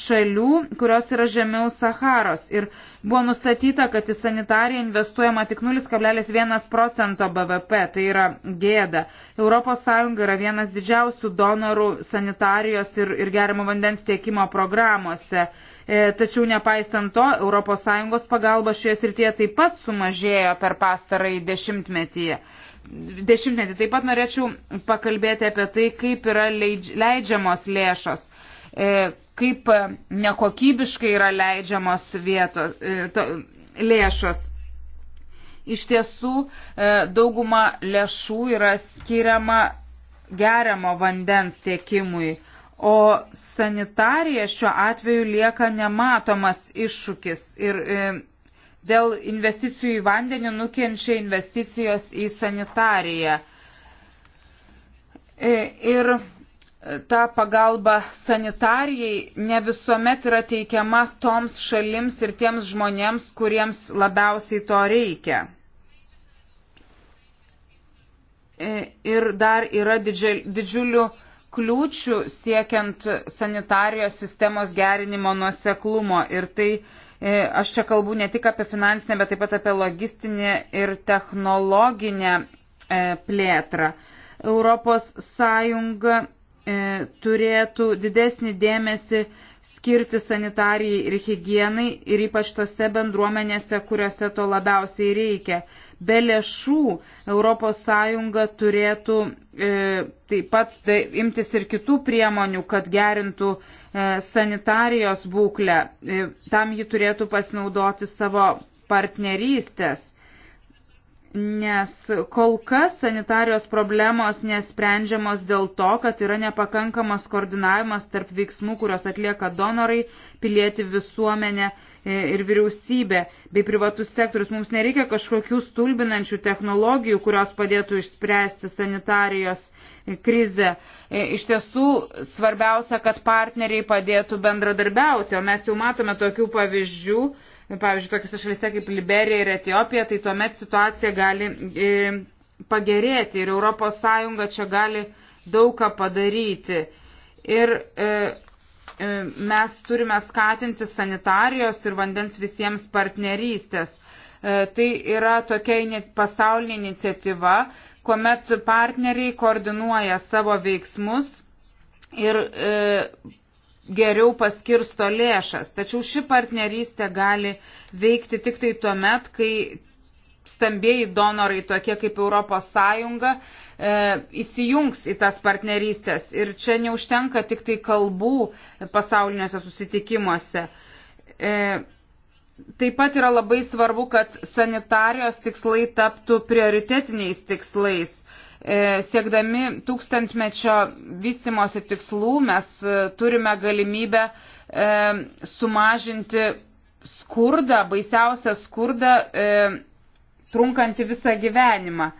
S3: šalių, kurios yra žemiau Saharos. Ir buvo nustatyta, kad į sanitariją investuojama tik 0,1 procento BVP. Tai yra gėda. ES yra vienas didžiausių donorų sanitarijos ir, ir gerimo vandens tiekimo programuose. E, tačiau nepaisant to, ES pagalba šioje srityje taip pat sumažėjo per pastarąjį dešimtmetyje dešimtmetį. Taip pat norėčiau pakalbėti apie tai, kaip yra leidžiamos lėšos, e, kaip nekokybiškai yra leidžiamos vietos, e, to, lėšos. Iš tiesų, e, dauguma lėšų yra skiriama geriamo vandens tiekimui, o sanitarija šiuo atveju lieka nematomas iššūkis ir dėl investicijų į vandenį nukenčia investicijos į sanitariją. E, ir ta pagalba sanitarijai ne visuomet yra teikiama toms šalims ir tiems žmonėms, kuriems labiausiai to reikia. E, ir dar yra didžiulių kliūčių siekiant sanitarijos sistemos gerinimo nuoseklumo. Ir tai E, aš čia kalbu ne tik apie finansinę, bet taip pat apie logistinę ir technologinę e, plėtrą. Europos Sąjunga e, turėtų didesnį dėmesį skirti sanitarijai ir higienai ir ypač tose bendruomenėse, kuriuose to labiausiai reikia. Be lėšų ES turėtų e, taip pat tai, imtis ir kitų priemonių, kad gerintų e, sanitarijos būklę. E, tam ji turėtų pasinaudoti savo partnerystės nes kol kas sanitarijos problemos nesprendžiamos dėl to, kad yra nepakankamas koordinavimas tarp veiksmų, kurios atlieka donorai, pilieti visuomenė E, ir vyriausybė bei privatus sektorius. Mums nereikia kažkokių stulbinančių technologijų, kurios padėtų išspręsti sanitarijos e, krizę. E, iš tiesų svarbiausia, kad partneriai padėtų bendradarbiauti, o mes jau matome tokių pavyzdžių, pavyzdžiui, tokiuose šalyse kaip Liberija ir Etijopija, tai tuomet situacija gali pagerėti ir ES čia gali daug ką padaryti. Ir e, E, mes turime skatinti sanitarijos ir vandens visiems partnerystės. E, tai yra tokia pasaulinė iniciatyva, kuomet partneriai koordinuoja savo veiksmus ir e, geriau paskirsto lėšas. Tačiau ši partnerystė gali veikti tik tai tuo met, kai stambėjai donorai, tokie kaip Europos Sąjunga, E, įsijungs į tas partnerystės. Ir čia neužtenka tik tai kalbų pasauliniuose susitikimuose. E, taip pat yra labai svarbu, kad sanitarijos tikslai taptų prioritetiniais tikslais. E, siekdami tūkstantmečio vystimosi tikslų mes turime galimybę sumažinti skurdą, baisiausią skurdą trunkantį visą gyvenimą.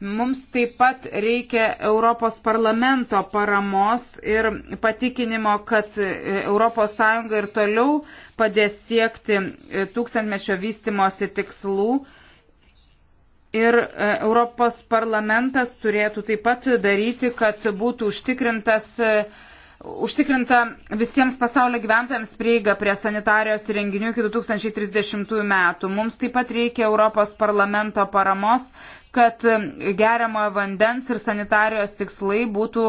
S3: Mums taip pat reikia Europos parlamento paramos ir patikinimo, kad ES ir toliau padės siekti e, tūkstantmečio vystimosi tikslų. Ir e, Europos parlamentas turėtų taip pat daryti, kad būtų užtikrintas, e, užtikrinta visiems pasaulio gyventojams prieiga prie sanitarijos renginių iki 2030 metų. Mums taip pat reikia Europos parlamento paramos kad geriamojo vandens ir sanitarijos tikslai būtų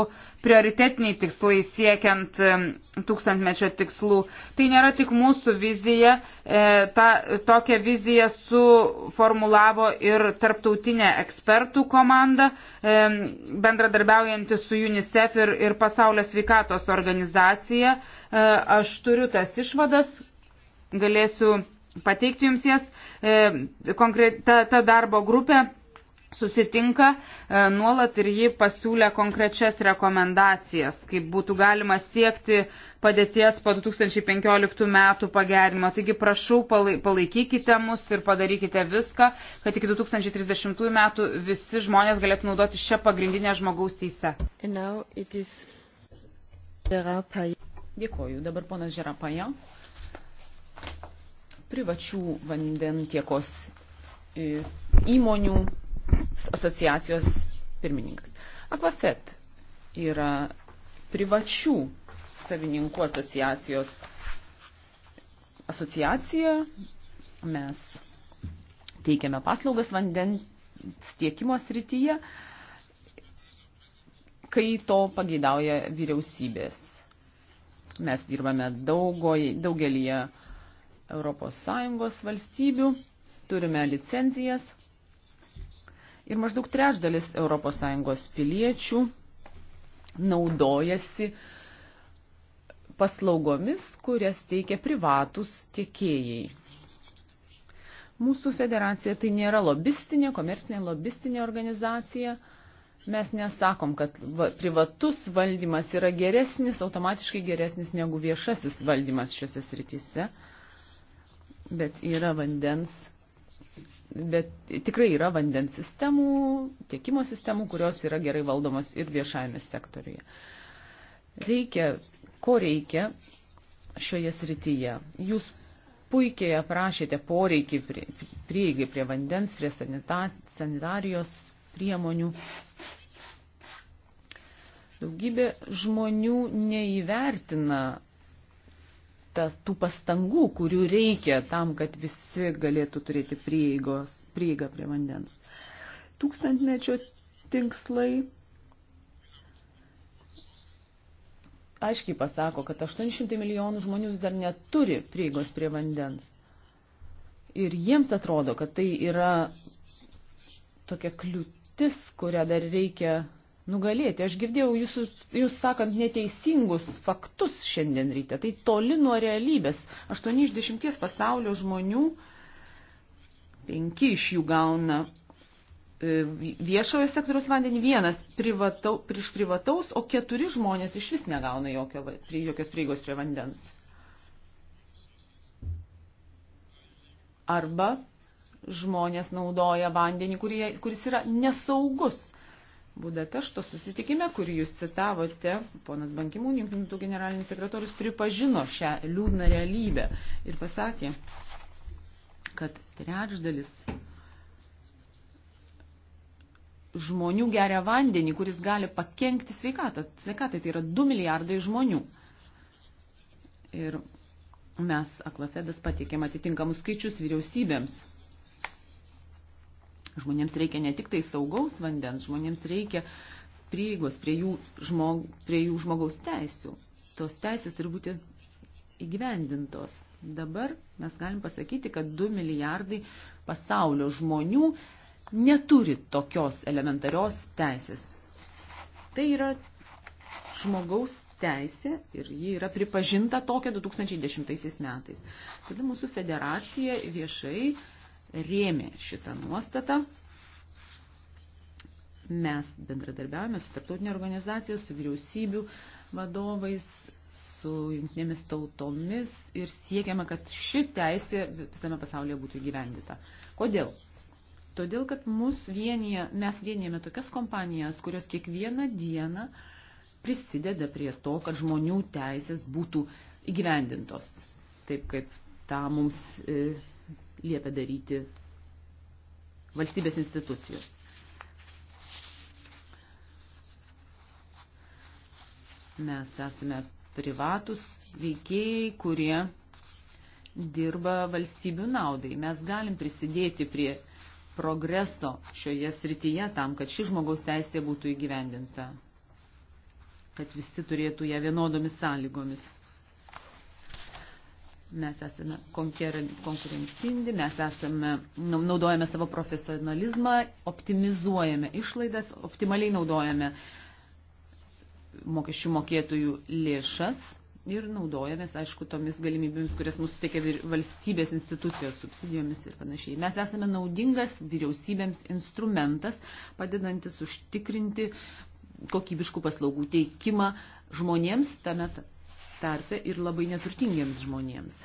S3: prioritetiniai tikslai siekiant tūkstantmečio tikslų. Tai nėra tik mūsų vizija, e, ta, tokią viziją suformulavo ir tarptautinė ekspertų komanda, bendradarbiaujanti su UNICEF ir, ir Pasaulio sveikatos organizacija. E, aš turiu tas išvadas, galėsiu pateikti jums jas. E, Konkreta ta darbo grupė susitinka e, nuolat ir ji pasiūlė konkrečias rekomendacijas, kaip būtų galima siekti padėties po 2015 metų pagerinimo. Taigi prašau, palaikykite mus ir padarykite viską, kad iki 2030 metų visi žmonės galėtų naudoti šią pagrindinę žmogaus teisę.
S2: Is... Dėkoju. Dabar ponas Žerapaja. Privačių vandentiekos e, įmonių asociacijos pirmininkas. Aquafet yra privačių savininkų asociacijos asociacija. Mes teikiame paslaugas vandens tiekimo srityje, kai to pageidauja vyriausybės. Mes dirbame daugoj, daugelyje ES valstybių, turime licenzijas ir maždaug trečdalis ES piliečių naudojasi paslaugomis, kurias teikia privatus tiekėjai. Mūsų federacija tai nėra lobistinė, komercinė lobistinė organizacija. Mes nesakom, kad va, privatus valdymas yra geresnis, automatiškai geresnis negu viešasis valdymas šiuose srityse, bet yra vandens bet tikrai yra vandens sistemų, tiekimo sistemų, kurios yra gerai valdomos ir viešajame sektoriuje. Reikia, ko reikia šioje srityje. Jūs puikiai aprašėte poreikį prieigai prie vandens, prie sanita, sanitarijos priemonių. Daugybė žmonių neįvertina tas, tų pastangų, kurių reikia tam, kad visi galėtų turėti prieigos, prieigą prie vandens. Tūkstantmečio tinkslai aiškiai pasako, kad 800 milijonų žmonių vis dar neturi prieigos prie vandens. Ir jiems atrodo, kad tai yra tokia kliūtis, kurią dar reikia nugalėti. Aš girdėjau jūsų, jūs sakant neteisingus faktus šiandien ryte. Tai toli nuo realybės. 8 iš 10 pasaulio žmonių, 5 iš jų gauna e, viešojo sektoriaus vandenį, vienas privatau, prieš privataus, o keturi žmonės iš vis negauna jokio, jokios prieigos prie vandens. Arba žmonės naudoja vandenį, kurie, kuris yra nesaugus Budapešto susitikime, kurį jūs citavote, ponas Bankimų, jungtinių tautų generalinis sekretorius pripažino šią liūdną realybę ir pasakė, kad trečdalis žmonių geria vandenį, kuris gali pakenkti sveikatą. Sveikatai tai yra 2 milijardai žmonių. Ir mes, aklafedas, pateikėm atitinkamus skaičius vyriausybėms Žmonėms reikia ne tik tai saugaus vandens, žmonėms reikia prieigos prie jų, žmog, prie jų žmogaus teisių. Tos teisės turi būti įgyvendintos. Dabar mes galim pasakyti, kad 2 milijardai pasaulio žmonių neturi tokios elementarios teisės. Tai yra žmogaus teisė ir ji yra pripažinta tokia 2010 metais. Tada mūsų federacija viešai rėmė šitą nuostatą. Mes bendradarbiavome su tarptautinė organizacija, su vyriausybių vadovais, su jungtinėmis tautomis ir siekiame, kad ši teisė visame pasaulyje būtų įgyvendita. Kodėl? Todėl, kad mus vienyje, mes vienijame tokias kompanijas, kurios kiekvieną dieną prisideda prie to, kad žmonių teisės būtų įgyvendintos. Taip kaip tą mums e, liepia daryti valstybės institucijos. Mes esame privatus veikėjai, kurie dirba valstybių naudai. Mes galim prisidėti prie progreso šioje srityje tam, kad ši žmogaus teisė būtų įgyvendinta, kad visi turėtų ją vienodomis sąlygomis. Mes esame konkurencingi, mes esame, nu, naudojame savo profesionalizmą, optimizuojame išlaidas, optimaliai naudojame mokesčių mokėtojų lėšas ir naudojamės, aišku, tomis galimybėmis, kurias mūsų teikia valstybės institucijos subsidijomis ir panašiai. Mes esame naudingas vyriausybėms instrumentas, padedantis užtikrinti kokybiškų paslaugų teikimą žmonėms tame tarpe ir labai neturtingiems žmonėms.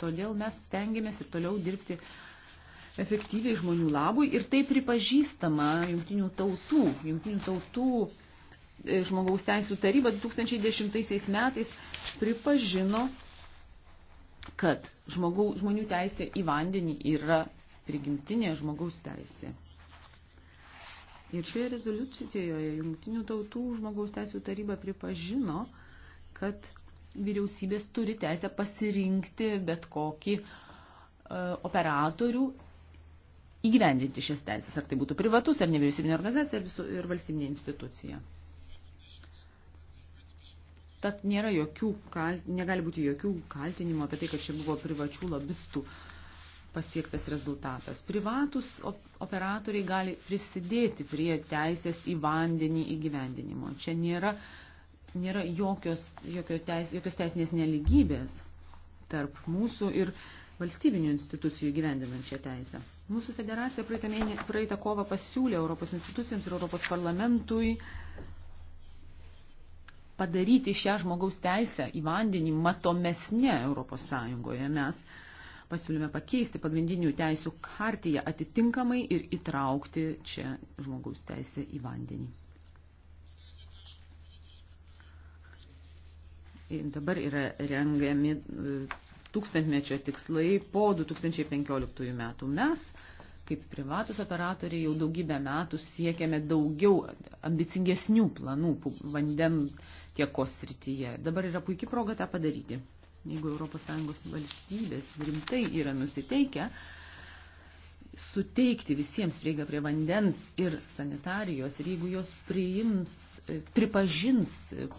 S2: Todėl mes stengiamės ir toliau dirbti efektyviai žmonių labui ir tai pripažįstama jungtinių tautų, jungtinių tautų e, žmogaus teisų taryba 2010 metais pripažino, kad žmogau, žmonių teisė į vandenį yra prigimtinė žmogaus teisė. Ir šioje rezoliucijoje jungtinių tautų žmogaus teisų taryba pripažino, kad vyriausybės turi teisę pasirinkti bet kokį e, operatorių įgyvendinti šias teisės, ar tai būtų privatus, ar nevyriausybinė organizacija, ar, visu, ir valstybinė institucija. Tad nėra jokių, negali būti jokių kaltinimų apie tai, kad čia buvo privačių lobistų pasiektas rezultatas. Privatus operatoriai gali prisidėti prie teisės į vandenį įgyvendinimo. Čia nėra uh, nėra jokios, jokio teis, jokios teisinės neligybės tarp mūsų ir valstybinių institucijų gyvendinančią teisę. Mūsų federacija praeitą, mėnė, praeitą kovą pasiūlė Europos institucijams ir Europos parlamentui padaryti šią žmogaus teisę į vandenį matomesnė Europos Sąjungoje. Mes pasiūlėme pakeisti pagrindinių teisų hartiją atitinkamai ir įtraukti čia žmogaus teisę į vandenį. Dabar yra rengiami e, tūkstantmečio tikslai po 2015 metų. Mes, kaip privatus operatoriai, jau daugybę metų siekiame daugiau ambicingesnių planų vanden tiekos srityje. Dabar yra puikia proga tą padaryti. Jeigu ES valstybės rimtai yra nusiteikę, suteikti visiems prieigą prie vandens ir sanitarijos ir jeigu jos priims pripažins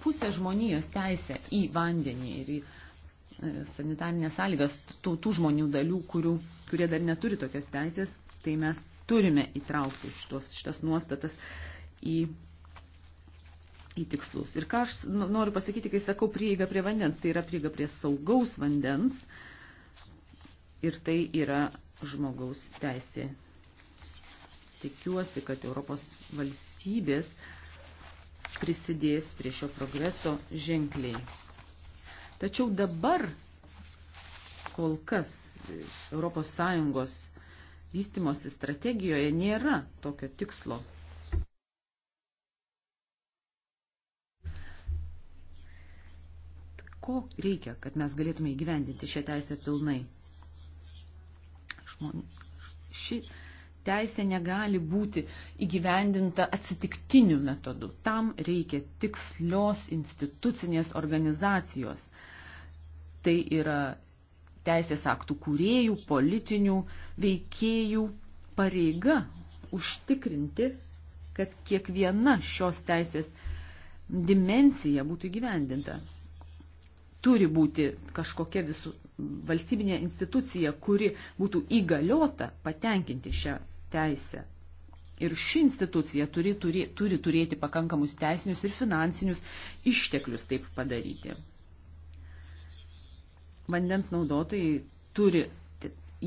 S2: pusę žmonijos teisę į vandenį ir į e, sanitarnės sąlygas tų, tų žmonių dalių, kurių, kurie dar neturi tokias teisės, tai mes turime įtraukti šitos, šitas nuostatas į, į tikslus. Ir ką aš noriu pasakyti, kai sakau prieiga prie vandens, tai yra prieiga prie saugaus vandens ir tai yra žmogaus teisė. Tikiuosi, kad Europos valstybės uh, prisidės prie šio progreso ženkliai. Tačiau dabar kol kas ES vystimosi strategijoje nėra tokio tikslo. Ko reikia, kad mes galėtume įgyvendinti šią teisę pilnai? Žmon... Ši teisė negali būti įgyvendinta atsitiktiniu metodu. Tam reikia tikslios institucinės organizacijos. Tai yra teisės aktų kūrėjų, politinių veikėjų pareiga užtikrinti, kad kiekviena šios teisės dimensija būtų įgyvendinta. Turi būti kažkokia visų valstybinė institucija, kuri būtų įgaliota patenkinti šią teisę. Ir ši institucija turi, turi, turi turėti pakankamus teisinius ir finansinius išteklius taip padaryti. Vandens naudotojai turi,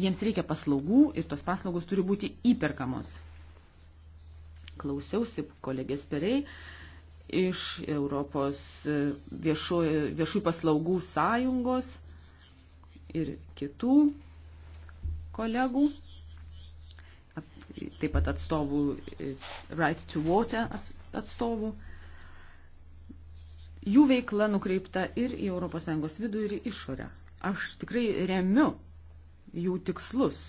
S2: jiems reikia paslaugų ir tos paslaugos turi būti įperkamos. Klausiausi kolegės Perei iš Europos e, viešo, viešų paslaugų sąjungos ir kitų kolegų taip pat atstovų e, Right to Water atstovų. Jų veikla nukreipta ir į ES vidų, ir į išorę. Aš tikrai remiu jų tikslus.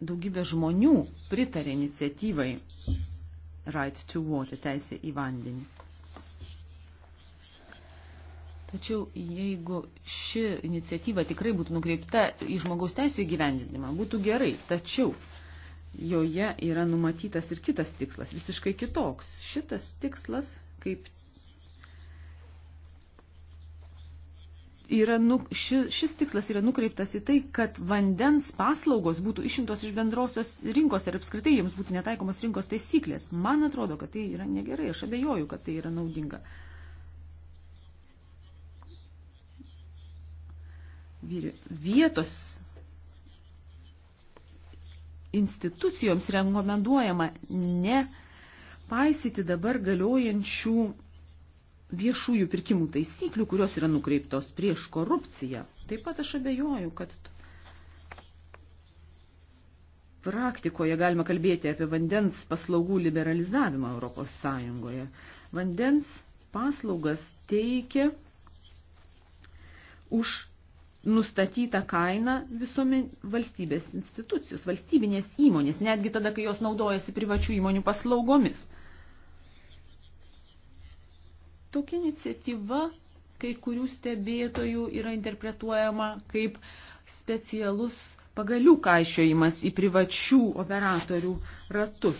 S2: Daugybė žmonių pritarė iniciatyvai Right to Water, teisė į vandenį. Tačiau jeigu ši iniciatyva tikrai būtų nukreipta į žmogaus teisų įgyvendinimą, būtų gerai. Tačiau joje yra numatytas ir kitas tikslas, visiškai kitoks. Šitas tikslas kaip yra, nu, ši, šis tikslas yra nukreiptas į tai, kad vandens paslaugos būtų išimtos iš bendrosios rinkos ir apskritai jiems būtų netaikomos rinkos taisyklės. Man atrodo, kad tai yra negerai, aš abejoju, kad tai yra naudinga. Uh, vietos institucijoms rekomenduojama ne paisyti dabar galiojančių viešųjų pirkimų taisyklių, kurios yra nukreiptos prieš korupciją. Taip pat aš abejoju, kad praktikoje galima kalbėti apie vandens paslaugų liberalizavimą Europos Sąjungoje. Vandens paslaugas teikia už nustatytą kainą visuomen valstybės institucijos, valstybinės įmonės, netgi tada, kai jos naudojasi privačių įmonių paslaugomis. Tokia iniciatyva kai kurių stebėtojų yra interpretuojama kaip specialus pagalių kaišiojimas į privačių operatorių ratus.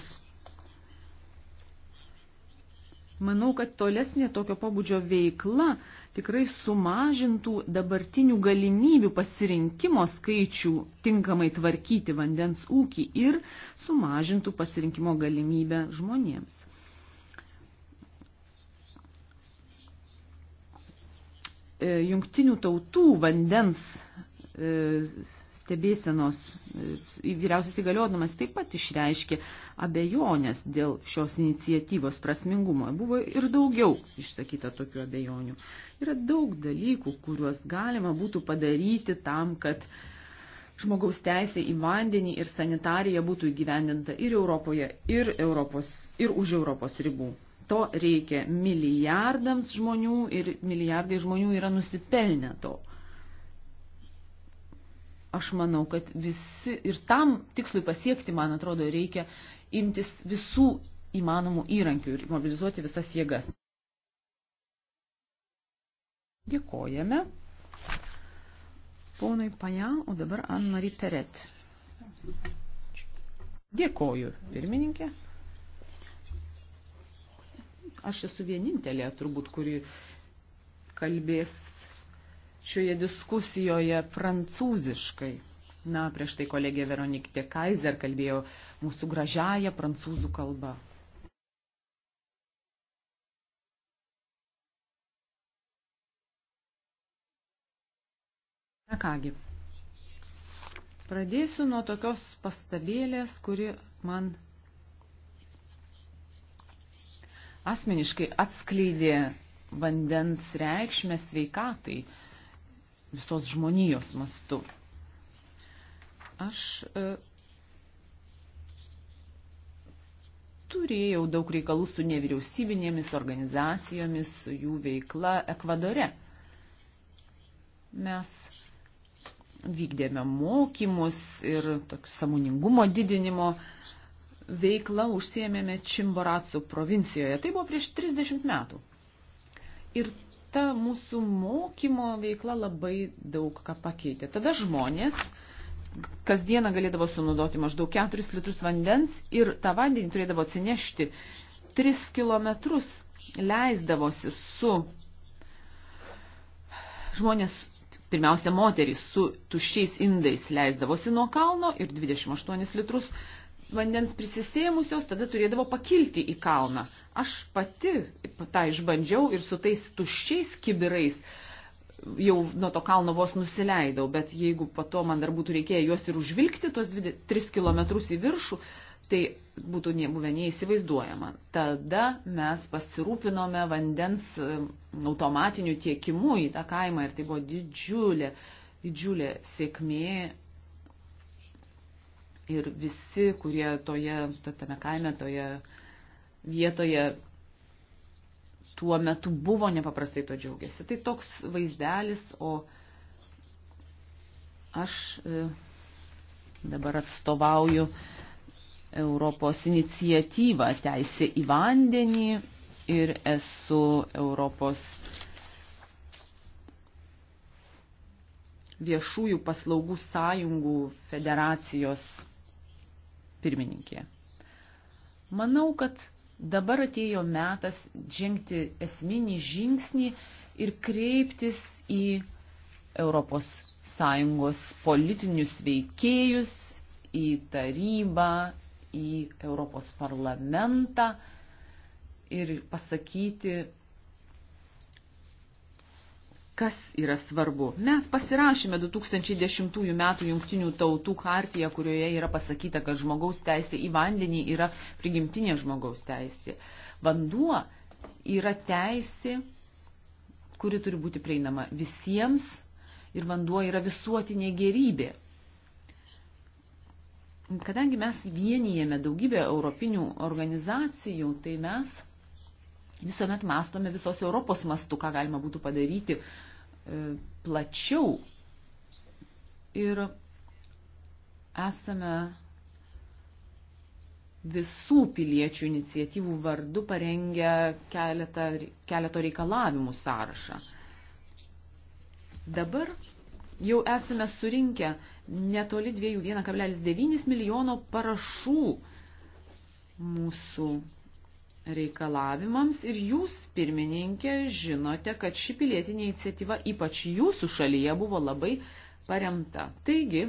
S2: Manau, kad tolesnė tokio pobūdžio veikla tikrai sumažintų dabartinių galimybių pasirinkimo skaičių tinkamai tvarkyti vandens ūkį ir sumažintų pasirinkimo galimybę žmonėms. E, jungtinių tautų vandens e, stebėsenos e, vyriausias įgaliodamas taip pat išreiškė abejonės dėl šios iniciatyvos prasmingumo. Buvo ir daugiau išsakyta tokių abejonių. Yra daug dalykų, kuriuos galima būtų padaryti tam, kad žmogaus teisė į vandenį ir sanitariją būtų įgyvendinta ir Europoje, ir, Europos, ir už Europos ribų. To reikia milijardams žmonių ir milijardai žmonių yra nusipelnę to. Aš manau, kad visi ir tam tikslui pasiekti, man atrodo, reikia imtis visų įmanomų įrankių ir mobilizuoti visas jėgas. Dėkojame. Ponui Paja, o dabar Ann-Marie Peret. Dėkoju, pirmininkė. Aš esu vienintelė, turbūt, kuri kalbės šioje diskusijoje prancūziškai. Na, prieš tai kolegė Veronik Tekaiser kalbėjo mūsų gražiają prancūzų kalbą. Na kągi, pradėsiu nuo tokios pastabėlės, kuri man asmeniškai atskleidė vandens reikšmę sveikatai visos žmonijos mastu. Aš e, turėjau daug reikalų su nevyriausybinėmis organizacijomis, su jų veikla Ekvadore. Mes vykdėme mokymus ir samoningumo didinimo veiklą užsiemėme Čimboratsų provincijoje. Tai buvo prieš 30 metų. Ir ta mūsų mokymo veikla labai daug ką pakeitė. Tada žmonės kasdieną galėdavo sunaudoti maždaug 4 litrus vandens ir tą vandenį turėdavo atsinešti 3 kilometrus, leisdavosi su žmonės, pirmiausia moterys, su tuščiais indais leisdavosi nuo kalno ir 28 litrus vandens prisisėmusios, tada turėdavo pakilti į kalną. Aš pati tą išbandžiau ir su tais tuščiais kibirais jau nuo to kalno vos nusileidau, bet jeigu po to man dar būtų reikėję juos ir užvilkti, tuos 3 km į viršų, tai būtų nebuvę neįsivaizduojama. Tada mes pasirūpinome vandens e, automatiniu tiekimu į tą kaimą ir tai buvo didžiulė, didžiulė sėkmė ir visi, kurie toje, tame kaime, toje vietoje tuo metu buvo nepaprastai to džiaugiasi. Tai toks vaizdelis, o aš e, dabar atstovauju Europos iniciatyvą Teisė į vandenį ir esu Europos viešųjų paslaugų sąjungų federacijos pirmininkė. Manau, kad dabar atėjo metas žengti esminį žingsnį ir kreiptis į ES politinius veikėjus, į tarybą, į Europos parlamentą ir pasakyti kas yra svarbu. Mes pasirašėme 2010 m. jungtinių tautų hartiją, kurioje yra pasakyta, kad žmogaus teisė į vandenį yra prigimtinė žmogaus teisė. Vanduo yra teisė, kuri turi būti prieinama visiems ir vanduo yra visuotinė gerybė. Kadangi mes vienijame daugybę europinių organizacijų, tai mes visuomet mastome visos Europos mastu, ką galima būtų padaryti e, plačiau. Ir esame visų piliečių iniciatyvų vardu parengę keletą, keleto reikalavimų sąrašą. Dabar jau esame surinkę netoli 2,1,9 milijono parašų mūsų reikalavimams ir jūs, pirmininkė, žinote, kad ši pilietinė iniciatyva ypač jūsų šalyje buvo labai paremta. Taigi,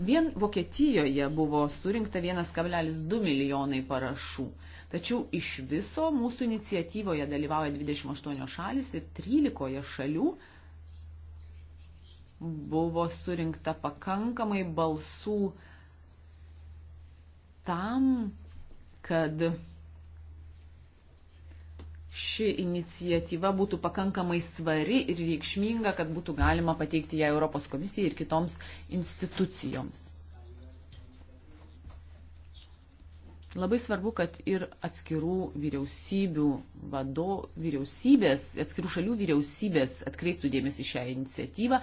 S2: Vien Vokietijoje buvo surinkta 1,2 milijonai parašų, tačiau iš viso mūsų iniciatyvoje dalyvauja 28 šalis ir 13 šalių buvo surinkta pakankamai balsų uh, tam, kad ši inicijatyva būtų pakankamai svari ir reikšminga, kad būtų galima pateikti ją Europos komisijai ir kitoms institucijoms. Labai svarbu, kad ir atskirų vyriausybių vado, vyriausybės, atskirų šalių vyriausybės atkreiptų dėmesį šią iniciatyvą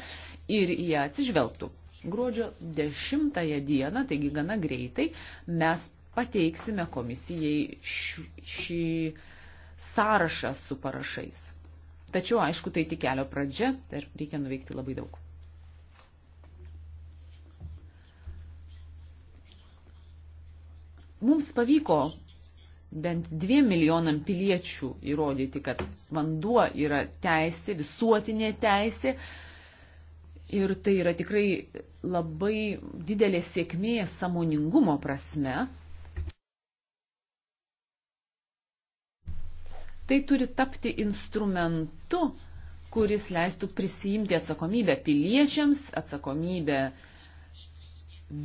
S2: ir ją atsižvelgtų. Gruodžio 10 dieną, taigi gana greitai, mes pateiksime komisijai šį sąrašą su parašais. Tačiau, aišku, tai tik kelio pradžia ir reikia nuveikti labai daug. Mums pavyko bent dviem milijonam piliečių įrodyti, kad vanduo yra teisė, visuotinė teisė, Ir tai yra tikrai labai didelė sėkmė samoningumo prasme. Tai turi tapti instrumentu, kuris leistų prisijimti atsakomybę piliečiams, atsakomybę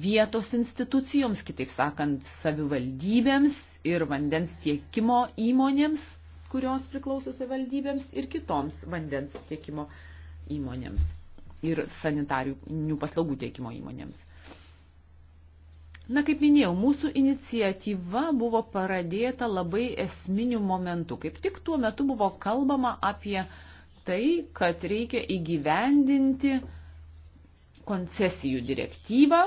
S2: vietos institucijoms, kitaip sakant, savivaldybėms ir vandens tiekimo įmonėms, kurios priklauso savivaldybėms ir kitoms vandens tiekimo įmonėms ir sanitarių paslaugų teikimo įmonėms. Na, kaip minėjau, mūsų iniciatyva buvo pradėta labai esminių momentų. Kaip tik tuo metu buvo kalbama apie tai, kad reikia įgyvendinti koncesijų direktyvą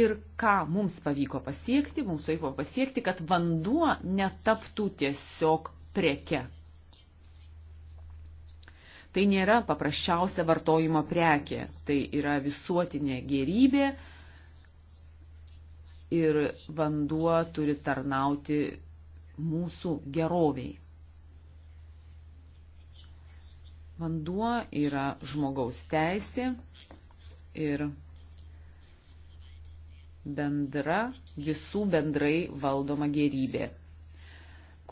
S2: ir ką mums pavyko pasiekti, mums pavyko pasiekti, kad vanduo netaptų tiesiog preke, Tai nėra paprasčiausia vartojimo prekė, tai yra visuotinė gerybė ir vanduo turi tarnauti mūsų geroviai. Vanduo yra žmogaus teisė ir bendra, visų bendrai valdoma gerybė,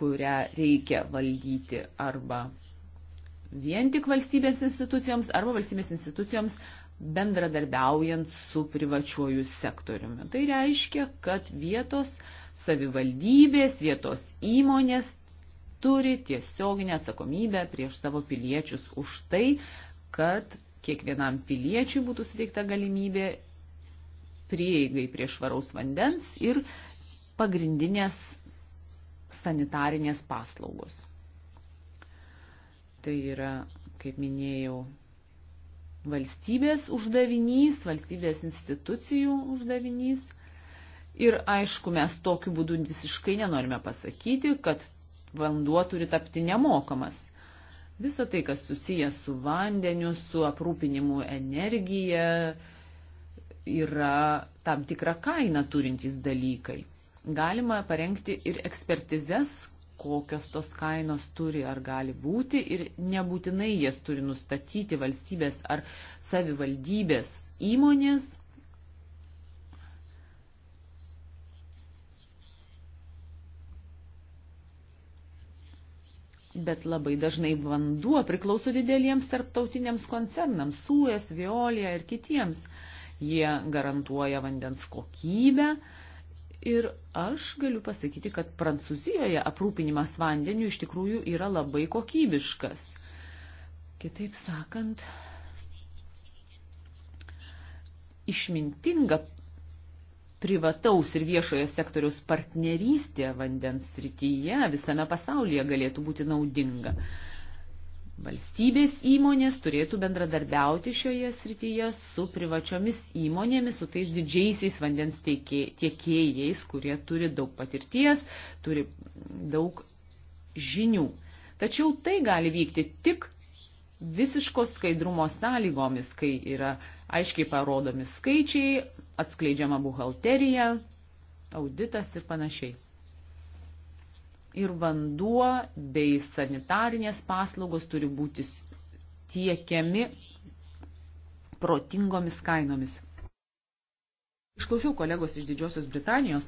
S2: kurią reikia valdyti arba vien tik valstybės institucijoms arba valstybės institucijoms bendradarbiaujant su privačiuoju sektoriumi. Tai reiškia, kad vietos savivaldybės, vietos įmonės turi tiesioginę atsakomybę prieš savo piliečius už tai, kad kiekvienam piliečiui būtų suteikta galimybė prieigai prie švaraus vandens ir pagrindinės sanitarinės paslaugos. Tai yra, kaip minėjau, valstybės uždavinys, valstybės institucijų uždavinys. Ir aišku, mes tokiu būdu visiškai nenorime pasakyti, kad vanduo turi tapti nemokamas. Visa tai, kas susijęs su vandeniu, su aprūpinimu energija, yra tam tikrą kainą turintys dalykai. Galima parengti ir ekspertizes, kokios tos kainos turi ar gali būti ir nebūtinai jas turi nustatyti valstybės ar savivaldybės įmonės. Bet labai dažnai vanduo priklauso dideliems tarptautiniams koncernams - Suez, Veolija ir kitiems. Jie garantuoja vandens kokybę, uh, Ir aš galiu pasakyti, kad Prancūzijoje aprūpinimas vandeniu iš tikrųjų yra labai kokybiškas. Kitaip sakant, išmintinga privataus ir viešojo sektoriaus partnerystė vandens srityje visame pasaulyje galėtų būti naudinga. Mm valstybės įmonės turėtų bendradarbiauti šioje srityje su privačiomis įmonėmis, su tais didžiaisiais vandens tiekėjais, kurie turi daug patirties, turi daug žinių. Tačiau tai gali vykti tik visiško skaidrumo sąlygomis, kai yra aiškiai parodomi skaičiai, atskleidžiama buhalterija, auditas ir panašiai ir vanduo bei sanitarinės paslaugos turi būti tiekiami protingomis kainomis. Išklausiau kolegos iš Didžiosios Britanijos.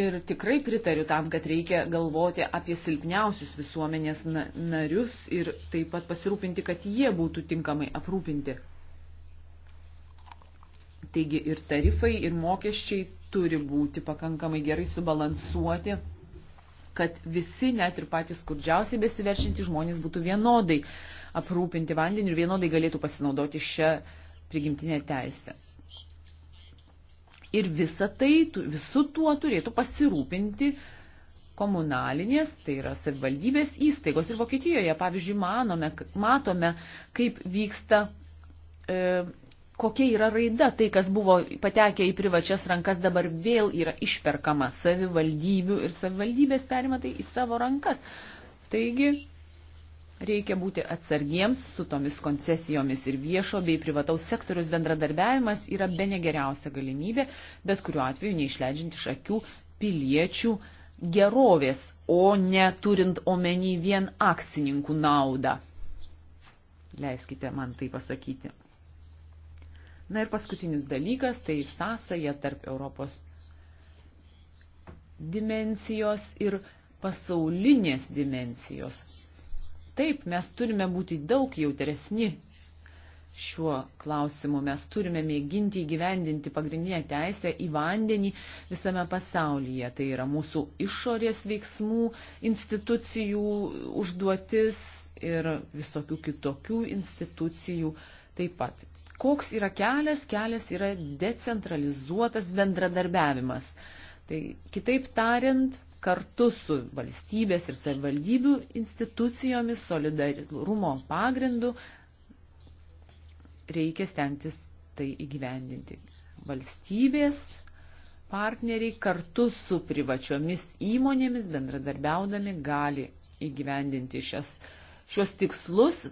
S2: Ir tikrai pritariu tam, kad reikia galvoti apie silpniausius visuomenės narius ir taip pat pasirūpinti, kad jie būtų tinkamai aprūpinti. Taigi ir tarifai, ir mokesčiai turi būti pakankamai gerai subalansuoti, kad visi, net ir patys skurdžiausiai besiveršinti žmonės, būtų vienodai aprūpinti vandenį ir vienodai galėtų pasinaudoti šią prigimtinę teisę. Ir visą tai, visu tuo turėtų pasirūpinti komunalinės, tai yra savivaldybės įstaigos. Ir Vokietijoje, pavyzdžiui, manome, matome, kaip vyksta e, kokia yra raida, tai kas buvo patekę į privačias rankas dabar vėl yra išperkama savivaldybių ir savivaldybės perima tai į savo rankas. Taigi reikia būti atsargiems su tomis koncesijomis ir viešo bei privataus sektorius bendradarbiavimas yra be negeriausia galimybė, bet kuriuo atveju neišleidžiant iš akių piliečių gerovės, o ne turint omeny vien akcininkų naudą. Leiskite man tai pasakyti. Na ir paskutinis dalykas - tai sąsaja tarp Europos dimensijos ir pasaulinės dimensijos. Taip, mes turime būti daug jautresni šiuo klausimu. Mes turime mėginti įgyvendinti pagrindinę teisę į vandenį visame pasaulyje. Tai yra mūsų išorės veiksmų, institucijų užduotis ir visokių kitokių institucijų taip pat. Koks yra kelias? Kelias yra decentralizuotas bendradarbiavimas. Tai kitaip tariant, kartu su valstybės ir savivaldybių institucijomis solidarumo pagrindu reikia stengtis tai įgyvendinti. Valstybės partneriai kartu su privačiomis įmonėmis bendradarbiaudami gali įgyvendinti šias, šios tikslus,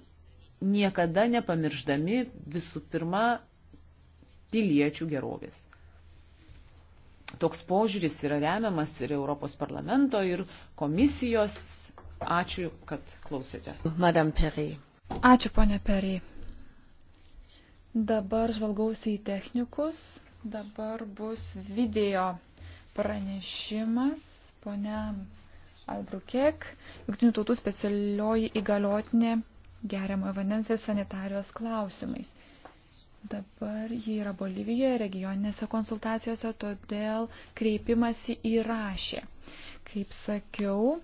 S2: niekada nepamirždami visų pirma piliečių gerovės. Toks požiūris yra remiamas ir Europos parlamento, ir komisijos. Ačiū, kad klausėte.
S1: Madam Perry.
S6: Ačiū, ponė Perry. Dabar žvalgausi į technikus. Dabar bus video pranešimas. Pone Albrukek, Junktinių tautų specialioji įgaliotinė geriamojo vandens ir sanitarijos klausimais. Dabar jie yra Bolivijoje regioninėse konsultacijose, todėl kreipimasi įrašė. Kaip sakiau,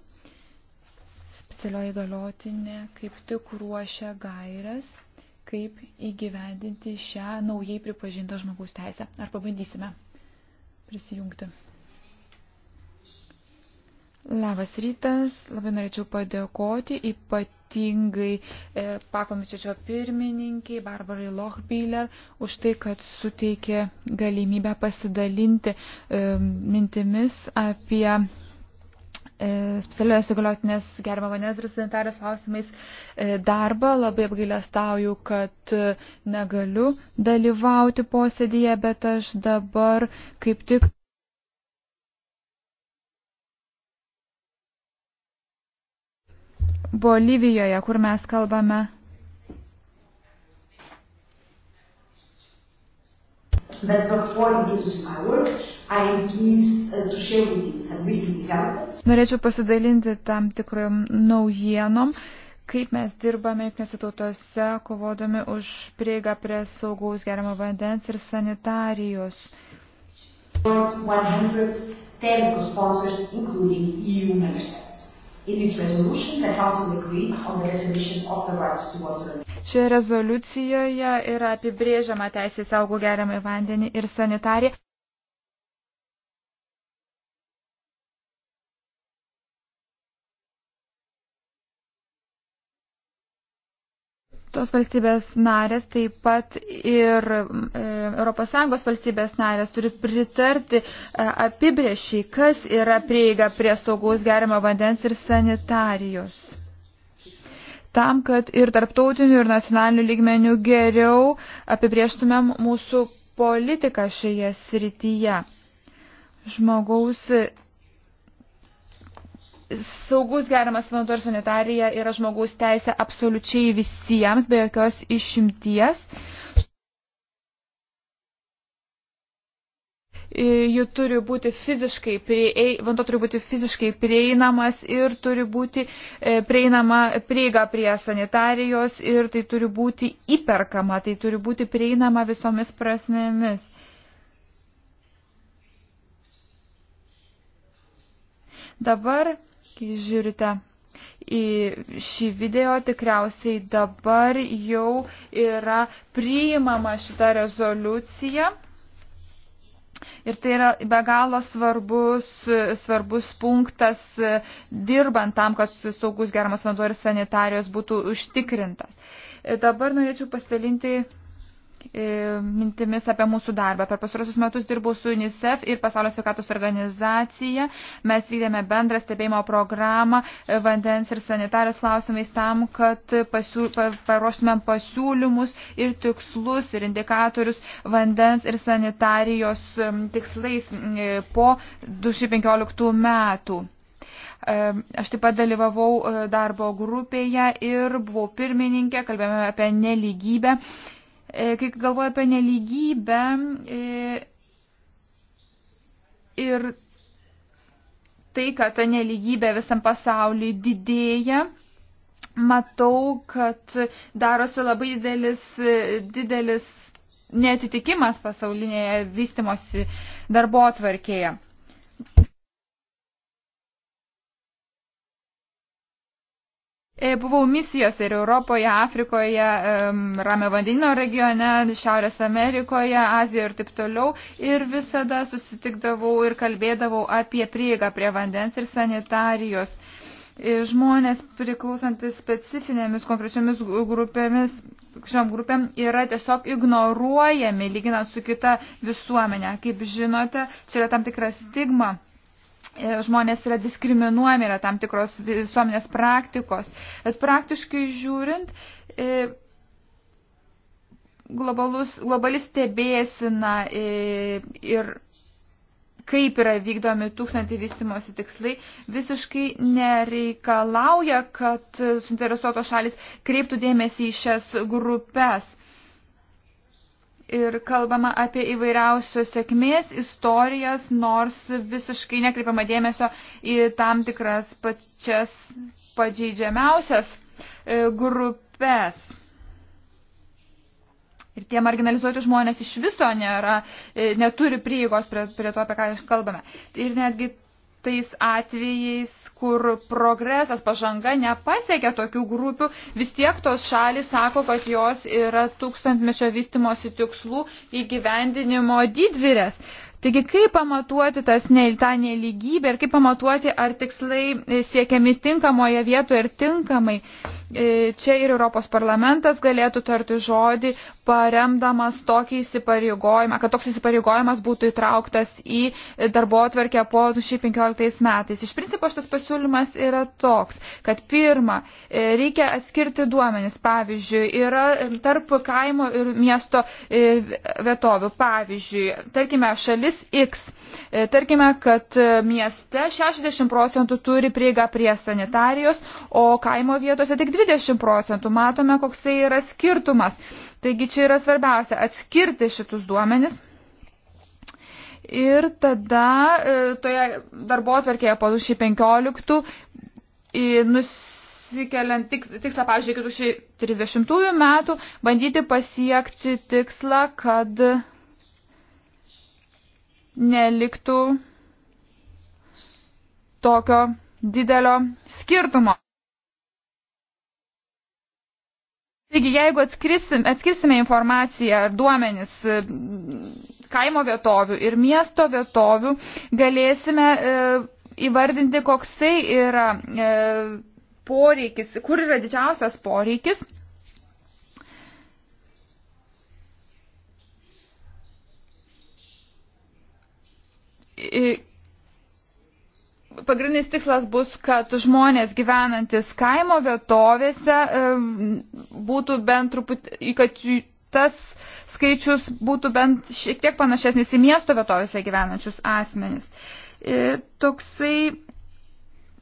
S6: specialioji galiotinė kaip tik ruošia gairias, kaip įgyvendinti šią naujai pripažintą žmogaus teisę. Ar pabandysime prisijungti. Labas rytas, labai norėčiau padėkoti ypatingai ypatingai e, pakomitečio pirmininkiai Barbarai Lochbiller už tai, kad suteikė galimybę pasidalinti e, mintimis apie e, specialios įgaliotinės gerimo vandens ir sanitarijos klausimais darbą. Labai apgailestauju, kad negaliu dalyvauti posėdėje, bet aš dabar kaip tik Bolivijoje, kur mes kalbame.
S3: Uh,
S6: Norėčiau pasidalinti tam tikrom naujienom, kaip mes dirbame jungtinėse tautose, kovodami už prieigą prie saugaus geriamo vandens ir sanitarijos. World
S2: 100 telco sponsors, including EU member states.
S6: Šioje rezoliucijoje yra apibrėžiama teisė saugų geriamą vandenį ir sanitariją. tos valstybės narės, taip pat ir ES valstybės narės turi pritarti e, apibriešiai, kas yra prieiga prie saugaus gerimo vandens ir sanitarijos. Tam, kad ir tarptautiniu, ir nacionaliniu lygmeniu geriau apibrieštumėm mūsų politiką šioje srityje. Žmogaus saugus geriamas vanduo ir sanitarija yra žmogaus teisė absoliučiai visiems, be jokios išimties. Jų turi būti fiziškai, prie, vanduo turi būti fiziškai prieinamas ir turi būti e, prieinama prieiga prie sanitarijos ir tai turi būti įperkama, tai turi būti prieinama visomis prasmėmis. Dabar kai žiūrite į šį video, tikriausiai dabar jau yra priimama šita rezoliucija. Ir tai yra be galo svarbus, svarbus punktas e, dirbant tam, kad saugus geramas vanduo ir sanitarijos būtų užtikrintas. E, dabar norėčiau pasidalinti E, mintimis apie mūsų darbą. Per pasarosius metus dirbau su UNICEF ir Pasaulio sveikatos organizacija. Mes vykdėme bendrą stebėjimo programą e, vandens ir sanitarijos klausimais tam, kad pasiū, pa, paruoštumėm pasiūlymus ir tikslus ir indikatorius vandens ir sanitarijos tikslais e, po 2015 metų. Aš taip pat dalyvavau darbo grupėje ir buvau pirmininkė, kalbėjome apie neligybę E, kai galvoju apie neligybę e, ir tai, kad ta neligybė visam pasauliu didėja, matau, kad darosi labai didelis, didelis neatitikimas pasaulinėje vystimosi darbo atvarkėje. E, buvau misijose ir Europoje, Afrikoje, Ramio vandenino regione, Šiaurės Amerikoje, Azijoje ir taip toliau. Ir visada susitikdavau ir kalbėdavau apie prieigą prie vandens ir sanitarijos. E, žmonės priklausantis specifinėmis konkrečiomis grupėmis, šiom grupėm yra tiesiog ignoruojami lyginant su kita visuomenė. Kaip žinote, čia yra tam tikra stigma E, žmonės yra diskriminuojami, yra tam tikros visuomenės praktikos. Bet praktiškai žiūrint, e, globalus, globalis stebėsina e, ir kaip yra vykdomi tūkstantį vystimosi tikslai, visiškai nereikalauja, kad suinteresuotos šalis kreiptų dėmesį į šias grupės ir kalbama apie įvairiausios sėkmės istorijas, nors visiškai nekreipiama dėmesio į tam tikras pačias pažeidžiamiausias e, grupės. Ir tie marginalizuoti žmonės iš viso nėra, e, neturi prieigos prie, prie to, apie ką kalbame. Ir netgi tais atvejais, kur progresas, pažanga nepasiekia tokių grupių, vis tiek tos šalis sako, kad jos yra tūkstantmečio vystimosi tikslų įgyvendinimo didvirės. Taigi, kaip pamatuoti tas, ne, tą neligybę ir kaip pamatuoti, ar tikslai e, siekiami tinkamoje vietoje ir tinkamai. E, čia ir Europos parlamentas galėtų tarti žodį, paremdamas tokį įsipareigojimą, kad toks įsipareigojimas būtų įtrauktas į darbo atverkę po 2015 metais. Iš principo šitas pasiūlymas yra toks, kad pirma, e, reikia atskirti duomenis. Pavyzdžiui, yra tarp kaimo ir miesto vietovių. Pavyzdžiui, tarkime, šalis priežastis X. E, tarkime, kad e, mieste 60 procentų turi prieigą prie sanitarijos, o kaimo vietose tik 20 procentų. Matome, koksai yra skirtumas. Taigi čia yra svarbiausia atskirti šitus duomenis. Ir tada e, toje darbo atverkėje po 2015 nusikeliant tikslą, pavyzdžiui, 2030 metų, bandyti pasiekti tikslą, kad neliktų tokio didelio skirtumo. Taigi, jeigu atskrisim, atskirsime informaciją ar duomenis e, kaimo vietovių ir miesto vietovių, galėsime e, įvardinti, koksai yra e,
S8: poreikis,
S6: kur yra didžiausias poreikis pagrindinis tikslas bus, kad žmonės gyvenantis kaimo vietovėse būtų bent truputį, kad tas skaičius būtų bent šiek tiek panašesnis į miesto vietovėse gyvenančius asmenis. E, toksai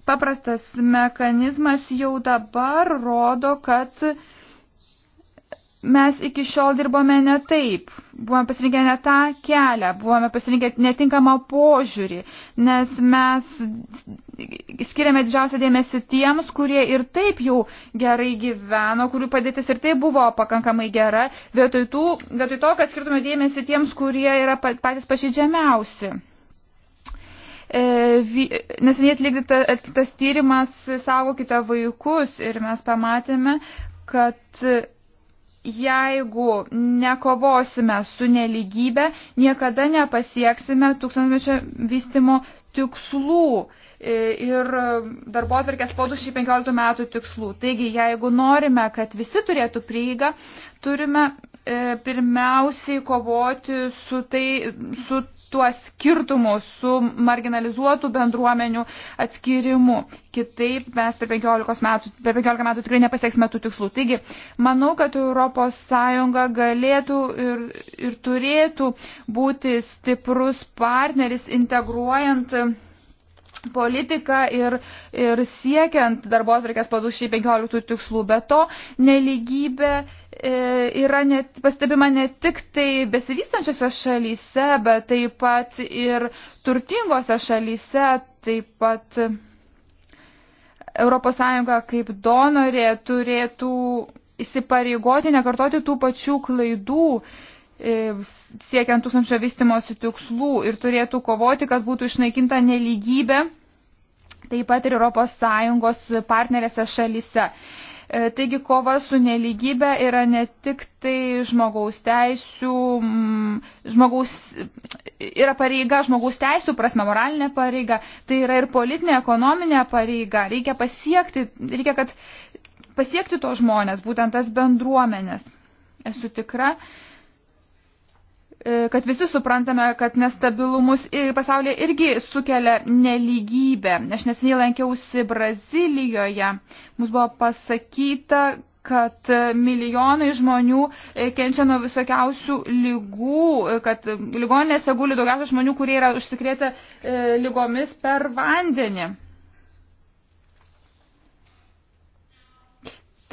S6: paprastas mechanizmas jau dabar rodo, kad mes iki šiol dirbome ne taip, buvome pasirinkę ne tą kelią, buvome pasirinkę netinkamą požiūrį, nes mes skiriame didžiausią dėmesį tiems, kurie ir taip jau gerai gyveno, kurių padėtis ir taip buvo pakankamai gera, vietoj, tų, vietoj to, kad skirtume dėmesį tiems, kurie yra patys pažydžiamiausi. E, neseniai atliktas tyrimas saugokite vaikus ir mes pamatėme, kad jeigu nekovosime su neligybė, niekada nepasieksime tūkstantmečio vystimo tikslų e, ir darbo atvarkės po 2015 metų tikslų. Taigi, jeigu norime, kad visi turėtų prieigą, turime E, pirmiausiai kovoti su, tai, su tuo skirtumu, su marginalizuotų bendruomenių atskirimu. Kitaip mes per 15 metų, per 15 metų tikrai nepasieksime tų tikslų. Taigi, manau, kad ES galėtų ir, ir turėtų būti stiprus partneris integruojant politiką ir, ir siekiant darbo atvarkės padų šį 15 tikslų. Be to, neligybė e, yra net, pastebima ne tik tai besivystančiose šalyse, bet taip pat ir turtingose šalyse, taip pat ES kaip donorė turėtų įsipareigoti, nekartoti tų pačių klaidų E, siekiant tūkstančio vystimosi tikslų ir turėtų kovoti, kad būtų išnaikinta neligybė, taip pat ir ES partnerėse šalise. E, taigi kova su neligybė yra ne tik tai žmogaus teisų, mm, žmogaus, yra pareiga žmogaus teisų prasme, moralinė pareiga, tai yra ir politinė, ekonominė pareiga. Reikia pasiekti, reikia, kad pasiekti to žmonės, būtent tas bendruomenės. Esu tikra, E, kad visi suprantame, kad nestabilumus pasaulyje irgi sukelia nelygybę. Aš nesiniai lankiausi Brazilijoje. Mums buvo pasakyta, kad milijonai žmonių e, kenčia nuo visokiausių lygų, e, kad ligoninėse guli daugiausia žmonių, kurie yra užsikrėtę lygomis per vandenį.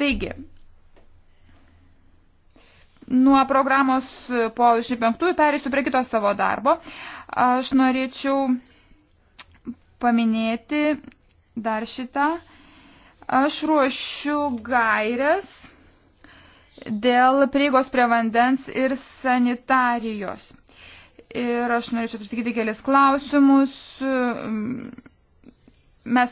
S6: Taigi, nuo programos po 25 perėsiu prie kito savo darbo. Aš norėčiau paminėti dar šitą. Aš ruošiu gairias dėl prieigos prie vandens ir sanitarijos. Ir aš norėčiau pasakyti kelias klausimus mes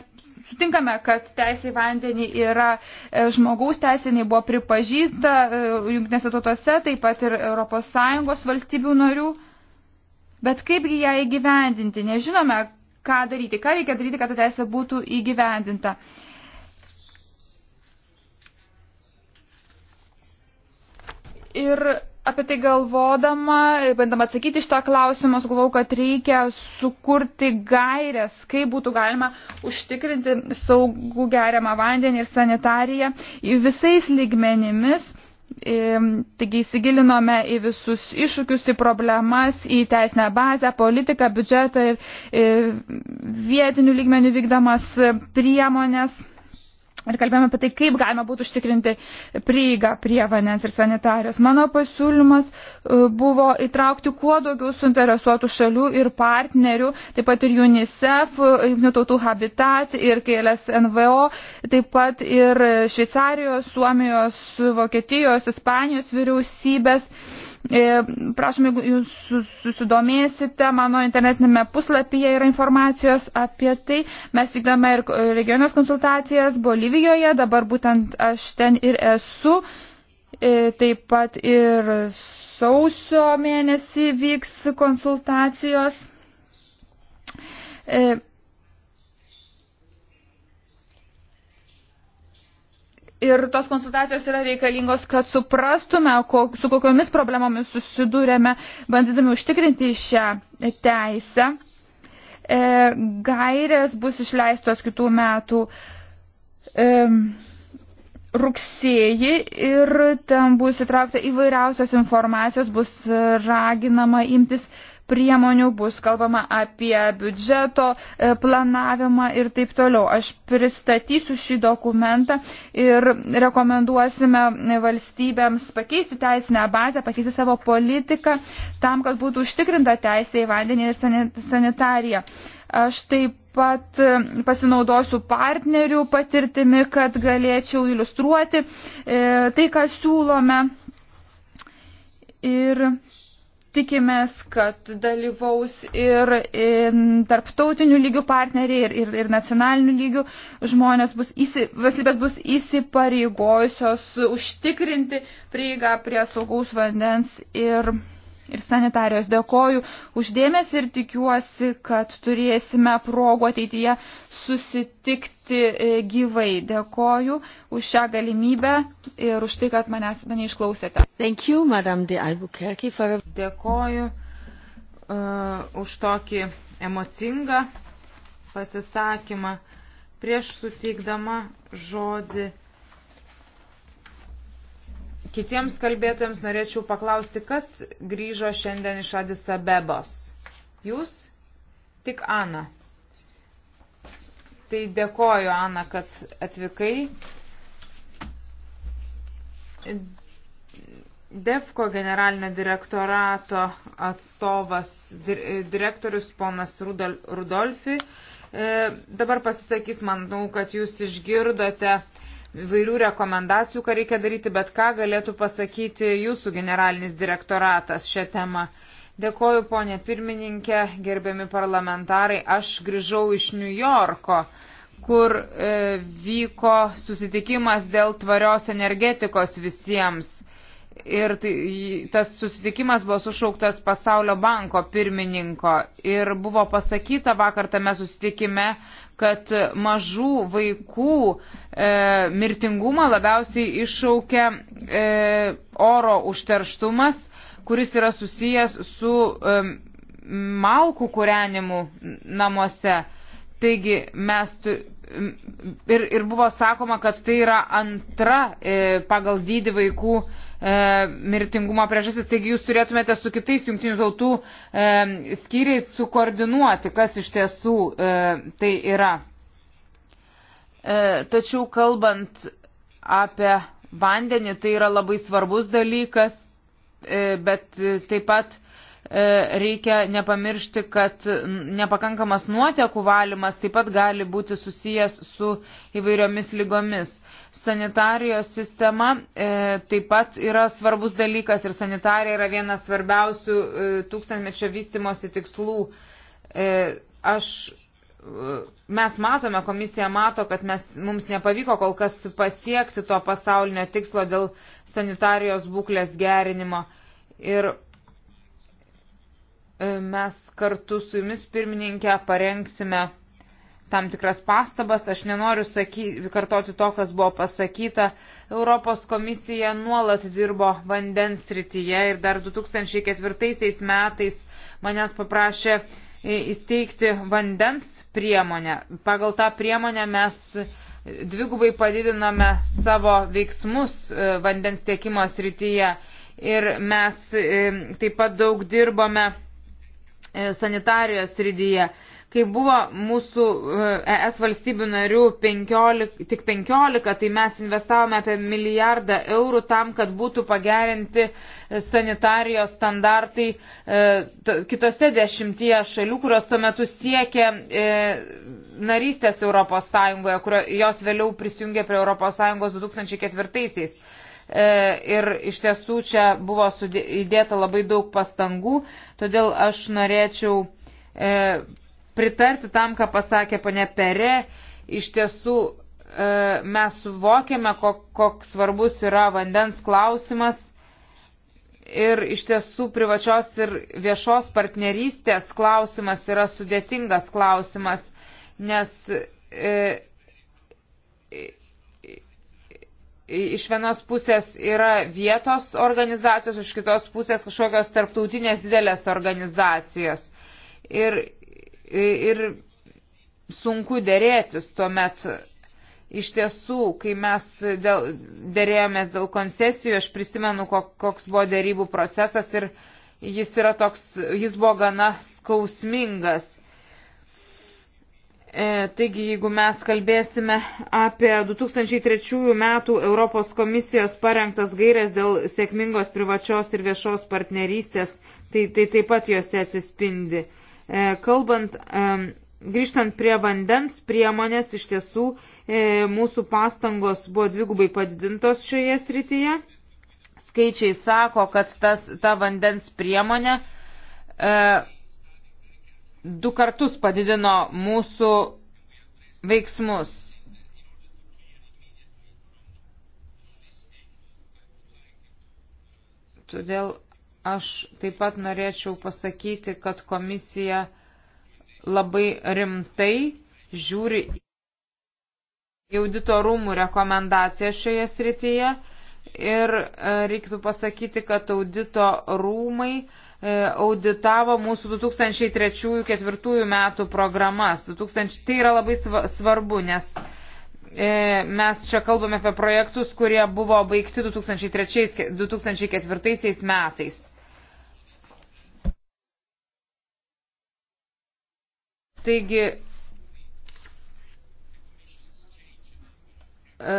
S6: sutinkame, kad teisė į vandenį yra e, žmogaus teisė, jinai buvo pripažįsta e, jungtinėse tautose, taip pat ir ES valstybių narių. Bet kaipgi ją įgyvendinti? Nežinome, ką daryti, ką reikia daryti, kad ta teisė būtų įgyvendinta. Ir apie tai galvodama, bandama atsakyti šitą klausimą, sugalvau, kad reikia sukurti gairias, kaip būtų galima užtikrinti saugų geriamą vandenį ir sanitariją visais lygmenimis. E, taigi įsigilinome į visus iššūkius, į problemas, į teisinę bazę, politiką, biudžetą ir e, vietinių lygmenių vykdomas priemonės Ir kalbėjome apie tai, kaip galima būtų užtikrinti prieigą prie vandens ir sanitarijos. Mano pasiūlymas e, buvo įtraukti kuo daugiau suinteresuotų šalių ir partnerių, taip pat ir UNICEF, Junktinių tautų Habitat ir kelias NVO, taip pat ir Šveicarijos, Suomijos, Vokietijos, Ispanijos vyriausybės E, prašom, jeigu jūs susidomėsite, mano internetinėme puslapyje yra informacijos apie tai. Mes vykdome ir regionės konsultacijas Bolivijoje, dabar būtent aš ten ir esu. E, taip pat ir sausio mėnesį vyks konsultacijos. E, Ir tos konsultacijos yra reikalingos, kad suprastume, ko, su kokiomis problemomis susidūrėme, bandydami užtikrinti šią teisę. E, gairės bus išleistos kitų metų e, rugsėjį ir ten bus įtraukta įvairiausios informacijos, bus raginama imtis e, priemonių, bus kalbama apie biudžeto e, planavimą ir taip toliau. Aš pristatysiu šį dokumentą ir rekomenduosime valstybėms pakeisti teisinę bazę, pakeisti savo politiką tam, kad būtų užtikrinta teisė į vandenį ir sanitariją. Aš taip pat e, pasinaudosiu partnerių patirtimi, kad galėčiau iliustruoti e, tai, ką siūlome. Ir tikimės, kad dalyvaus ir tarptautinių lygių partneriai, ir, ir, ir nacionalinių lygių žmonės bus, įsi, valstybės bus įsipareigojusios užtikrinti prieigą prie saugaus vandens ir ir sanitarijos. Dėkoju uždėmės ir tikiuosi, kad turėsime progų ateityje susitikti e, gyvai. Dėkoju už šią galimybę ir už tai, kad manęs, mane išklausėte. Thank you, Madame de
S3: Albuquerque, for... Dėkoju uh, už tokį emocingą pasisakymą prieš suteikdama žodį. Kitiems kalbėtojams norėčiau paklausti, kas grįžo šiandien iš Adis Abebos. Jūs? Tik Ana. Tai dėkoju, Ana, kad atvykai. DEFCO generalinio direktorato atstovas, direktorius ponas Rudolfi. E, dabar pasisakys, manau, kad jūs išgirdote vairių rekomendacijų, ką reikia daryti, bet ką galėtų pasakyti jūsų generalinis direktoratas šią temą. Dėkoju, ponė pirmininkė, gerbiami parlamentarai. Aš grįžau iš New Yorko, kur e, vyko susitikimas dėl tvarios energetikos visiems. Ir tai, tas susitikimas buvo sušauktas Pasaulio banko pirmininko. Ir buvo pasakyta vakar tame susitikime, kad mažų vaikų e, mirtingumą labiausiai iššaukia e, oro užterštumas, kuris yra susijęs su e, malkų kūrenimu namuose. Taigi mes tu, ir, ir buvo sakoma, kad tai yra antra e, pagal dydį vaikų e, E, mirtingumo priežasis. Taigi jūs turėtumėte su kitais jungtinių tautų e, skyriais sukoordinuoti, kas iš tiesų e, tai yra. E, tačiau kalbant apie vandenį, tai yra labai svarbus dalykas, e, bet e, taip pat E, reikia nepamiršti, kad nepakankamas nuotekų valymas taip pat gali būti susijęs su įvairiomis lygomis. Sanitarijos sistema e, taip pat yra svarbus dalykas ir sanitarija yra vienas svarbiausių e, tūkstantmečio vystimosi tikslų. E, aš, e, mes matome, komisija mato, kad mes, mums nepavyko kol kas pasiekti to pasaulinio tikslo dėl sanitarijos būklės gerinimo. Ir Mes kartu su jumis, pirmininkė, parengsime tam tikras pastabas. Aš nenoriu saky, kartoti to, kas buvo pasakyta. Europos komisija nuolat dirbo vandens srityje ir dar 2004 metais manęs paprašė e, įsteigti vandens priemonę. Pagal tą priemonę mes dvigubai padidinome savo veiksmus e, vandens tiekimo srityje ir mes e, taip pat daug dirbome E, sanitarijos rydyje. Kai buvo mūsų ES e valstybių narių 15, tik 15, tai mes investavome apie milijardą eurų tam, kad būtų pagerinti e, sanitarijos standartai kitose dešimtyje šalių, kurios tuo metu siekė narystės Europos Sąjungoje, kurios vėliau prisijungė prie Europos Sąjungos 2004. -aisiais. E, ir iš tiesų čia buvo įdėta labai daug pastangų, todėl aš norėčiau e, pritarti tam, ką pasakė ponė Pere. Iš tiesų e, mes suvokėme, koks svarbus yra vandens klausimas ir iš tiesų privačios ir viešos partnerystės klausimas yra sudėtingas klausimas, nes e, iš vienos pusės yra vietos organizacijos, iš kitos pusės kažkokios tarptautinės didelės organizacijos. Ir, ir sunku dėrėtis tuomet. Iš tiesų, kai mes dėl, dėrėjomės dėl koncesijų, aš prisimenu, koks buvo dėrybų procesas ir jis, toks, jis buvo gana skausmingas E, taigi, jeigu mes kalbėsime apie 2003 metų Europos komisijos parengtas gairias dėl sėkmingos privačios ir viešos partnerystės, tai, tai taip pat juose atsispindi. E, kalbant, e, grįžtant prie vandens priemonės, iš tiesų mūsų pastangos buvo dvigubai padidintos šioje srityje. Skaičiai sako, kad tas, ta vandens priemonė du kartus padidino mūsų veiksmus. Todėl aš taip pat norėčiau pasakyti, kad komisija labai rimtai žiūri į auditorumų rekomendaciją šioje srityje ir e, reiktų pasakyti, kad audito rūmai uh, E, auditavo mūsų 2003-2004 metų programas. 2000, tai yra labai svarbu, nes e, mes čia kalbame apie projektus, kurie buvo baigti 2003-2004 metais. Taigi, e,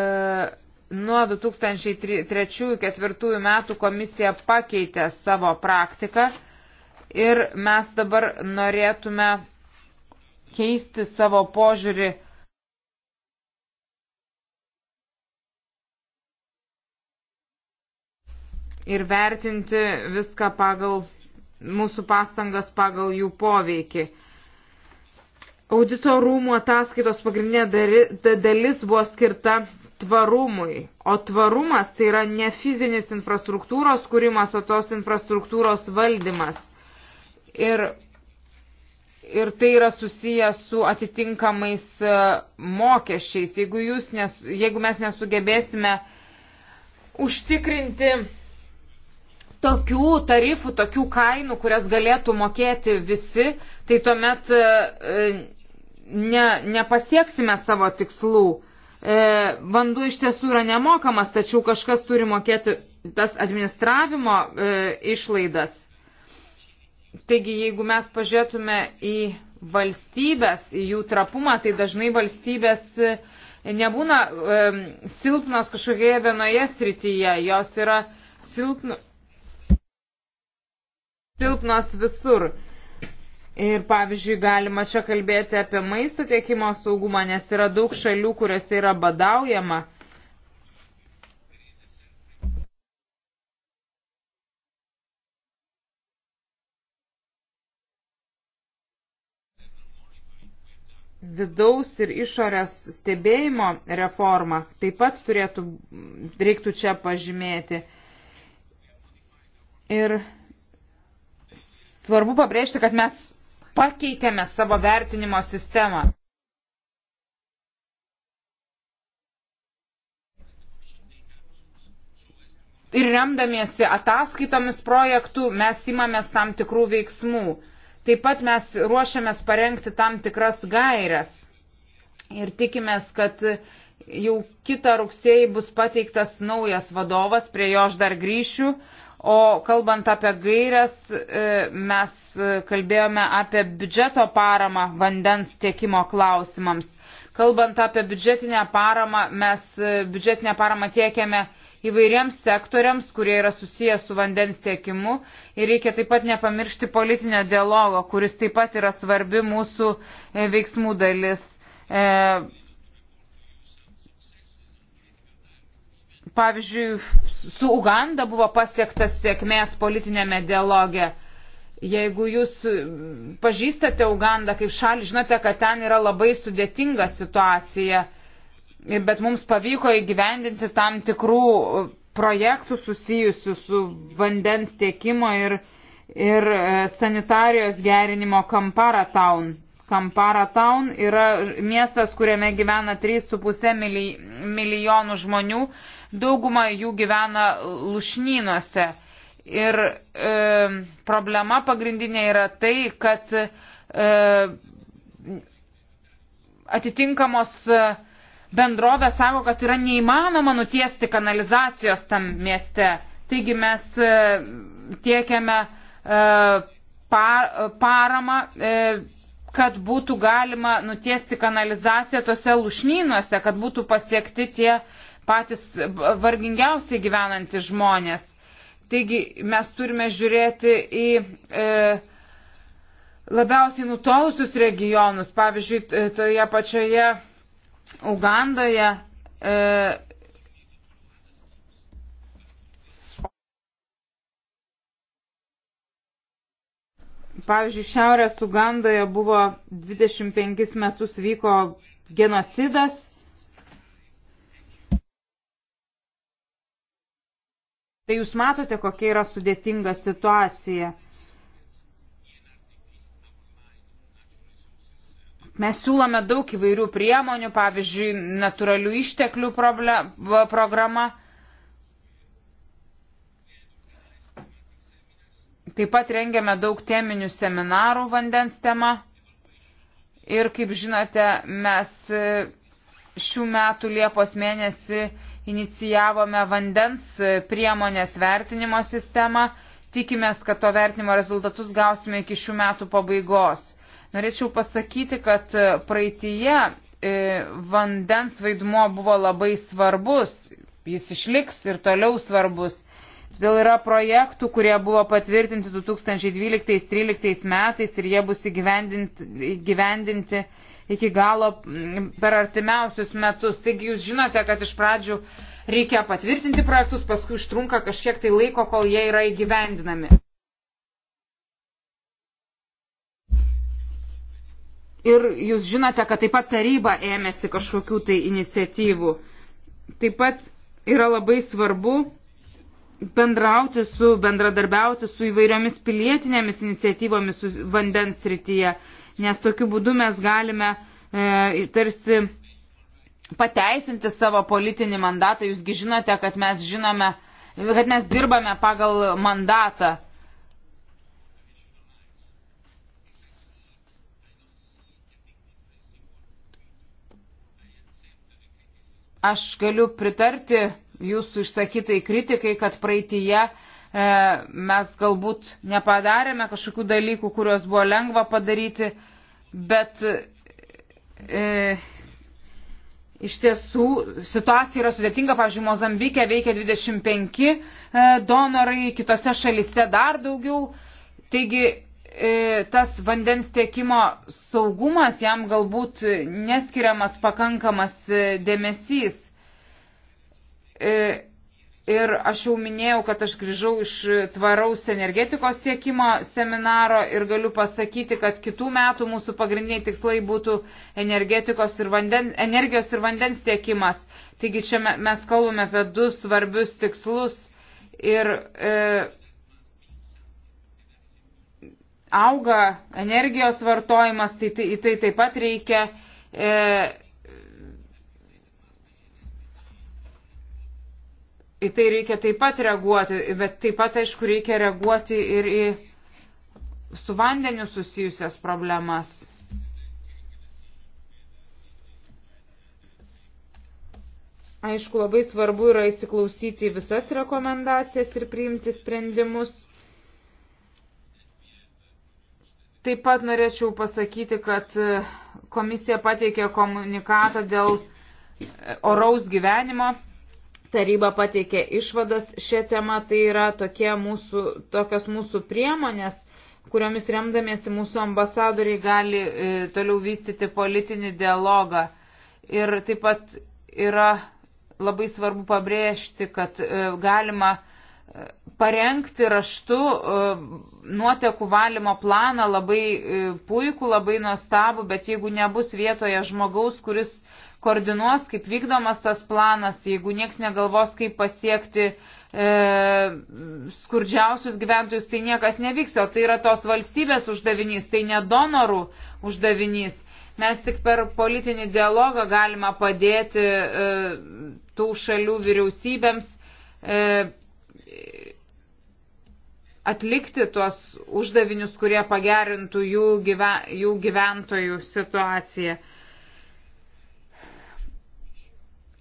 S3: Nuo 2003-2004 metų komisija pakeitė savo praktiką ir mes dabar norėtume keisti savo požiūrį ir vertinti viską pagal mūsų pastangas, pagal jų poveikį. Audito rūmų ataskaitos pagrindinė dalis buvo skirta tvarumui. O tvarumas tai yra ne fizinis infrastruktūros kūrimas, o tos infrastruktūros valdymas. Ir, ir tai yra susijęs su atitinkamais e, mokesčiais. Jeigu, jūs nes, jeigu mes nesugebėsime užtikrinti tokių tarifų, tokių kainų, kurias galėtų mokėti visi, tai tuomet e, e, ne, nepasieksime savo tikslų. E, vanduo iš tiesų yra nemokamas, tačiau kažkas turi mokėti tas administravimo e, išlaidas. Taigi, jeigu mes pažiūrėtume į valstybės, į jų trapumą, tai dažnai valstybės e, nebūna silpnos kažkokioje vienoje srityje, jos yra silpnos silpnos visur. Ir pavyzdžiui, galima čia kalbėti apie maisto tiekimo saugumą, nes yra daug šalių, kuriuose yra badaujama. Vidaus ir išorės stebėjimo reforma taip pat turėtų, reiktų čia pažymėti. Ir svarbu pabrėžti, kad mes pakeitėme savo vertinimo sistemą. Ir remdamiesi ataskaitomis projektų mes imamės tam tikrų veiksmų. Taip pat mes ruošiamės parengti tam tikras gairias ir tikimės, kad jau kitą rugsėjį bus pateiktas naujas vadovas, prie jo aš dar grįšiu, O kalbant apie gairias, e, mes kalbėjome apie biudžeto paramą vandens tiekimo klausimams. Kalbant apie biudžetinę paramą, mes e, biudžetinę paramą tiekiame įvairiems sektoriams, kurie yra susijęs su vandens tiekimu. Ir reikia taip pat nepamiršti politinio dialogo, kuris taip pat yra svarbi mūsų e, veiksmų dalis pavyzdžiui, su Uganda buvo pasiektas sėkmės politinėme dialoge. Jeigu jūs pažįstate Ugandą kaip šalį, žinote, kad ten yra labai sudėtinga situacija, bet mums pavyko įgyvendinti tam tikrų projektų susijusių su vandens tiekimo ir, ir e, sanitarijos gerinimo Kampara Town Kampara Town yra miestas, kuriame gyvena 3,5 milijonų žmonių. Dauguma jų gyvena lušnynuose. Ir e, problema pagrindinė yra tai, kad e, atitinkamos e, bendrovės sako, kad yra neįmanoma nutiesti kanalizacijos tam mieste. Taigi mes e, tiekiame e, par, paramą. E, kad būtų galima nutiesti kanalizaciją tose lušnynuose, kad būtų pasiekti tie patys vargingiausiai gyvenantys žmonės. Taigi mes turime žiūrėti į e, labiausiai nutolusius regionus. Pavyzdžiui, toje pačioje Ugandoje e, Pavyzdžiui, Šiaurės Ugandoje buvo 25 metus vyko genocidas. Tai jūs matote, kokia yra sudėtinga situacija. Mes siūlome daug įvairių priemonių, pavyzdžiui, natūralių išteklių problema, programa. Taip pat rengiame daug teminių seminarų vandens tema. Ir kaip žinote, mes e, šių metų Liepos mėnesį inicijavome vandens e, priemonės vertinimo sistemą. Tikimės, kad to vertinimo rezultatus gausime iki šių metų pabaigos. Norėčiau pasakyti, kad e, praeitįje vandens vaidmuo buvo labai svarbus, jis išliks ir toliau svarbus. Todėl yra projektų, kurie buvo patvirtinti 2012-2013 metais ir jie bus įgyvendinti, įgyvendinti iki galo per artimiausius metus. Taigi jūs žinote, kad iš pradžių reikia patvirtinti projektus, paskui užtrunka kažkiek tai laiko, kol jie yra įgyvendinami. Ir jūs žinote, kad taip pat taryba ėmėsi kažkokių tai iniciatyvų. Taip pat yra labai svarbu bendrauti su, bendradarbiauti su įvairiomis pilietinėmis iniciatyvomis vandens srityje, nes tokiu būdu mes galime e, tarsi pateisinti savo politinį mandatą. Jūsgi žinote, kad mes žinome, kad mes dirbame pagal mandatą. Aš galiu pritarti jūsų išsakytai kritikai, kad praeitie e, mes galbūt nepadarėme kažkokių dalykų, kuriuos buvo lengva padaryti, bet e, iš tiesų situacija yra sudėtinga. Pavyzdžiui, Mozambike veikia 25 e, donorai, kitose šalise dar daugiau. Taigi e, tas vandens tiekimo saugumas jam galbūt neskiriamas pakankamas e, dėmesys. E, ir aš jau minėjau, kad aš grįžau iš tvaraus energetikos tiekimo seminaro ir galiu pasakyti, kad kitų metų mūsų pagrindiniai tikslai būtų energetikos ir vanden, energijos ir vandens tiekimas. Taigi čia mes kalbame apie du svarbius tikslus ir e, auga energijos vartojimas, tai, tai į tai, tai taip pat reikia. E, į tai reikia taip pat reaguoti, bet taip pat, aišku, reikia reaguoti ir į su vandeniu susijusias problemas. Aišku, labai svarbu yra įsiklausyti visas rekomendacijas ir priimti sprendimus. Taip pat norėčiau pasakyti, kad komisija pateikė komunikatą dėl oraus gyvenimo taryba pateikė išvadas šią temą, tai yra mūsų, tokios mūsų priemonės, kuriomis remdamiesi mūsų ambasadoriai gali e, toliau vystyti politinį dialogą. Ir taip pat yra labai svarbu pabrėžti, kad e, galima parengti raštu e, nuotekų valymo planą labai e, puikų, labai nuostabų, bet jeigu nebus vietoje žmogaus, kuris koordinuos, kaip vykdomas tas planas, jeigu nieks negalvos, kaip pasiekti e, skurdžiausius gyventojus, tai niekas nevyks, o tai yra tos valstybės uždavinys, tai ne donorų uždavinys. Mes tik per politinį dialogą galime padėti e, tų šalių vyriausybėms e, atlikti tuos uždavinius, kurie pagerintų jų, gyven, jų gyventojų situaciją.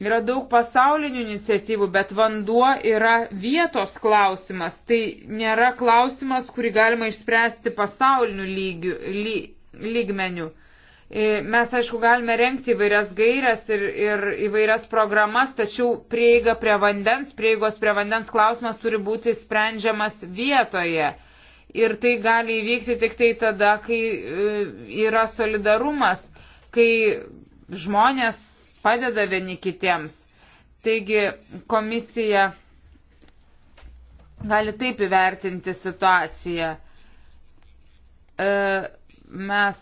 S3: Yra daug pasaulinių iniciatyvų, bet vanduo yra vietos klausimas. Tai nėra klausimas, kurį galima išspręsti pasauliniu lygiu, ly, lygmeniu. Lyg E, mes, aišku, galime renkti įvairias gairias ir, ir įvairias programas, tačiau prieiga prie vandens, prieigos prie vandens klausimas turi būti sprendžiamas vietoje. Ir tai gali įvykti tik tai tada, kai e, yra solidarumas, kai žmonės padeda vieni kitiems. Taigi komisija gali taip įvertinti situaciją. E, mes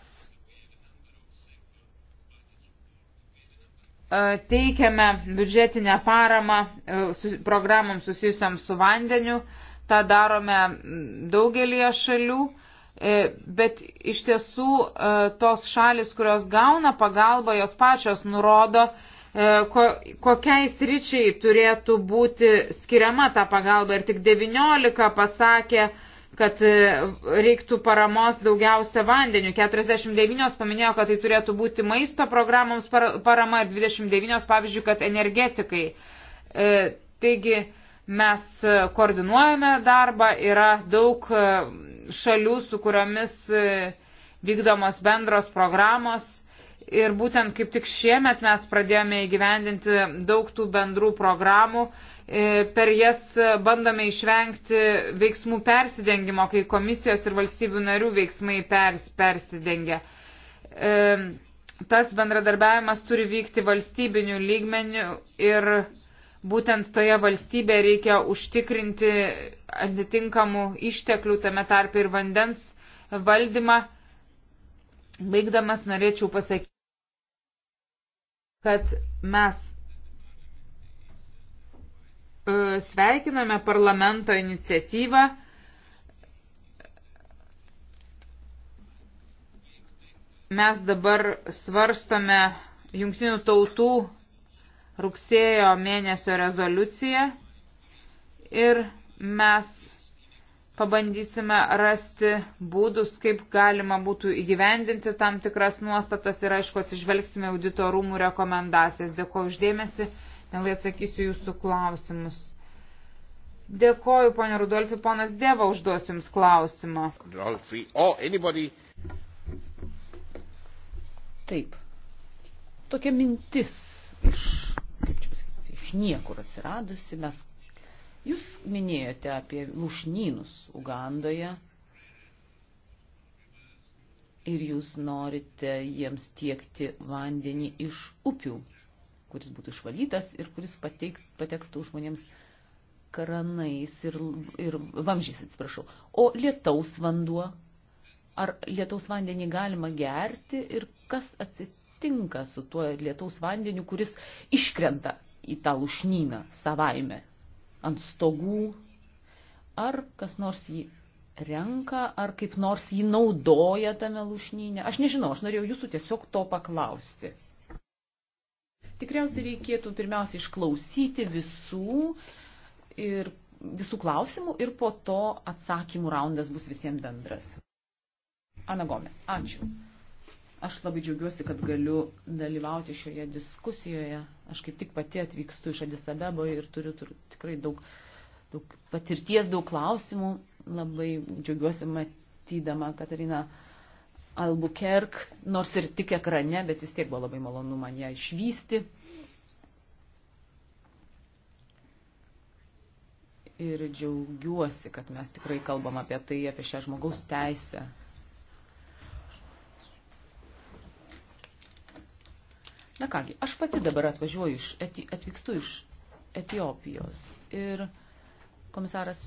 S3: E, teikiame biudžetinę paramą e, programoms susijusiam su vandeniu, tą darome daugelį šalių, e, bet iš tiesų tos šalis, kurios gauna pagalbą, jos pačios nurodo, kokiai sričiai turėtų būti skiriama ta pagalba ir tik 19 pasakė, kad e, reiktų paramos daugiausia vandeniu. 49 paminėjo, kad tai turėtų būti maisto programoms parama ir 29, pavyzdžiui, kad energetikai. E, taigi mes koordinuojame darbą, yra daug e, šalių, su kuriomis e, vykdomos bendros programos. Ir būtent kaip tik šiemet mes pradėjome įgyvendinti daug tų bendrų programų. E, E, per jas bandome išvengti veiksmų persidengimo, kai komisijos ir valstybių narių veiksmai pers, persidengia. E, tas bendradarbiavimas turi vykti valstybinių lygmenių ir būtent toje valstybėje reikia užtikrinti atitinkamų išteklių, tame tarpe ir vandens valdymą. Baigdamas norėčiau pasakyti, kad mes E, sveikiname parlamento iniciatyvą mes dabar svarstome jungtinių tautų rugsėjo mėnesio rezoliuciją ir mes pabandysime rasti būdus, kaip galima būtų įgyvendinti tam tikras nuostatas ir aišku atsižvelgsime auditorumų rekomendacijas. Dėkuoju uždėmesi. Mielai atsakysiu jūsų klausimus. Dėkoju, ponė Rudolfi, ponas Deva užduos jums
S2: klausimą.
S3: Rudolfi,
S5: o, oh, anybody?
S2: Taip. Tokia mintis iš, kaip čia pasakyti, iš niekur atsiradusi. Mes, jūs minėjote apie lūšnynus Ugandoje ir jūs norite jiems tiekti vandenį iš upių kuris būtų išvalytas ir kuris pateik, patektų žmonėms kranais ir, ir vamžiais, atsiprašau. O lietaus vanduo, ar lietaus vandenį galima gerti ir kas atsitinka su tuo lietaus vandeniu, kuris iškrenta į tą lušnyną savaime ant stogų, ar kas nors jį renka, ar kaip nors jį naudoja tame lušnyne. Aš nežinau, aš norėjau jūsų tiesiog to paklausti. Tikriausiai reikėtų pirmiausia išklausyti visų ir visų klausimų ir po to atsakymų raundas bus visiems bendras. Ana Gomes, ačiū. Aš labai džiaugiuosi, kad galiu dalyvauti šioje diskusijoje. Aš kaip tik pati atvykstu iš Adisabebo ir turiu, turiu tikrai daug, daug patirties, daug klausimų. Labai džiaugiuosi matydama Katarina Albuquerque, nors ir tik ekrane, bet vis tiek buvo labai malonu man ją išvysti. Ir džiaugiuosi, kad mes tikrai kalbam apie tai, apie šią žmogaus teisę. Na kągi, aš pati dabar atvažiuoju iš, atvykstu iš Etijopijos ir komisaras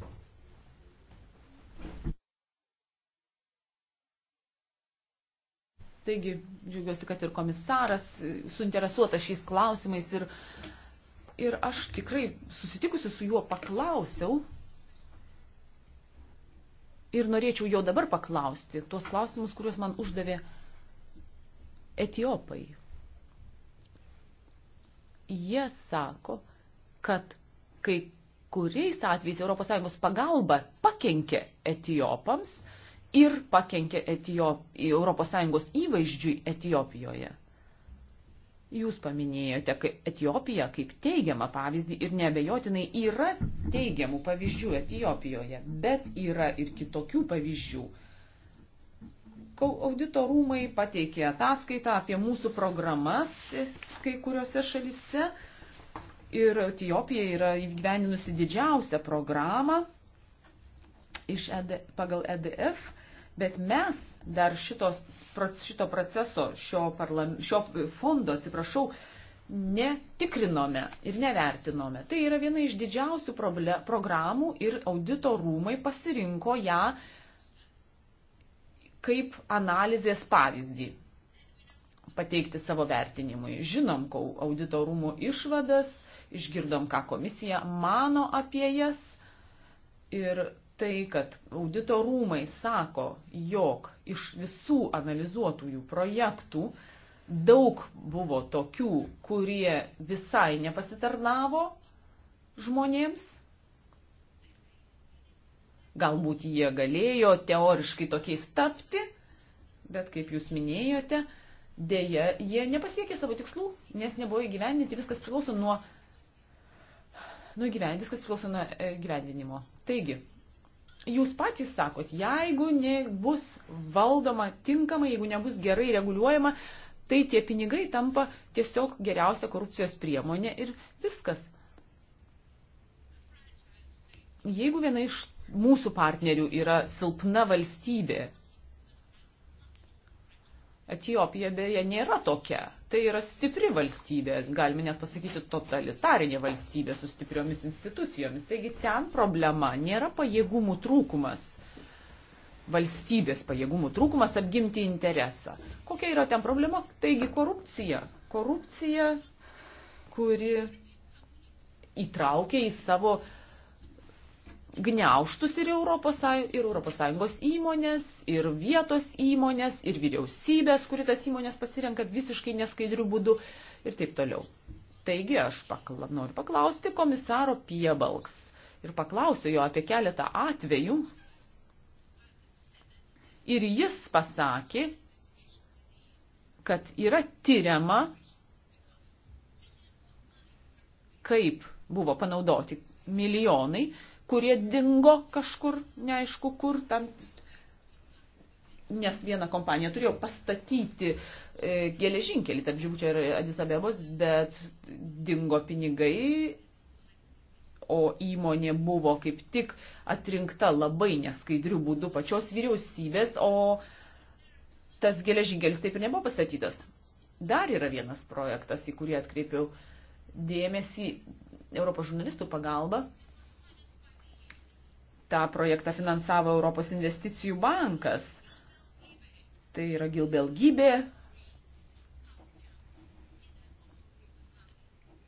S2: Taigi, džiugiuosi, kad ir komisaras e, suinteresuotas šiais klausimais ir, ir aš tikrai susitikusi su juo paklausiau ir norėčiau jo dabar paklausti tuos klausimus, kuriuos man uždavė etiopai. Jie sako, kad kai kuriais atvejais ES pagalba pakenkė etiopams, ir pakenkė Etijop... ES įvaizdžiui Etijopijoje. Jūs paminėjote Etijopiją kaip teigiamą pavyzdį ir nebejotinai yra teigiamų pavyzdžių Etijopijoje, bet yra ir kitokių pavyzdžių. Audito rūmai pateikė ataskaitą apie mūsų programas kai kuriuose šalise ir Etijopija yra įgyveninusi didžiausią programą iš ED, pagal EDF Bet mes dar šitos, šito proceso, šio, parlam, šio fondo, atsiprašau, netikrinome ir nevertinome. Tai yra viena iš didžiausių problem, programų ir audito rūmai pasirinko ją kaip analizės pavyzdį pateikti savo vertinimui. Žinom audito rūmų išvadas, išgirdom, ką komisija mano apie jas ir tai, kad audito rūmai sako, jog iš visų analizuotųjų projektų daug buvo tokių, kurie visai nepasitarnavo žmonėms. Galbūt jie galėjo teoriškai tokiais tapti, bet kaip jūs minėjote, dėja, jie nepasiekė savo tikslų, nes nebuvo įgyvendinti, viskas priklauso nuo, nuo įgyvendinimo, viskas priklauso nuo e, gyvendinimo. Taigi, jūs patys sakot, jeigu nebus valdoma tinkamai, jeigu nebus gerai reguliuojama, tai tie pinigai tampa tiesiog geriausia korupcijos priemonė ir viskas. Jeigu viena iš mūsų partnerių yra silpna valstybė, Etijopija beje nėra tokia tai yra stipri valstybė, galime net pasakyti totalitarinė valstybė su stipriomis institucijomis. Taigi ten problema nėra pajėgumų trūkumas, valstybės pajėgumų trūkumas apgimti interesą. Kokia yra ten problema? Taigi korupcija. Korupcija, kuri įtraukia į savo gniauštus ir Europos, ir Europos Sąjungos įmonės, ir vietos įmonės, ir vyriausybės, kuri tas įmonės pasirenka visiškai neskaidrių būdų ir taip toliau. Taigi aš pakla, noriu paklausti komisaro Piebalks ir paklausiu jo apie keletą atvejų. Ir jis pasakė, kad yra tyriama, kaip buvo panaudoti milijonai kurie dingo kažkur, neaišku kur, tam, nes viena kompanija turėjo pastatyti e, geležinkelį tarp Džibučio ir Adisabebos, bet dingo pinigai, o įmonė buvo kaip tik atrinkta labai neskaidrių būdų pačios vyriausybės, o tas geležinkelis taip ir nebuvo pastatytas. Dar yra vienas projektas, į kurį atkreipiau dėmesį Europos žurnalistų pagalba tą projektą finansavo Europos investicijų bankas. Tai yra Gilbelgybė.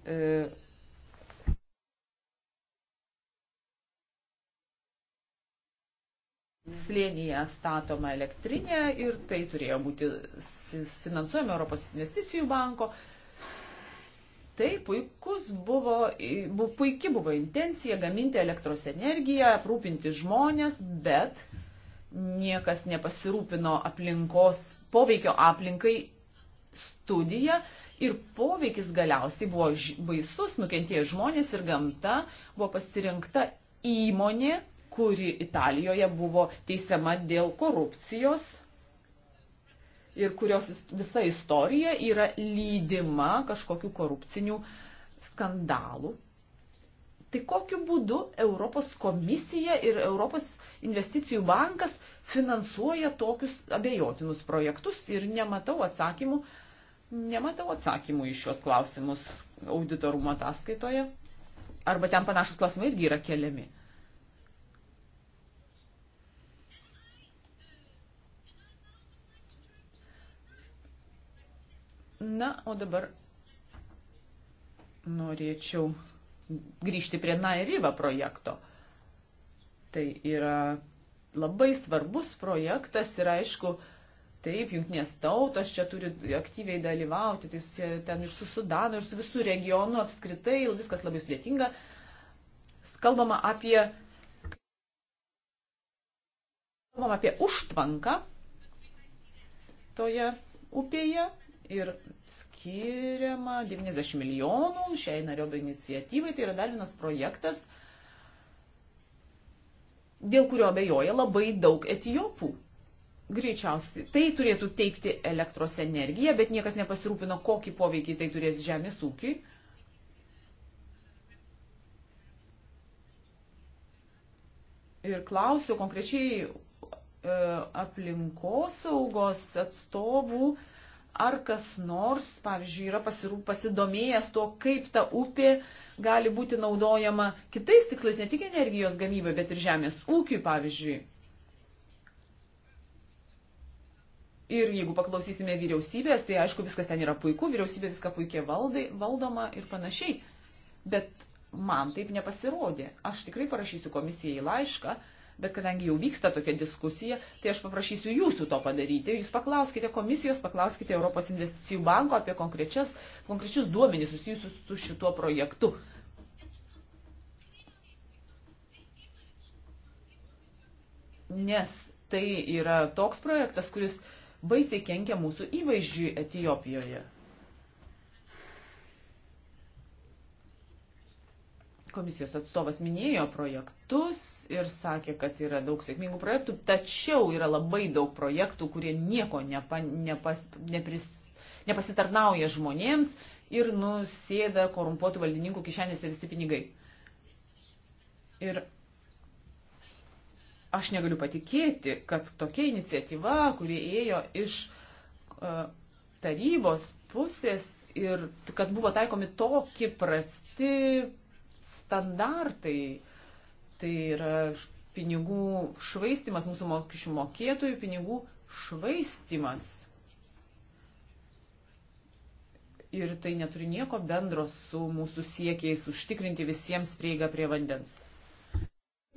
S2: E, slėnyje statoma elektrinė ir tai turėjo būti finansuojama Europos investicijų banko. E, Tai puikus buvo, bu, puiki buvo intencija gaminti elektros energiją, aprūpinti žmonės, bet niekas nepasirūpino aplinkos poveikio aplinkai studiją ir poveikis galiausiai buvo baisus, nukentėjo žmonės ir gamta, buvo pasirinkta įmonė, kuri Italijoje buvo teisiama dėl korupcijos ir kurios visa istorija yra lydima kažkokių korupcinių skandalų. Tai kokiu būdu Europos komisija ir Europos investicijų bankas finansuoja tokius abejotinus projektus ir nematau atsakymų, nematau atsakymų iš šios klausimus auditorumo ataskaitoje. Arba ten panašus klausimai irgi yra keliami. Na, o dabar norėčiau grįžti prie Nairiva projekto. Tai yra labai svarbus projektas ir aišku, taip, jungtinės tautos čia turi aktyviai dalyvauti, tai susie, ten ir su Sudanu, ir su visų regionu apskritai, viskas labai sudėtinga. Kalbama apie, kalbama apie užtvanką toje upėje ir skiriama 90 milijonų šiai Nairobio iniciatyvai, tai yra dar vienas projektas, dėl kurio bejoja labai daug etijopų. Greičiausiai tai turėtų teikti elektros energiją, bet niekas nepasirūpino, kokį poveikį tai turės žemės ūkiui. Ir klausiu konkrečiai e, aplinkosaugos atstovų, ar kas nors, pavyzdžiui, yra pasirūp, pasidomėjęs to, kaip ta upė gali būti naudojama kitais tiklais, ne tik energijos gamybai, bet ir žemės ūkiui, pavyzdžiui. Ir jeigu paklausysime vyriausybės, tai aišku, viskas ten yra puiku, vyriausybė viską puikiai valdai, valdoma ir panašiai. Bet man taip nepasirodė. Aš tikrai parašysiu komisijai laišką, bet kadangi jau vyksta tokia diskusija, tai aš paprašysiu jūsų to padaryti. Jūs paklauskite komisijos, paklauskite Europos investicijų banko apie konkrečius duomenys susijusius su šituo projektu. Nes tai yra toks projektas, kuris baisiai kenkia mūsų įvaizdžiui Etijopijoje. komisijos atstovas minėjo projektus ir sakė, kad yra daug sėkmingų projektų, tačiau yra labai daug projektų, kurie nieko nepa, nepas, nepris, nepasitarnauja žmonėms ir nusėda korumpuotų valdininkų kišenėse visi pinigai. Ir aš negaliu patikėti, kad tokia iniciatyva, kuri ėjo iš uh, tarybos pusės ir kad buvo taikomi tokie prasti standartai. Tai yra pinigų švaistimas, mūsų mokesčių mokėtojų pinigų švaistimas. Ir tai neturi nieko bendro su mūsų siekiais užtikrinti visiems prieigą prie vandens.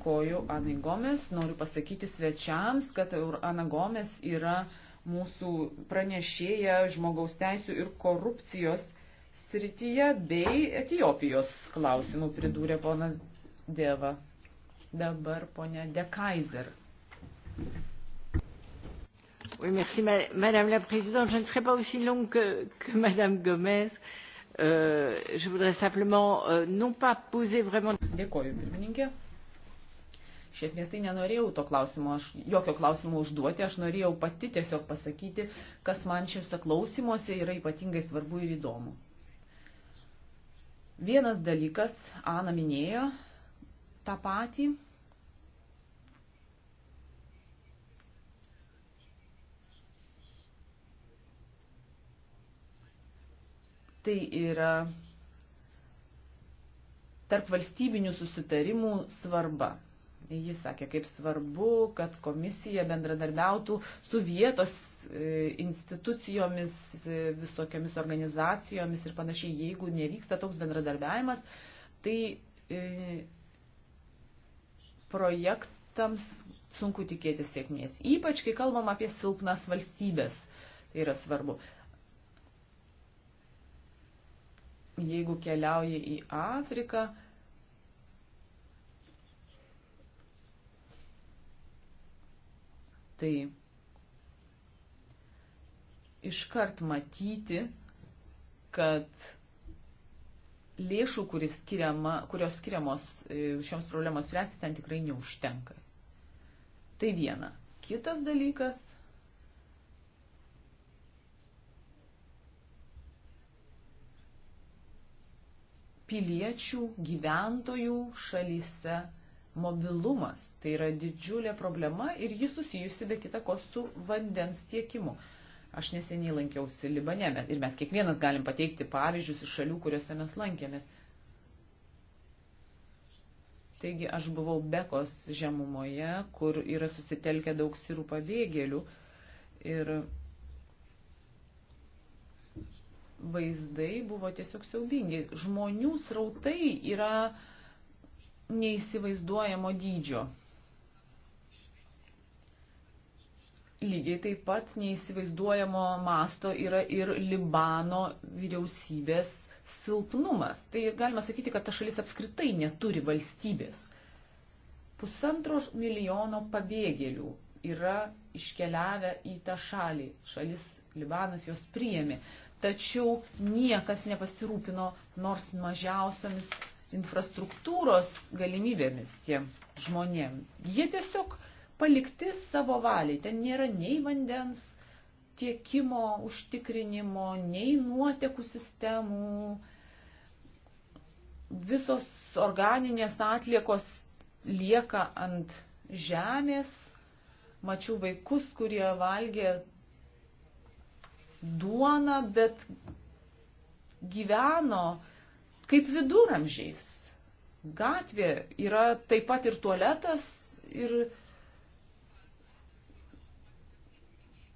S2: Koju Anai Gomes, noriu pasakyti svečiams, kad Ana Gomes yra mūsų pranešėja žmogaus teisų ir korupcijos srityje bei Etijopijos klausimų pridūrė ponas Dėva. Dabar ponia De Kaiser. Oui, merci, Madame la Présidente. Je ne serai pas aussi longue que, que Madame Gomez. Euh, je voudrais simplement euh, non pas poser vraiment. Dėkoju, pirmininkė. Iš esmės tai nenorėjau to klausimo, aš jokio klausimo užduoti, aš norėjau pati tiesiog pasakyti, kas man šiuose klausimuose yra ypatingai svarbu ir įdomu. Vienas dalykas, Ana minėjo tą patį. Tai yra tarp valstybinių susitarimų svarba. Jis sakė, kaip svarbu, kad komisija bendradarbiautų su vietos e, institucijomis, e, visokiamis organizacijomis ir panašiai. Jeigu nevyksta toks bendradarbiavimas, tai e, projektams sunku tikėtis sėkmės. Ypač, kai kalbam apie silpnas valstybės, tai yra svarbu. Jeigu keliauji į Afriką, Tai iškart matyti, kad lėšų, skiriama, kurios skiriamos e, šioms problemos spręsti, ten tikrai neužtenka. Tai viena. Kitas dalykas. Piliečių, gyventojų šalyse mobilumas. Tai yra didžiulė problema ir ji susijusi be kita ko su vandens tiekimu. Aš neseniai lankiausi Libane ir mes kiekvienas galim pateikti pavyzdžius iš šalių, kuriuose mes lankėmės. Taigi aš buvau Bekos žemumoje, kur yra susitelkę daug sirų pabėgėlių ir vaizdai buvo tiesiog siaubingi. Žmonių srautai yra uh, neįsivaizduojamo dydžio. Lygiai taip pat neįsivaizduojamo masto yra ir Libano vyriausybės silpnumas. Tai galima sakyti, kad ta šalis apskritai neturi valstybės. Pusantro milijono pabėgėlių yra iškeliavę į tą šalį. Šalis Libanas jos priėmė. Tačiau niekas nepasirūpino nors mažiausiamis infrastruktūros galimybėmis tiem žmonėm. Jie tiesiog palikti savo valiai. Ten nėra nei vandens tiekimo užtikrinimo, nei nuotekų sistemų. Visos organinės atliekos lieka ant žemės. Mačiau vaikus, kurie valgė duoną, bet gyveno kaip viduramžiais. Gatvė yra taip pat ir tualetas, ir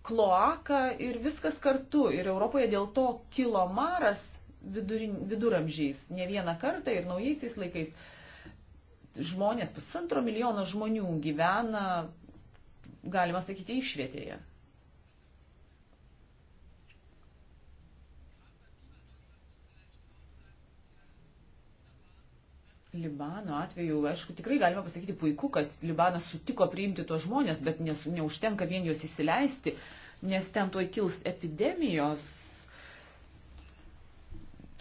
S2: kloaka, ir viskas kartu. Ir Europoje dėl to kilo maras vidurin, viduramžiais, ne vieną kartą ir naujaisiais laikais. Žmonės, pusantro milijono žmonių gyvena, galima sakyti, išvietėje. Libano atveju, aišku, tikrai galima pasakyti puiku, kad Libanas sutiko priimti tuos žmonės, bet nes, neužtenka vien juos įsileisti, nes ten tuoj kils epidemijos,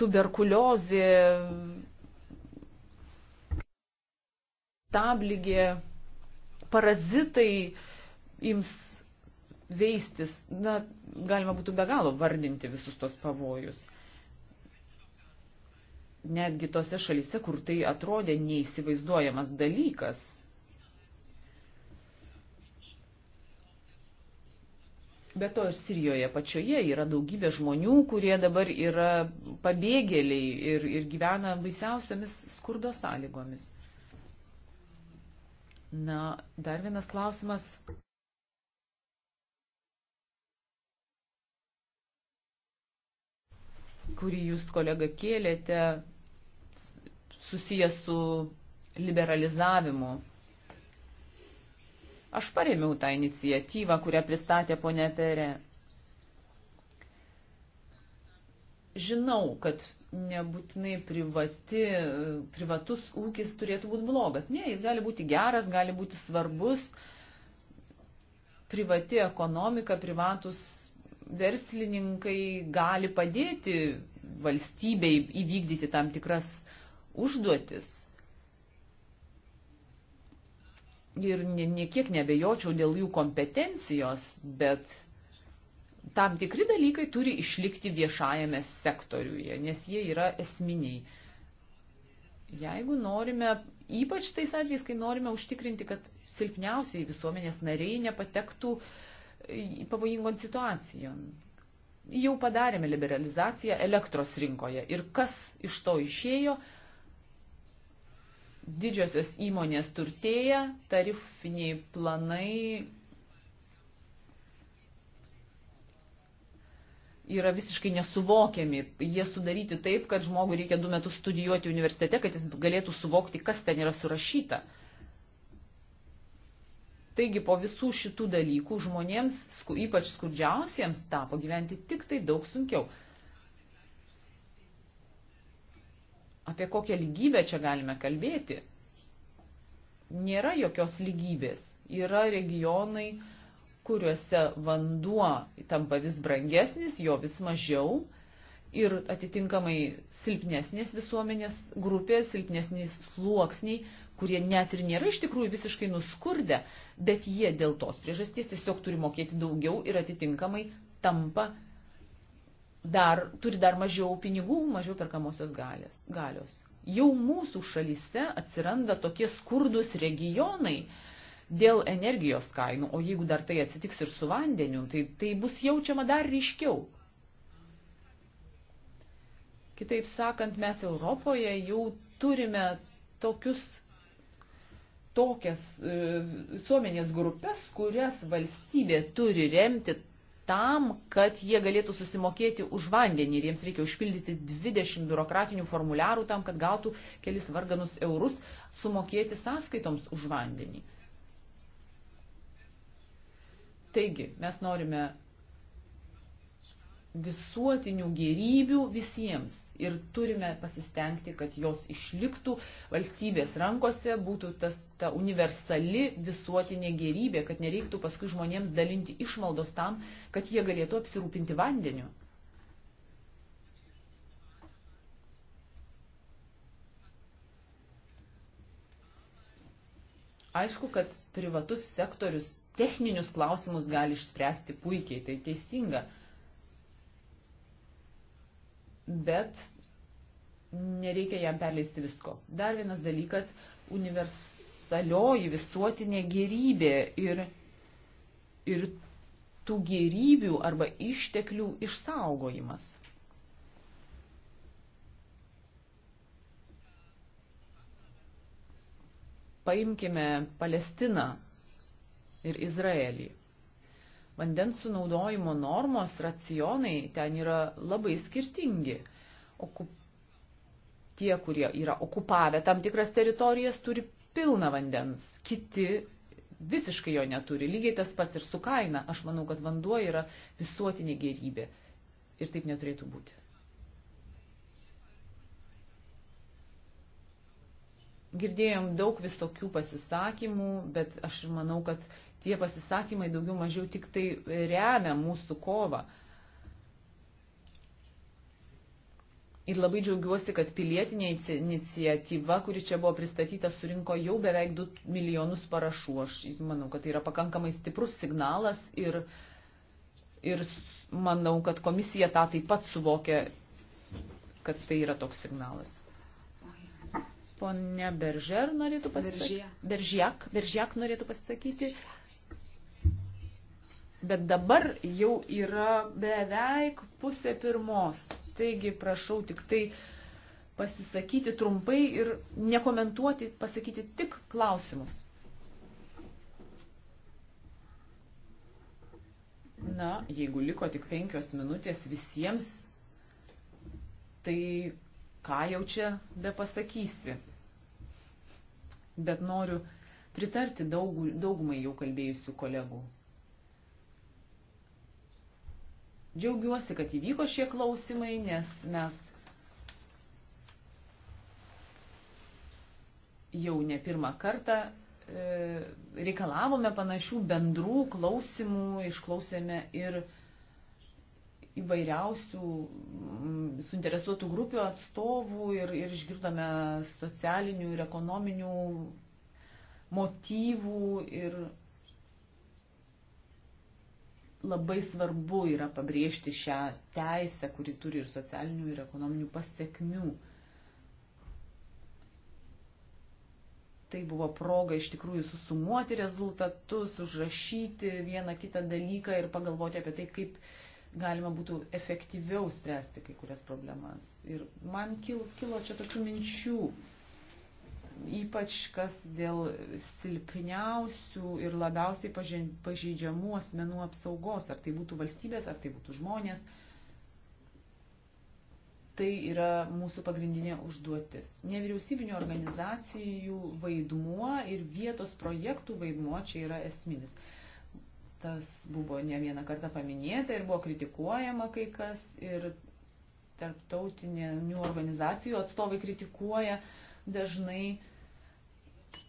S2: tuberkuliozė, tabligė, parazitai ims veistis. Na, galima būtų be galo vardinti visus tos pavojus netgi tose šalise, kur tai atrodė neįsivaizduojamas dalykas. Be to ir Sirijoje pačioje yra daugybė žmonių, kurie dabar yra pabėgėliai ir, ir gyvena baisiausiamis skurdo sąlygomis. Na, dar vienas klausimas. kurį jūs kolega kėlėte, susijęs su liberalizavimu. Aš paremiau tą iniciatyvą, kurią pristatė ponė Perė. Žinau, kad nebūtinai privati, privatus ūkis turėtų būti blogas. Ne, jis gali būti geras, gali būti svarbus. Privati ekonomika, privatus verslininkai gali padėti valstybei įvykdyti tam tikras užduotis. Ir niekiek nebejočiau dėl jų kompetencijos, bet tam tikri dalykai turi išlikti viešajame sektoriuje, nes jie yra esminiai. Jeigu norime, ypač tais atvejais, kai norime užtikrinti, kad silpniausiai visuomenės nariai nepatektų uh, pavojingon situacijon. Jau padarėme liberalizaciją elektros rinkoje ir kas iš to išėjo? Didžiosios įmonės turtėja, tarifiniai planai yra visiškai nesuvokiami. Jie sudaryti taip, kad žmogui reikia du metus studijuoti universitete, kad jis galėtų suvokti, kas ten yra surašyta. Taigi po visų šitų dalykų žmonėms, ypač skurdžiausiems, tapo gyventi tik tai daug sunkiau. Apie kokią lygybę čia galime kalbėti? Nėra jokios lygybės. Yra regionai, kuriuose vanduo tampa vis brangesnis, jo vis mažiau ir atitinkamai silpnesnės visuomenės grupės, silpnesnės sluoksniai kurie net ir nėra iš tikrųjų visiškai nuskurdę, bet jie dėl tos priežasties tiesiog turi mokėti daugiau ir atitinkamai tampa dar, turi dar mažiau pinigų, mažiau perkamosios galės, galios. Jau mūsų šalyse atsiranda tokie skurdus regionai dėl energijos kainų, o jeigu dar tai atsitiks ir su vandeniu, tai, tai bus jaučiama dar ryškiau. Kitaip sakant, mes Europoje jau turime tokius tokias e, visuomenės grupės, kurias valstybė turi remti tam, kad jie galėtų susimokėti už vandenį ir jiems reikia užpildyti 20 biurokratinių formuliarų tam, kad gautų kelis varganus eurus sumokėti sąskaitoms už vandenį. Taigi, mes norime visuotinių gerybių visiems ir turime pasistengti, kad jos išliktų valstybės rankose, būtų tas, ta universali visuotinė gerybė, kad nereiktų paskui žmonėms dalinti išmaldos tam, kad jie galėtų apsirūpinti vandeniu. Aišku, kad privatus sektorius techninius klausimus gali išspręsti puikiai, tai teisinga bet nereikia jam perleisti visko. Dar vienas dalykas - universalioji visuotinė gerybė ir, ir tų gerybių arba išteklių išsaugojimas. Paimkime Palestiną ir Izraelį vandens sunaudojimo normos, racionai ten yra labai skirtingi. Okup... Tie, kurie yra okupavę tam tikras teritorijas, turi pilną vandens, kiti visiškai jo neturi. Lygiai tas pats ir su kaina. Aš manau, kad vanduo yra visuotinė gerybė. Ir taip neturėtų būti. Girdėjom daug visokių pasisakymų, bet aš manau, kad tie pasisakymai daugiau mažiau tik tai remia mūsų kovą. Ir labai džiaugiuosi, kad pilietinė iniciatyva, kuri čia buvo pristatyta, surinko jau beveik 2 milijonus parašų. Aš manau, kad tai yra pakankamai stiprus signalas ir, ir manau, kad komisija tą taip pat suvokė, kad tai yra toks signalas. Pone Beržer norėtų pasisakyti. Beržiak. Beržiak, Beržiak norėtų pasisakyti. Beržiak. Bet dabar jau yra beveik pusė pirmos. Taigi prašau tik tai pasisakyti trumpai ir nekomentuoti, pasakyti tik klausimus. Na, jeigu liko tik penkios minutės visiems, tai ką jau čia be pasakysi. Bet noriu pritarti daug, daugumai jau kalbėjusių kolegų. Džiaugiuosi, kad įvyko šie klausimai, nes mes jau ne pirmą kartą e, reikalavome panašių bendrų klausimų, išklausėme ir įvairiausių mm, suinteresuotų grupių atstovų ir, ir išgirdome socialinių ir ekonominių motyvų ir labai svarbu yra pabrėžti šią teisę, kuri turi ir socialinių, ir ekonominių pasiekmių. Tai buvo proga iš tikrųjų susumuoti rezultatus, užrašyti vieną kitą dalyką ir pagalvoti apie tai, kaip galima būtų efektyviau spręsti kai kurias problemas. Ir man kilo, kilo čia tokių minčių ypač kas dėl silpniausių ir labiausiai pažeidžiamų asmenų apsaugos, ar tai būtų valstybės, ar tai būtų žmonės. Tai yra mūsų pagrindinė užduotis. Nevyriausybinio organizacijų vaidmuo ir vietos projektų vaidmuo čia yra esminis. Tas buvo ne vieną kartą paminėta ir buvo kritikuojama kai kas ir tarptautinių organizacijų atstovai kritikuoja uh, dažnai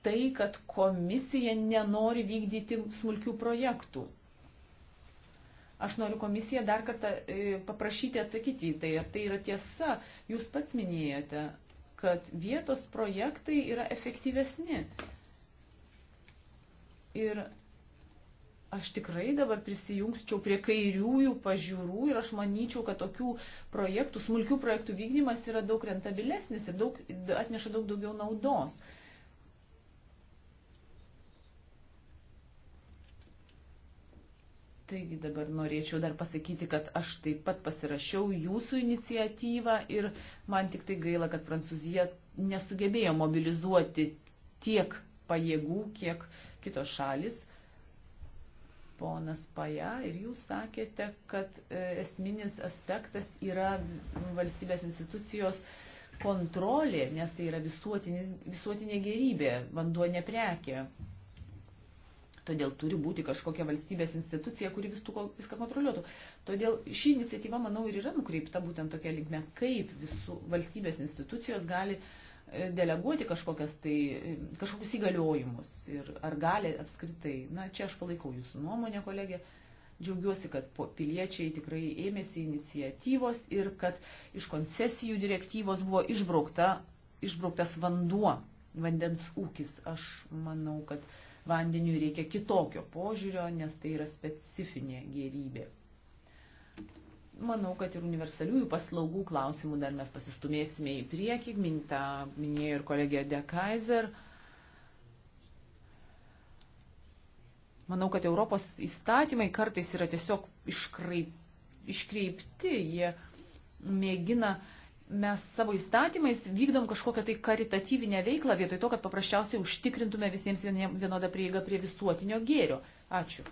S2: tai, kad komisija nenori vykdyti smulkių projektų. Aš noriu komisiją dar kartą e, paprašyti atsakyti į tai, ar tai yra tiesa. Jūs pats minėjote, kad vietos projektai yra efektyvesni. Ir aš tikrai dabar prisijungčiau prie kairiųjų pažiūrų ir aš manyčiau, kad tokių projektų, smulkių projektų vykdymas yra daug rentabilesnis ir daug, atneša daug daugiau naudos. Taigi dabar norėčiau dar pasakyti, kad aš taip pat pasirašiau jūsų iniciatyvą ir man tik tai gaila, kad Prancūzija nesugebėjo mobilizuoti tiek pajėgų, kiek kitos šalis ponas Paja, ir jūs sakėte, kad e, esminis aspektas yra valstybės institucijos kontrolė, nes tai yra visuotinė gerybė, vanduo neprekė. Todėl turi būti kažkokia valstybės institucija, kuri vis tų, viską kontroliuotų. Todėl ši iniciatyva, manau, ir yra nukreipta būtent tokia linkme, kaip visų valstybės institucijos gali uh, deleguoti kažkokias tai, kažkokius įgaliojimus ir ar gali apskritai, na čia aš palaikau jūsų nuomonę, kolegė, džiaugiuosi, kad piliečiai tikrai ėmėsi iniciatyvos ir kad iš koncesijų direktyvos buvo išbraukta, išbrauktas vanduo, vandens ūkis. Aš manau, kad vandeniui reikia kitokio požiūrio, nes tai yra specifinė gerybė manau, kad ir universaliųjų paslaugų klausimų dar mes pasistumėsime į priekį, mintą minėjo ir kolegija De Kaiser. Manau, kad Europos įstatymai kartais yra tiesiog iškraip, iškreipti, jie mėgina, mes savo įstatymais vykdom kažkokią tai karitatyvinę veiklą vietoj to, kad paprasčiausiai užtikrintume visiems vienodą prieigą prie visuotinio gėrio. Ačiū.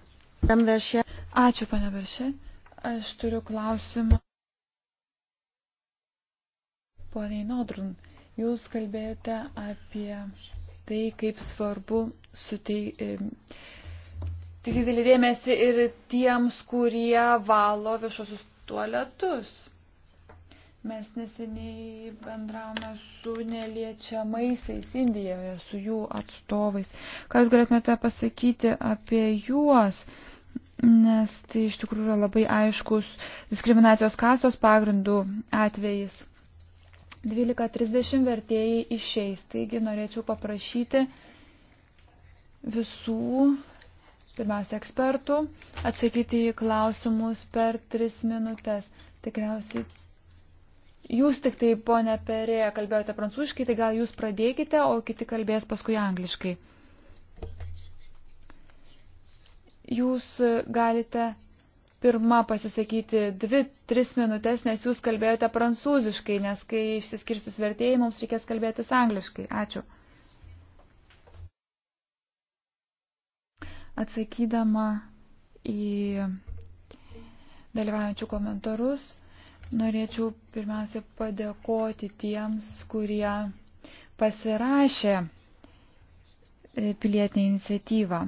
S6: Ačiū, pane Beršė. Aš turiu klausimą. Poniai Nodrun, jūs kalbėjote apie tai, kaip svarbu suteikti. Tik e, didelį dėmesį ir tiems, kurie valo viešosius tualetus. Mes neseniai bendravome su neliečiamaisiais Indijoje, su jų atstovais. Ką jūs galėtumėte pasakyti apie juos? Uh, nes tai iš tikrųjų yra labai aiškus diskriminacijos kasos pagrindų atvejis. 12.30 vertėjai išeis, taigi norėčiau paprašyti visų, pirmiausia, ekspertų, atsakyti į klausimus per 3 minutės. Tikriausiai jūs tik tai, ponė Perė, kalbėjote prancūziškai, tai gal jūs pradėkite, o kiti kalbės paskui angliškai jūs galite pirma pasisakyti dvi, tris minutės, nes jūs kalbėjote prancūziškai, nes kai išsiskirsis vertėjai, mums reikės kalbėtis angliškai. Ačiū. Atsakydama į dalyvaujančių komentarus, norėčiau pirmiausia padėkoti tiems, kurie pasirašė e, pilietinę iniciatyvą.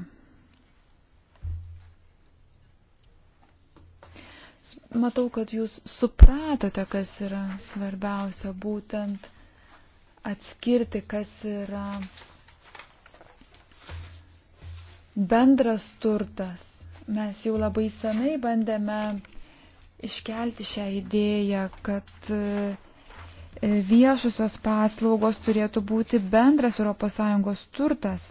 S6: matau, kad jūs supratote, kas yra svarbiausia, būtent atskirti, kas yra bendras turtas. Mes jau labai senai bandėme iškelti šią idėją, kad e, viešusios paslaugos turėtų būti bendras ES turtas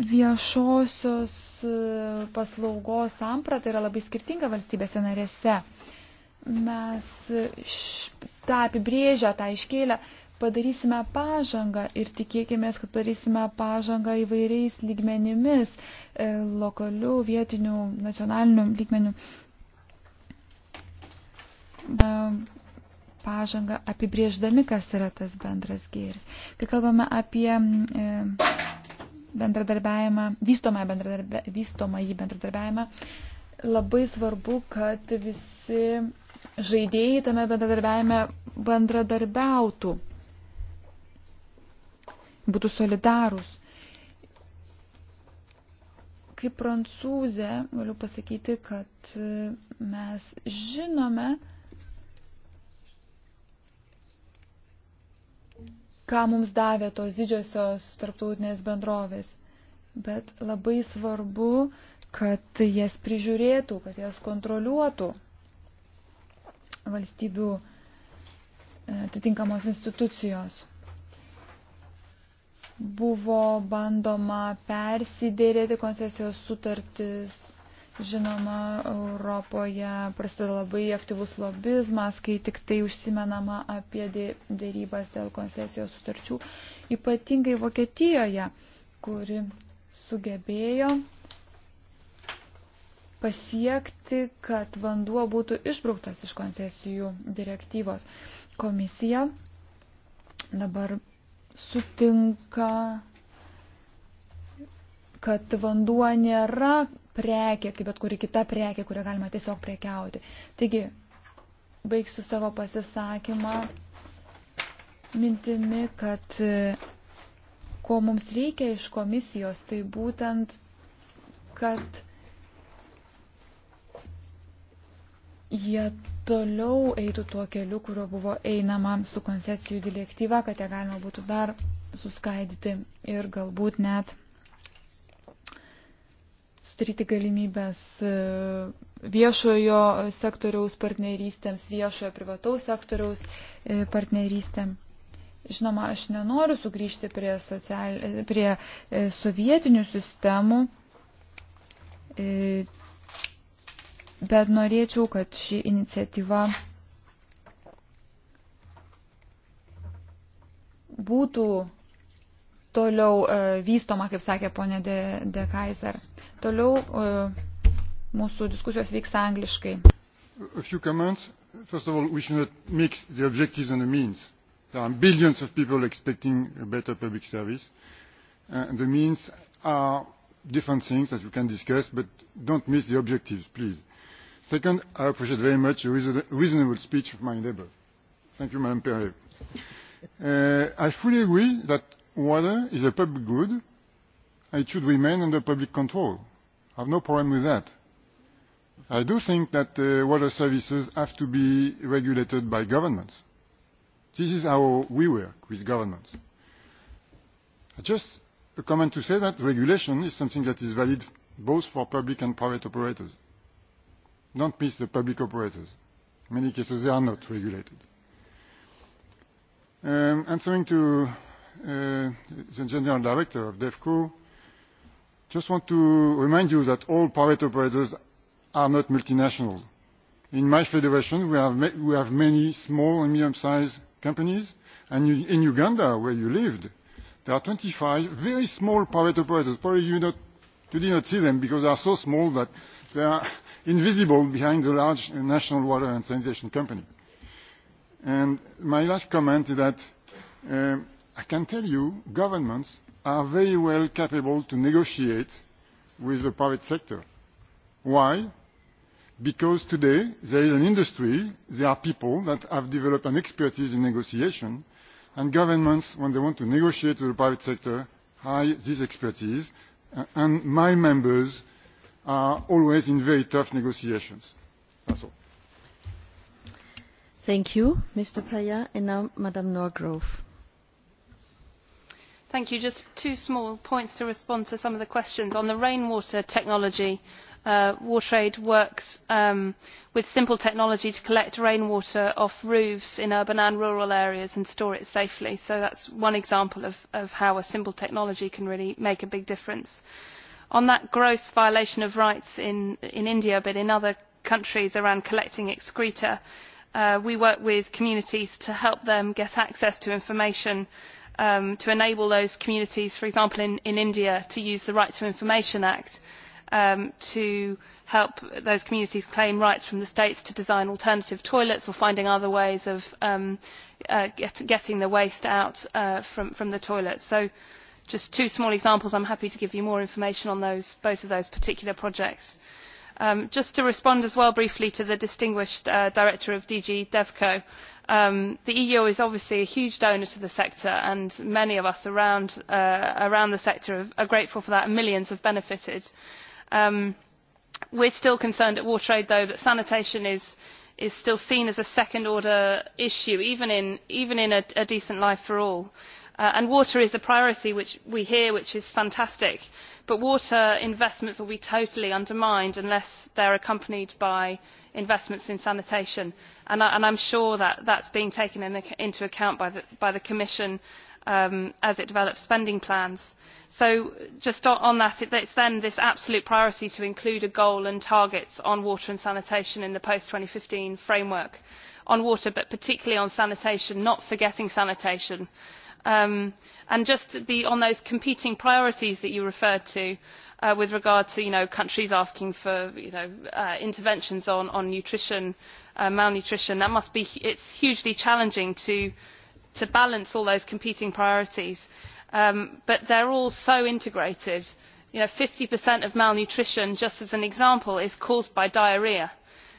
S6: viešosios e, paslaugos samprata yra labai skirtinga valstybėse narėse. Mes e, tą apibrėžę, tą iškėlę padarysime pažangą ir tikėkime, kad padarysime pažangą įvairiais lygmenimis e, - lokalių, vietinių, nacionalinių lygmenių. Pažangą apibrėždami, kas yra tas bendras gėris. Kai kalbame apie. E, bendradarbiavimą, vystomą, bendradarbi, vystomą į bendradarbiavimą, labai svarbu, kad visi žaidėjai tame bendradarbiavime bendradarbiautų, būtų solidarūs. Kaip prancūzė galiu pasakyti, kad mes žinome, ką mums davė tos didžiosios tarptautinės bendrovės. Bet labai svarbu, kad jas prižiūrėtų, kad jas kontroliuotų valstybių e, atitinkamos institucijos. Buvo bandoma persidėrėti koncesijos sutartis Žinoma, Europoje prasideda labai aktyvus lobizmas, kai tik tai užsimenama apie dėrybas dėl koncesijos sutarčių, ypatingai Vokietijoje, kuri sugebėjo pasiekti, kad vanduo būtų išbrauktas iš koncesijų direktyvos. Komisija dabar sutinka kad vanduo nėra prekė, kaip bet kuri kita prekė, kurią galima tiesiog prekiauti. Taigi, baigsiu savo pasisakymą mintimi, kad e, ko mums reikia iš komisijos, tai būtent, kad jie toliau eitų tuo keliu, kurio buvo einama su koncesijų direktyva, kad ją galima būtų dar suskaidyti ir galbūt net sudaryti galimybės e, viešojo sektoriaus partnerystėms, viešojo privataus sektoriaus e, partnerystėm. Žinoma, aš nenoriu sugrįžti prie, social, e, prie sovietinių sistemų, bet norėčiau, kad ši iniciatyva būtų toliau e, vystoma, kaip sakė ponė De, De Kaiser. Toliau e, mūsų diskusijos vyks angliškai.
S9: A few comments. First of all, we should not mix the objectives and the means. There are billions of people expecting a better public service. Uh, the means are different things that you can discuss, but don't miss the objectives, please. Second, I appreciate very much the reason, reasonable speech of my neighbour. Thank you, Madam Perret. Uh, I fully agree that water is a public good and it should remain under public control. I have no problem with that. I do think that uh, water services have to be regulated by governments. This is how we work with governments. Just a comment to say that regulation is something that is valid both for public and private operators. Don't miss the public operators. In many cases, they are not regulated. Um, answering to uh, the General Director of DEFCO, just want to remind you that all private operators are not multinational. In my federation, we have, ma we have many small and medium-sized companies, and you, in Uganda, where you lived, there are 25 very small private operators. Probably you, not, you did not see them because they are so small that they are invisible behind the large national water and sanitation company. And my last comment is that um, I can tell you governments are very well capable to negotiate with the private sector. Why? Because today there is an industry, there are people that have developed an expertise in negotiation, and governments, when they want to negotiate with the private sector, hire this expertise, and my members are always in very tough negotiations. That's all.
S1: Thank you, Mr. Paya. And now, Madame Norgrove
S8: Thank you. Just two small points to respond to some of the questions. On the rainwater technology, uh, WarTrade works um, with simple technology to collect rainwater off roofs in urban and rural areas and store it safely. So that's one example of, of how a simple technology can really make a big difference. On that gross violation of rights in, in India, but in other countries around collecting excreta, uh, we work with communities to help them get access to information uh, um, to enable those communities, for example in, in India, to use the Right to Information Act um, to help those communities claim rights from the states to design alternative toilets or finding other ways of um, uh, get, getting the waste out uh, from, from the toilets. So just two small examples. I'm happy to give you more information on those, both of those particular projects. Um, just to respond as well briefly to the distinguished uh, director of DG DevCo, Um, the eu is obviously a huge donor to the sector and many of us around, uh, around the sector are grateful for that and millions have benefited. Um, we are still concerned at watertrade though that sanitation is, is still seen as a second order issue even in, even in a, a decent life for all uh, and water is a priority which we hear which is fantastic but water investments will be totally undermined unless they are accompanied by investments in sanitation and i am sure that is being taken in, into account by the, by the commission um, as it develops spending plans. so just on, on that it is then this absolute priority to include a goal and targets on water and sanitation in the post two thousand and fifteen framework on water but particularly on sanitation not forgetting sanitation. Um, and just the, on those competing priorities that you referred to uh, with regard to you know, countries asking for you know, uh, interventions on, on nutrition, uh, malnutrition, that must be, it's hugely challenging to, to balance all those competing priorities. Um, but they're all so integrated. You know, 50% of malnutrition, just as an example, is caused by diarrhea.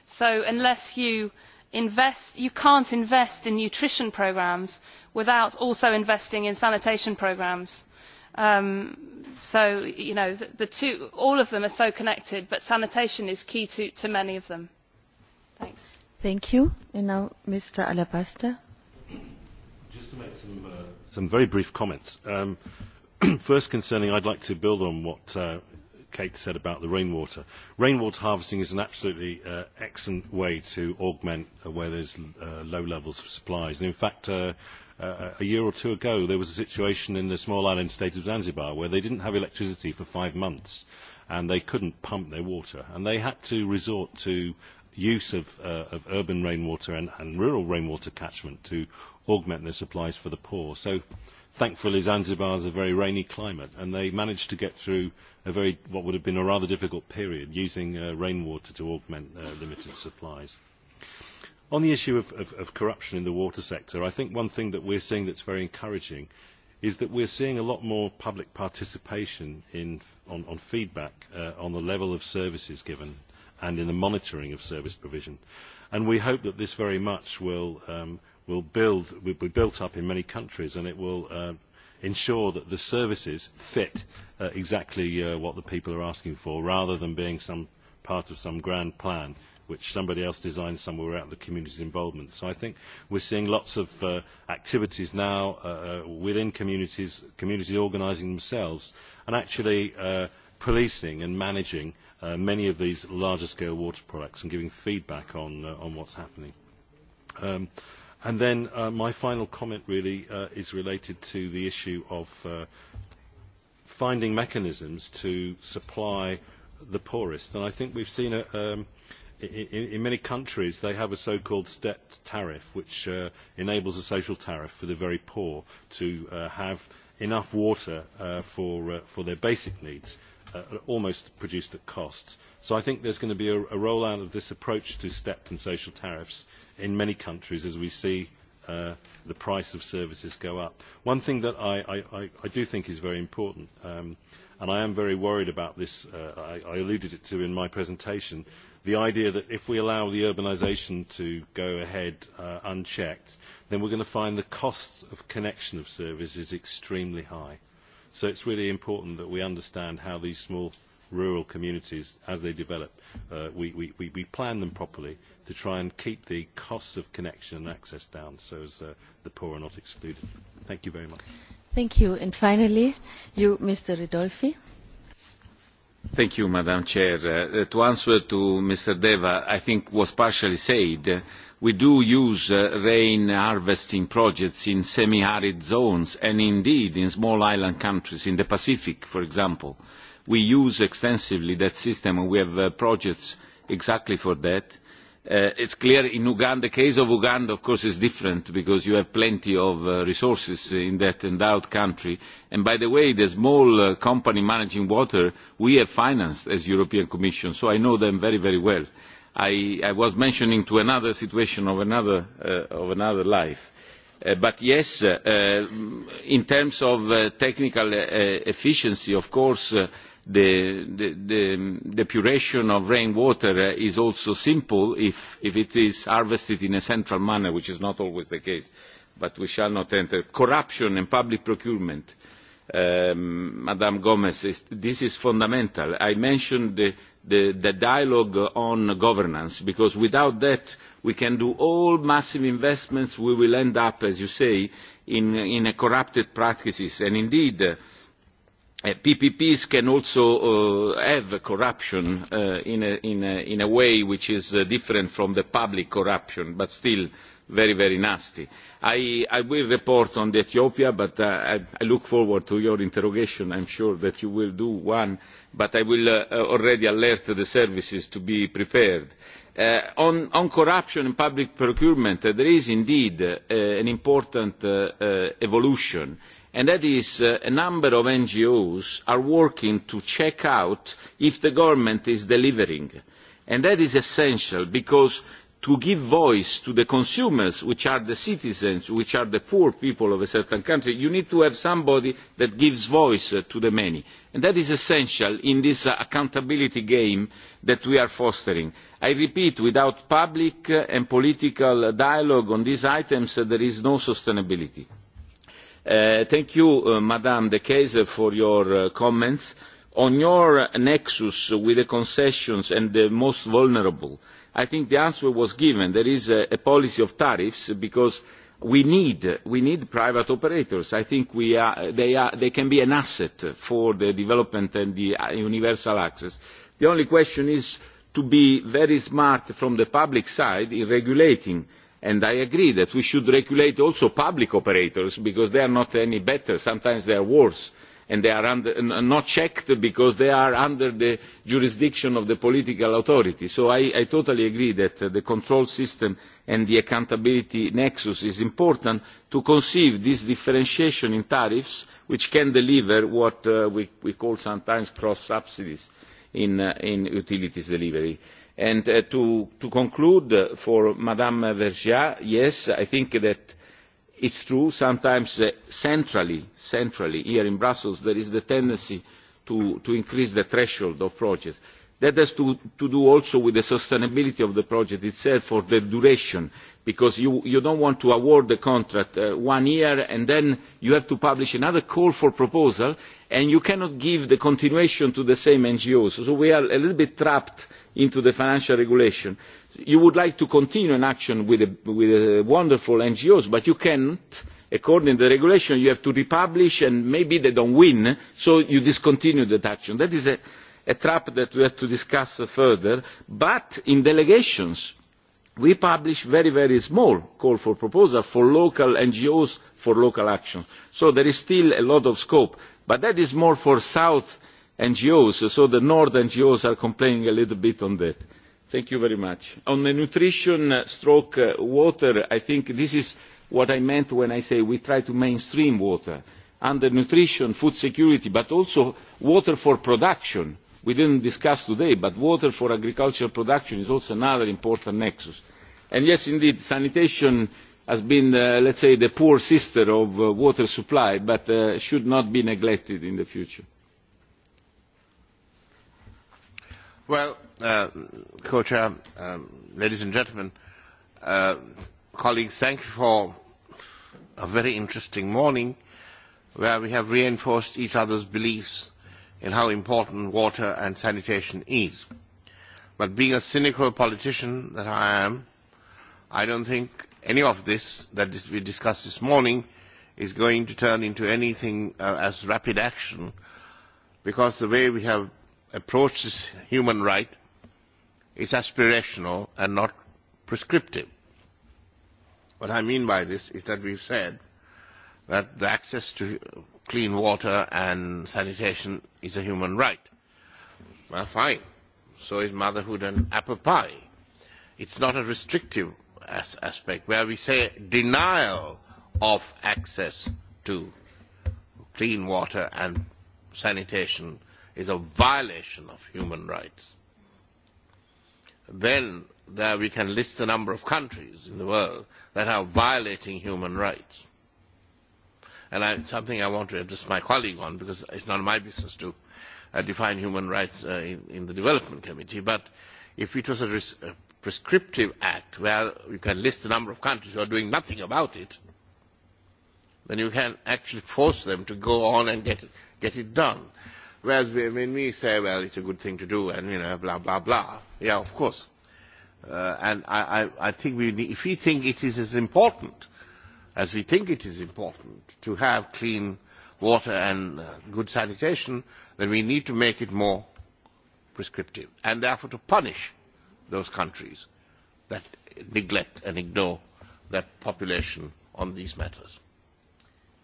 S8: So unless you invest, you can't invest in nutrition programs without also investing in sanitation programmes. Um, so you know the, the two, all of them are so connected, but sanitation is key to, to many of them. Thanks.
S1: Thank you. And now, Mr. Alabasta.
S7: Just to make some, uh, some very brief comments. Um, first, concerning, I'd like to build on what uh, Kate said about the rainwater. Rainwater harvesting is an absolutely uh, excellent way to augment uh, where there's uh, low levels of supplies. And in fact, uh, uh, a year or two ago there was a situation in the small island state of Zanzibar where they didn't have electricity for five months and they couldn't pump their water and they had to resort to use of, uh, of urban rainwater and, and rural rainwater catchment to augment their supplies for the poor. So thankfully Zanzibar is a very rainy climate and they managed to get through a very, what would have been a rather difficult period using uh, rainwater to augment uh, limited supplies on the issue of, of, of corruption in the water sector i think one thing that we are seeing that is very encouraging is that we are seeing a lot more public participation in, on, on feedback uh, on the level of services given and in the monitoring of service provision. And we hope that this very much will, um, will, build, will be built up in many countries and it will uh, ensure that the services fit uh, exactly uh, what the people are asking for rather than being some part of some grand plan which somebody else designed somewhere without the community's involvement. So I think we're seeing lots of uh, activities now uh, uh within communities, communities organising themselves and actually uh, policing and managing uh, many of these larger scale water products and giving feedback on, uh, on what's happening. Um, and then uh, my final comment really uh, is related to the issue of uh, finding mechanisms to supply the poorest. And I think we've seen a, um, in many countries they have a so called stepped tariff which uh, enables a social tariff for the very poor to uh, have enough water uh, for, uh, for their basic needs uh, almost produced at cost. So I think there's going to be a, a rollout of this approach to stepped and social tariffs in many countries as we see uh, the price of services go up. One thing that I, I, I do think is very important um, uh, and i am very worried about this uh, I, i alluded to it in my presentation the idea that if we allow the urbanisation to go ahead uh, unchecked then we're going to find the costs of connection of services extremely high so it's really important that we understand how these small rural communities as they develop uh, we, we, we plan them properly to try and keep the costs of connection and access down so as uh, the poor are not excluded. Thank you very much.
S1: Thank you. And finally, you, Mr. Ridolfi.
S4: Thank you, Madam Chair. Uh, to answer to Mr. Deva, I think was partially said. We do use uh, rain harvesting projects in semi-arid zones and indeed in small island countries in the Pacific, for example. We use extensively that system and we have uh, projects exactly for that. Uh, Uh, it is clear in uganda the case of uganda of course is different because you have plenty of uh, resources in that endowed country and by the way the small uh, company managing water we have financed as the european commission so i know them very very well. i, I was mentioning to another situation of another, uh, of another life. Uh, but yes, uh, um, in terms of uh, technical uh, efficiency, of course, uh, the, the, the depuration of rainwater uh, is also simple if, if it is harvested in a central manner, which is not always the case. But we shall not enter. Corruption and public procurement. Um, Madam Gomez, is, this is fundamental. I mentioned the, the, the dialogue on governance, because without that we can do all massive investments, we will end up, as you say, in, in a corrupted practices. And indeed, uh, Uh, eh, PPPs can also uh, have corruption uh, in, a, in, a, in a way which is uh, different from the public corruption, but still very, very nasty. I, I will report on the Ethiopia, but uh, I, I look forward to your interrogation. I'm sure that you will do one, but I will uh, uh already alert the services to be prepared. Uh, on, on corruption and public procurement, uh, there is indeed uh, an important uh, uh, evolution. Uh, and that is uh, a number of ngos are working to check out if the government is delivering and that is essential because to give voice to the consumers which are the citizens which are the poor people of a certain country you need to have somebody that gives voice uh, to the many and that is essential in this uh, accountability game that we are fostering. i repeat without public uh, and political dialogue on these items there is no sustainability. Uh, thank you, uh, Madame De Keyser, for your uh, comments. On your nexus with the concessions and the most vulnerable, I think the answer was given. There is a, a policy of tariffs because we need, we need private operators. I think we are, they, are, they can be an asset for the development and the uh, universal access. The only question is to be very smart from the public side in regulating uh, and i agree that we should regulate also public operators because they are not any better sometimes they are worse and they are under, not checked because they are under the jurisdiction of the political authority. so I, i totally agree that uh, the control system and the accountability nexus is important to conceive this differentiation in tariffs which can deliver what uh, we, we call sometimes cross subsidies in, uh, in utilities delivery. Uh, And uh, to, to conclude uh, for Madame Vergia, yes, I think that it's true sometimes uh, centrally, centrally here in Brussels there is the tendency to, to increase the threshold of projects. That has to, to do also with the sustainability of the project itself for the duration. Uh, because you, you don't want to award the contract uh, one year and then you have to publish another call for proposal and you cannot give the continuation to the same ngos so we are a little bit trapped into the financial regulation. you would like to continue an action with, a, with a wonderful ngos but you cannot according to the regulation you have to republish and maybe they don't win so you discontinue that action. that is a, a trap that we have to discuss further but in delegations we publish a very very small call for proposals for local ngos for local action so there is still a lot of scope but that is more for south ngos so the north ngos are complaining a little bit on that. thank you very much. on the nutrition uh, stroke uh, water i think this is what i meant when i say we try to mainstream water under nutrition food security but also water for production we did not discuss today but water for agricultural production is also another important nexus. and yes indeed sanitation has been uh, let us say the poor sister of uh, water supply but uh,
S5: should not be neglected in the future. well uh, co chair um, ladies and gentlemen uh, colleagues thank you for a very interesting morning where we have reinforced each other's beliefs in how important water and sanitation is. But being a cynical politician that I am, I don't think any of this that this we discussed this morning is going to turn into anything uh, as rapid action because the way we have approached this human right is aspirational and not prescriptive. What I mean by this is that we've said that the access to clean water and sanitation is a human right. Well, fine. So is motherhood and apple pie. It's not a restrictive as aspect where we say denial of access to clean water and sanitation is a violation of human rights. Then there we can list the number of countries in the world that are violating human rights and I, something I want to address my colleague on, because it's not my business to uh, define human rights uh, in, in the Development Committee, but if it was a, res- a prescriptive act where you can list the number of countries who are doing nothing about it, then you can actually force them to go on and get it, get it done. Whereas we, when we say, well, it's a good thing to do, and you know, blah blah blah, yeah, of course. Uh, and I, I, I think we, if we think it is as important uh, as we think it is important to have clean water and uh, good sanitation, then we need to make it more prescriptive and therefore to punish those countries that neglect and ignore that population on these matters.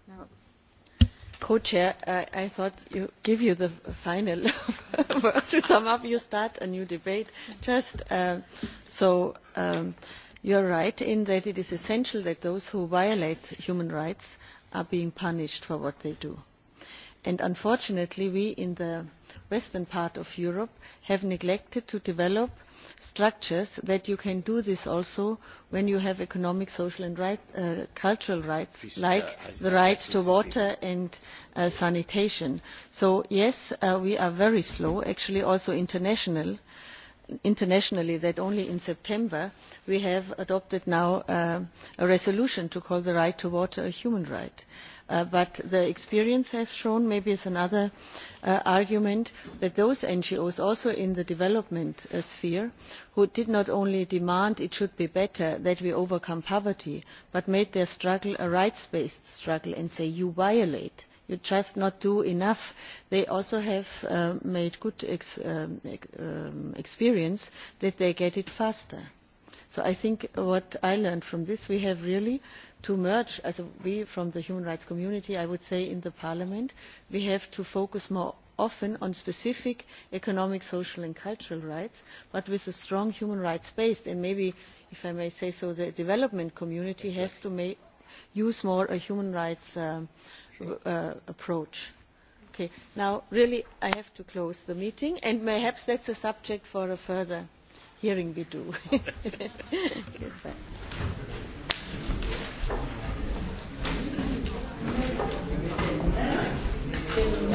S6: Now,
S1: co-chair, I, I thought you give you the final word to sum up. You start a new debate just uh, so um, you are right in that it is essential that those who violate human rights are being punished for what they do. And unfortunately we in the western part of europe have neglected to develop structures that you can do this also when you have economic social and right, uh, cultural rights Please, uh, like uh, the right to water and uh, sanitation. so yes uh, we are very slow actually also internationally internationally that only in september we have adopted now uh, a resolution to call the right to water a human right uh, but the experience has shown maybe it's another uh, argument that those ngos also in the development uh, sphere who did not only demand it should be better that we overcome poverty but made their struggle a rights based struggle and say you violate you just not do enough. They also have uh, made good ex um, um, experience that they get it faster. So I think what I learned from this, we have really to merge, as we from the human rights community, I would say in the parliament, we have to focus more often on specific economic social and cultural rights but with a strong human rights base and maybe if i may say so the development community has to make, use more a human rights um, uh, approach. Okay. Now, really, I have to close the meeting, and perhaps that's a subject for a further hearing we do. okay, bye. Thank you.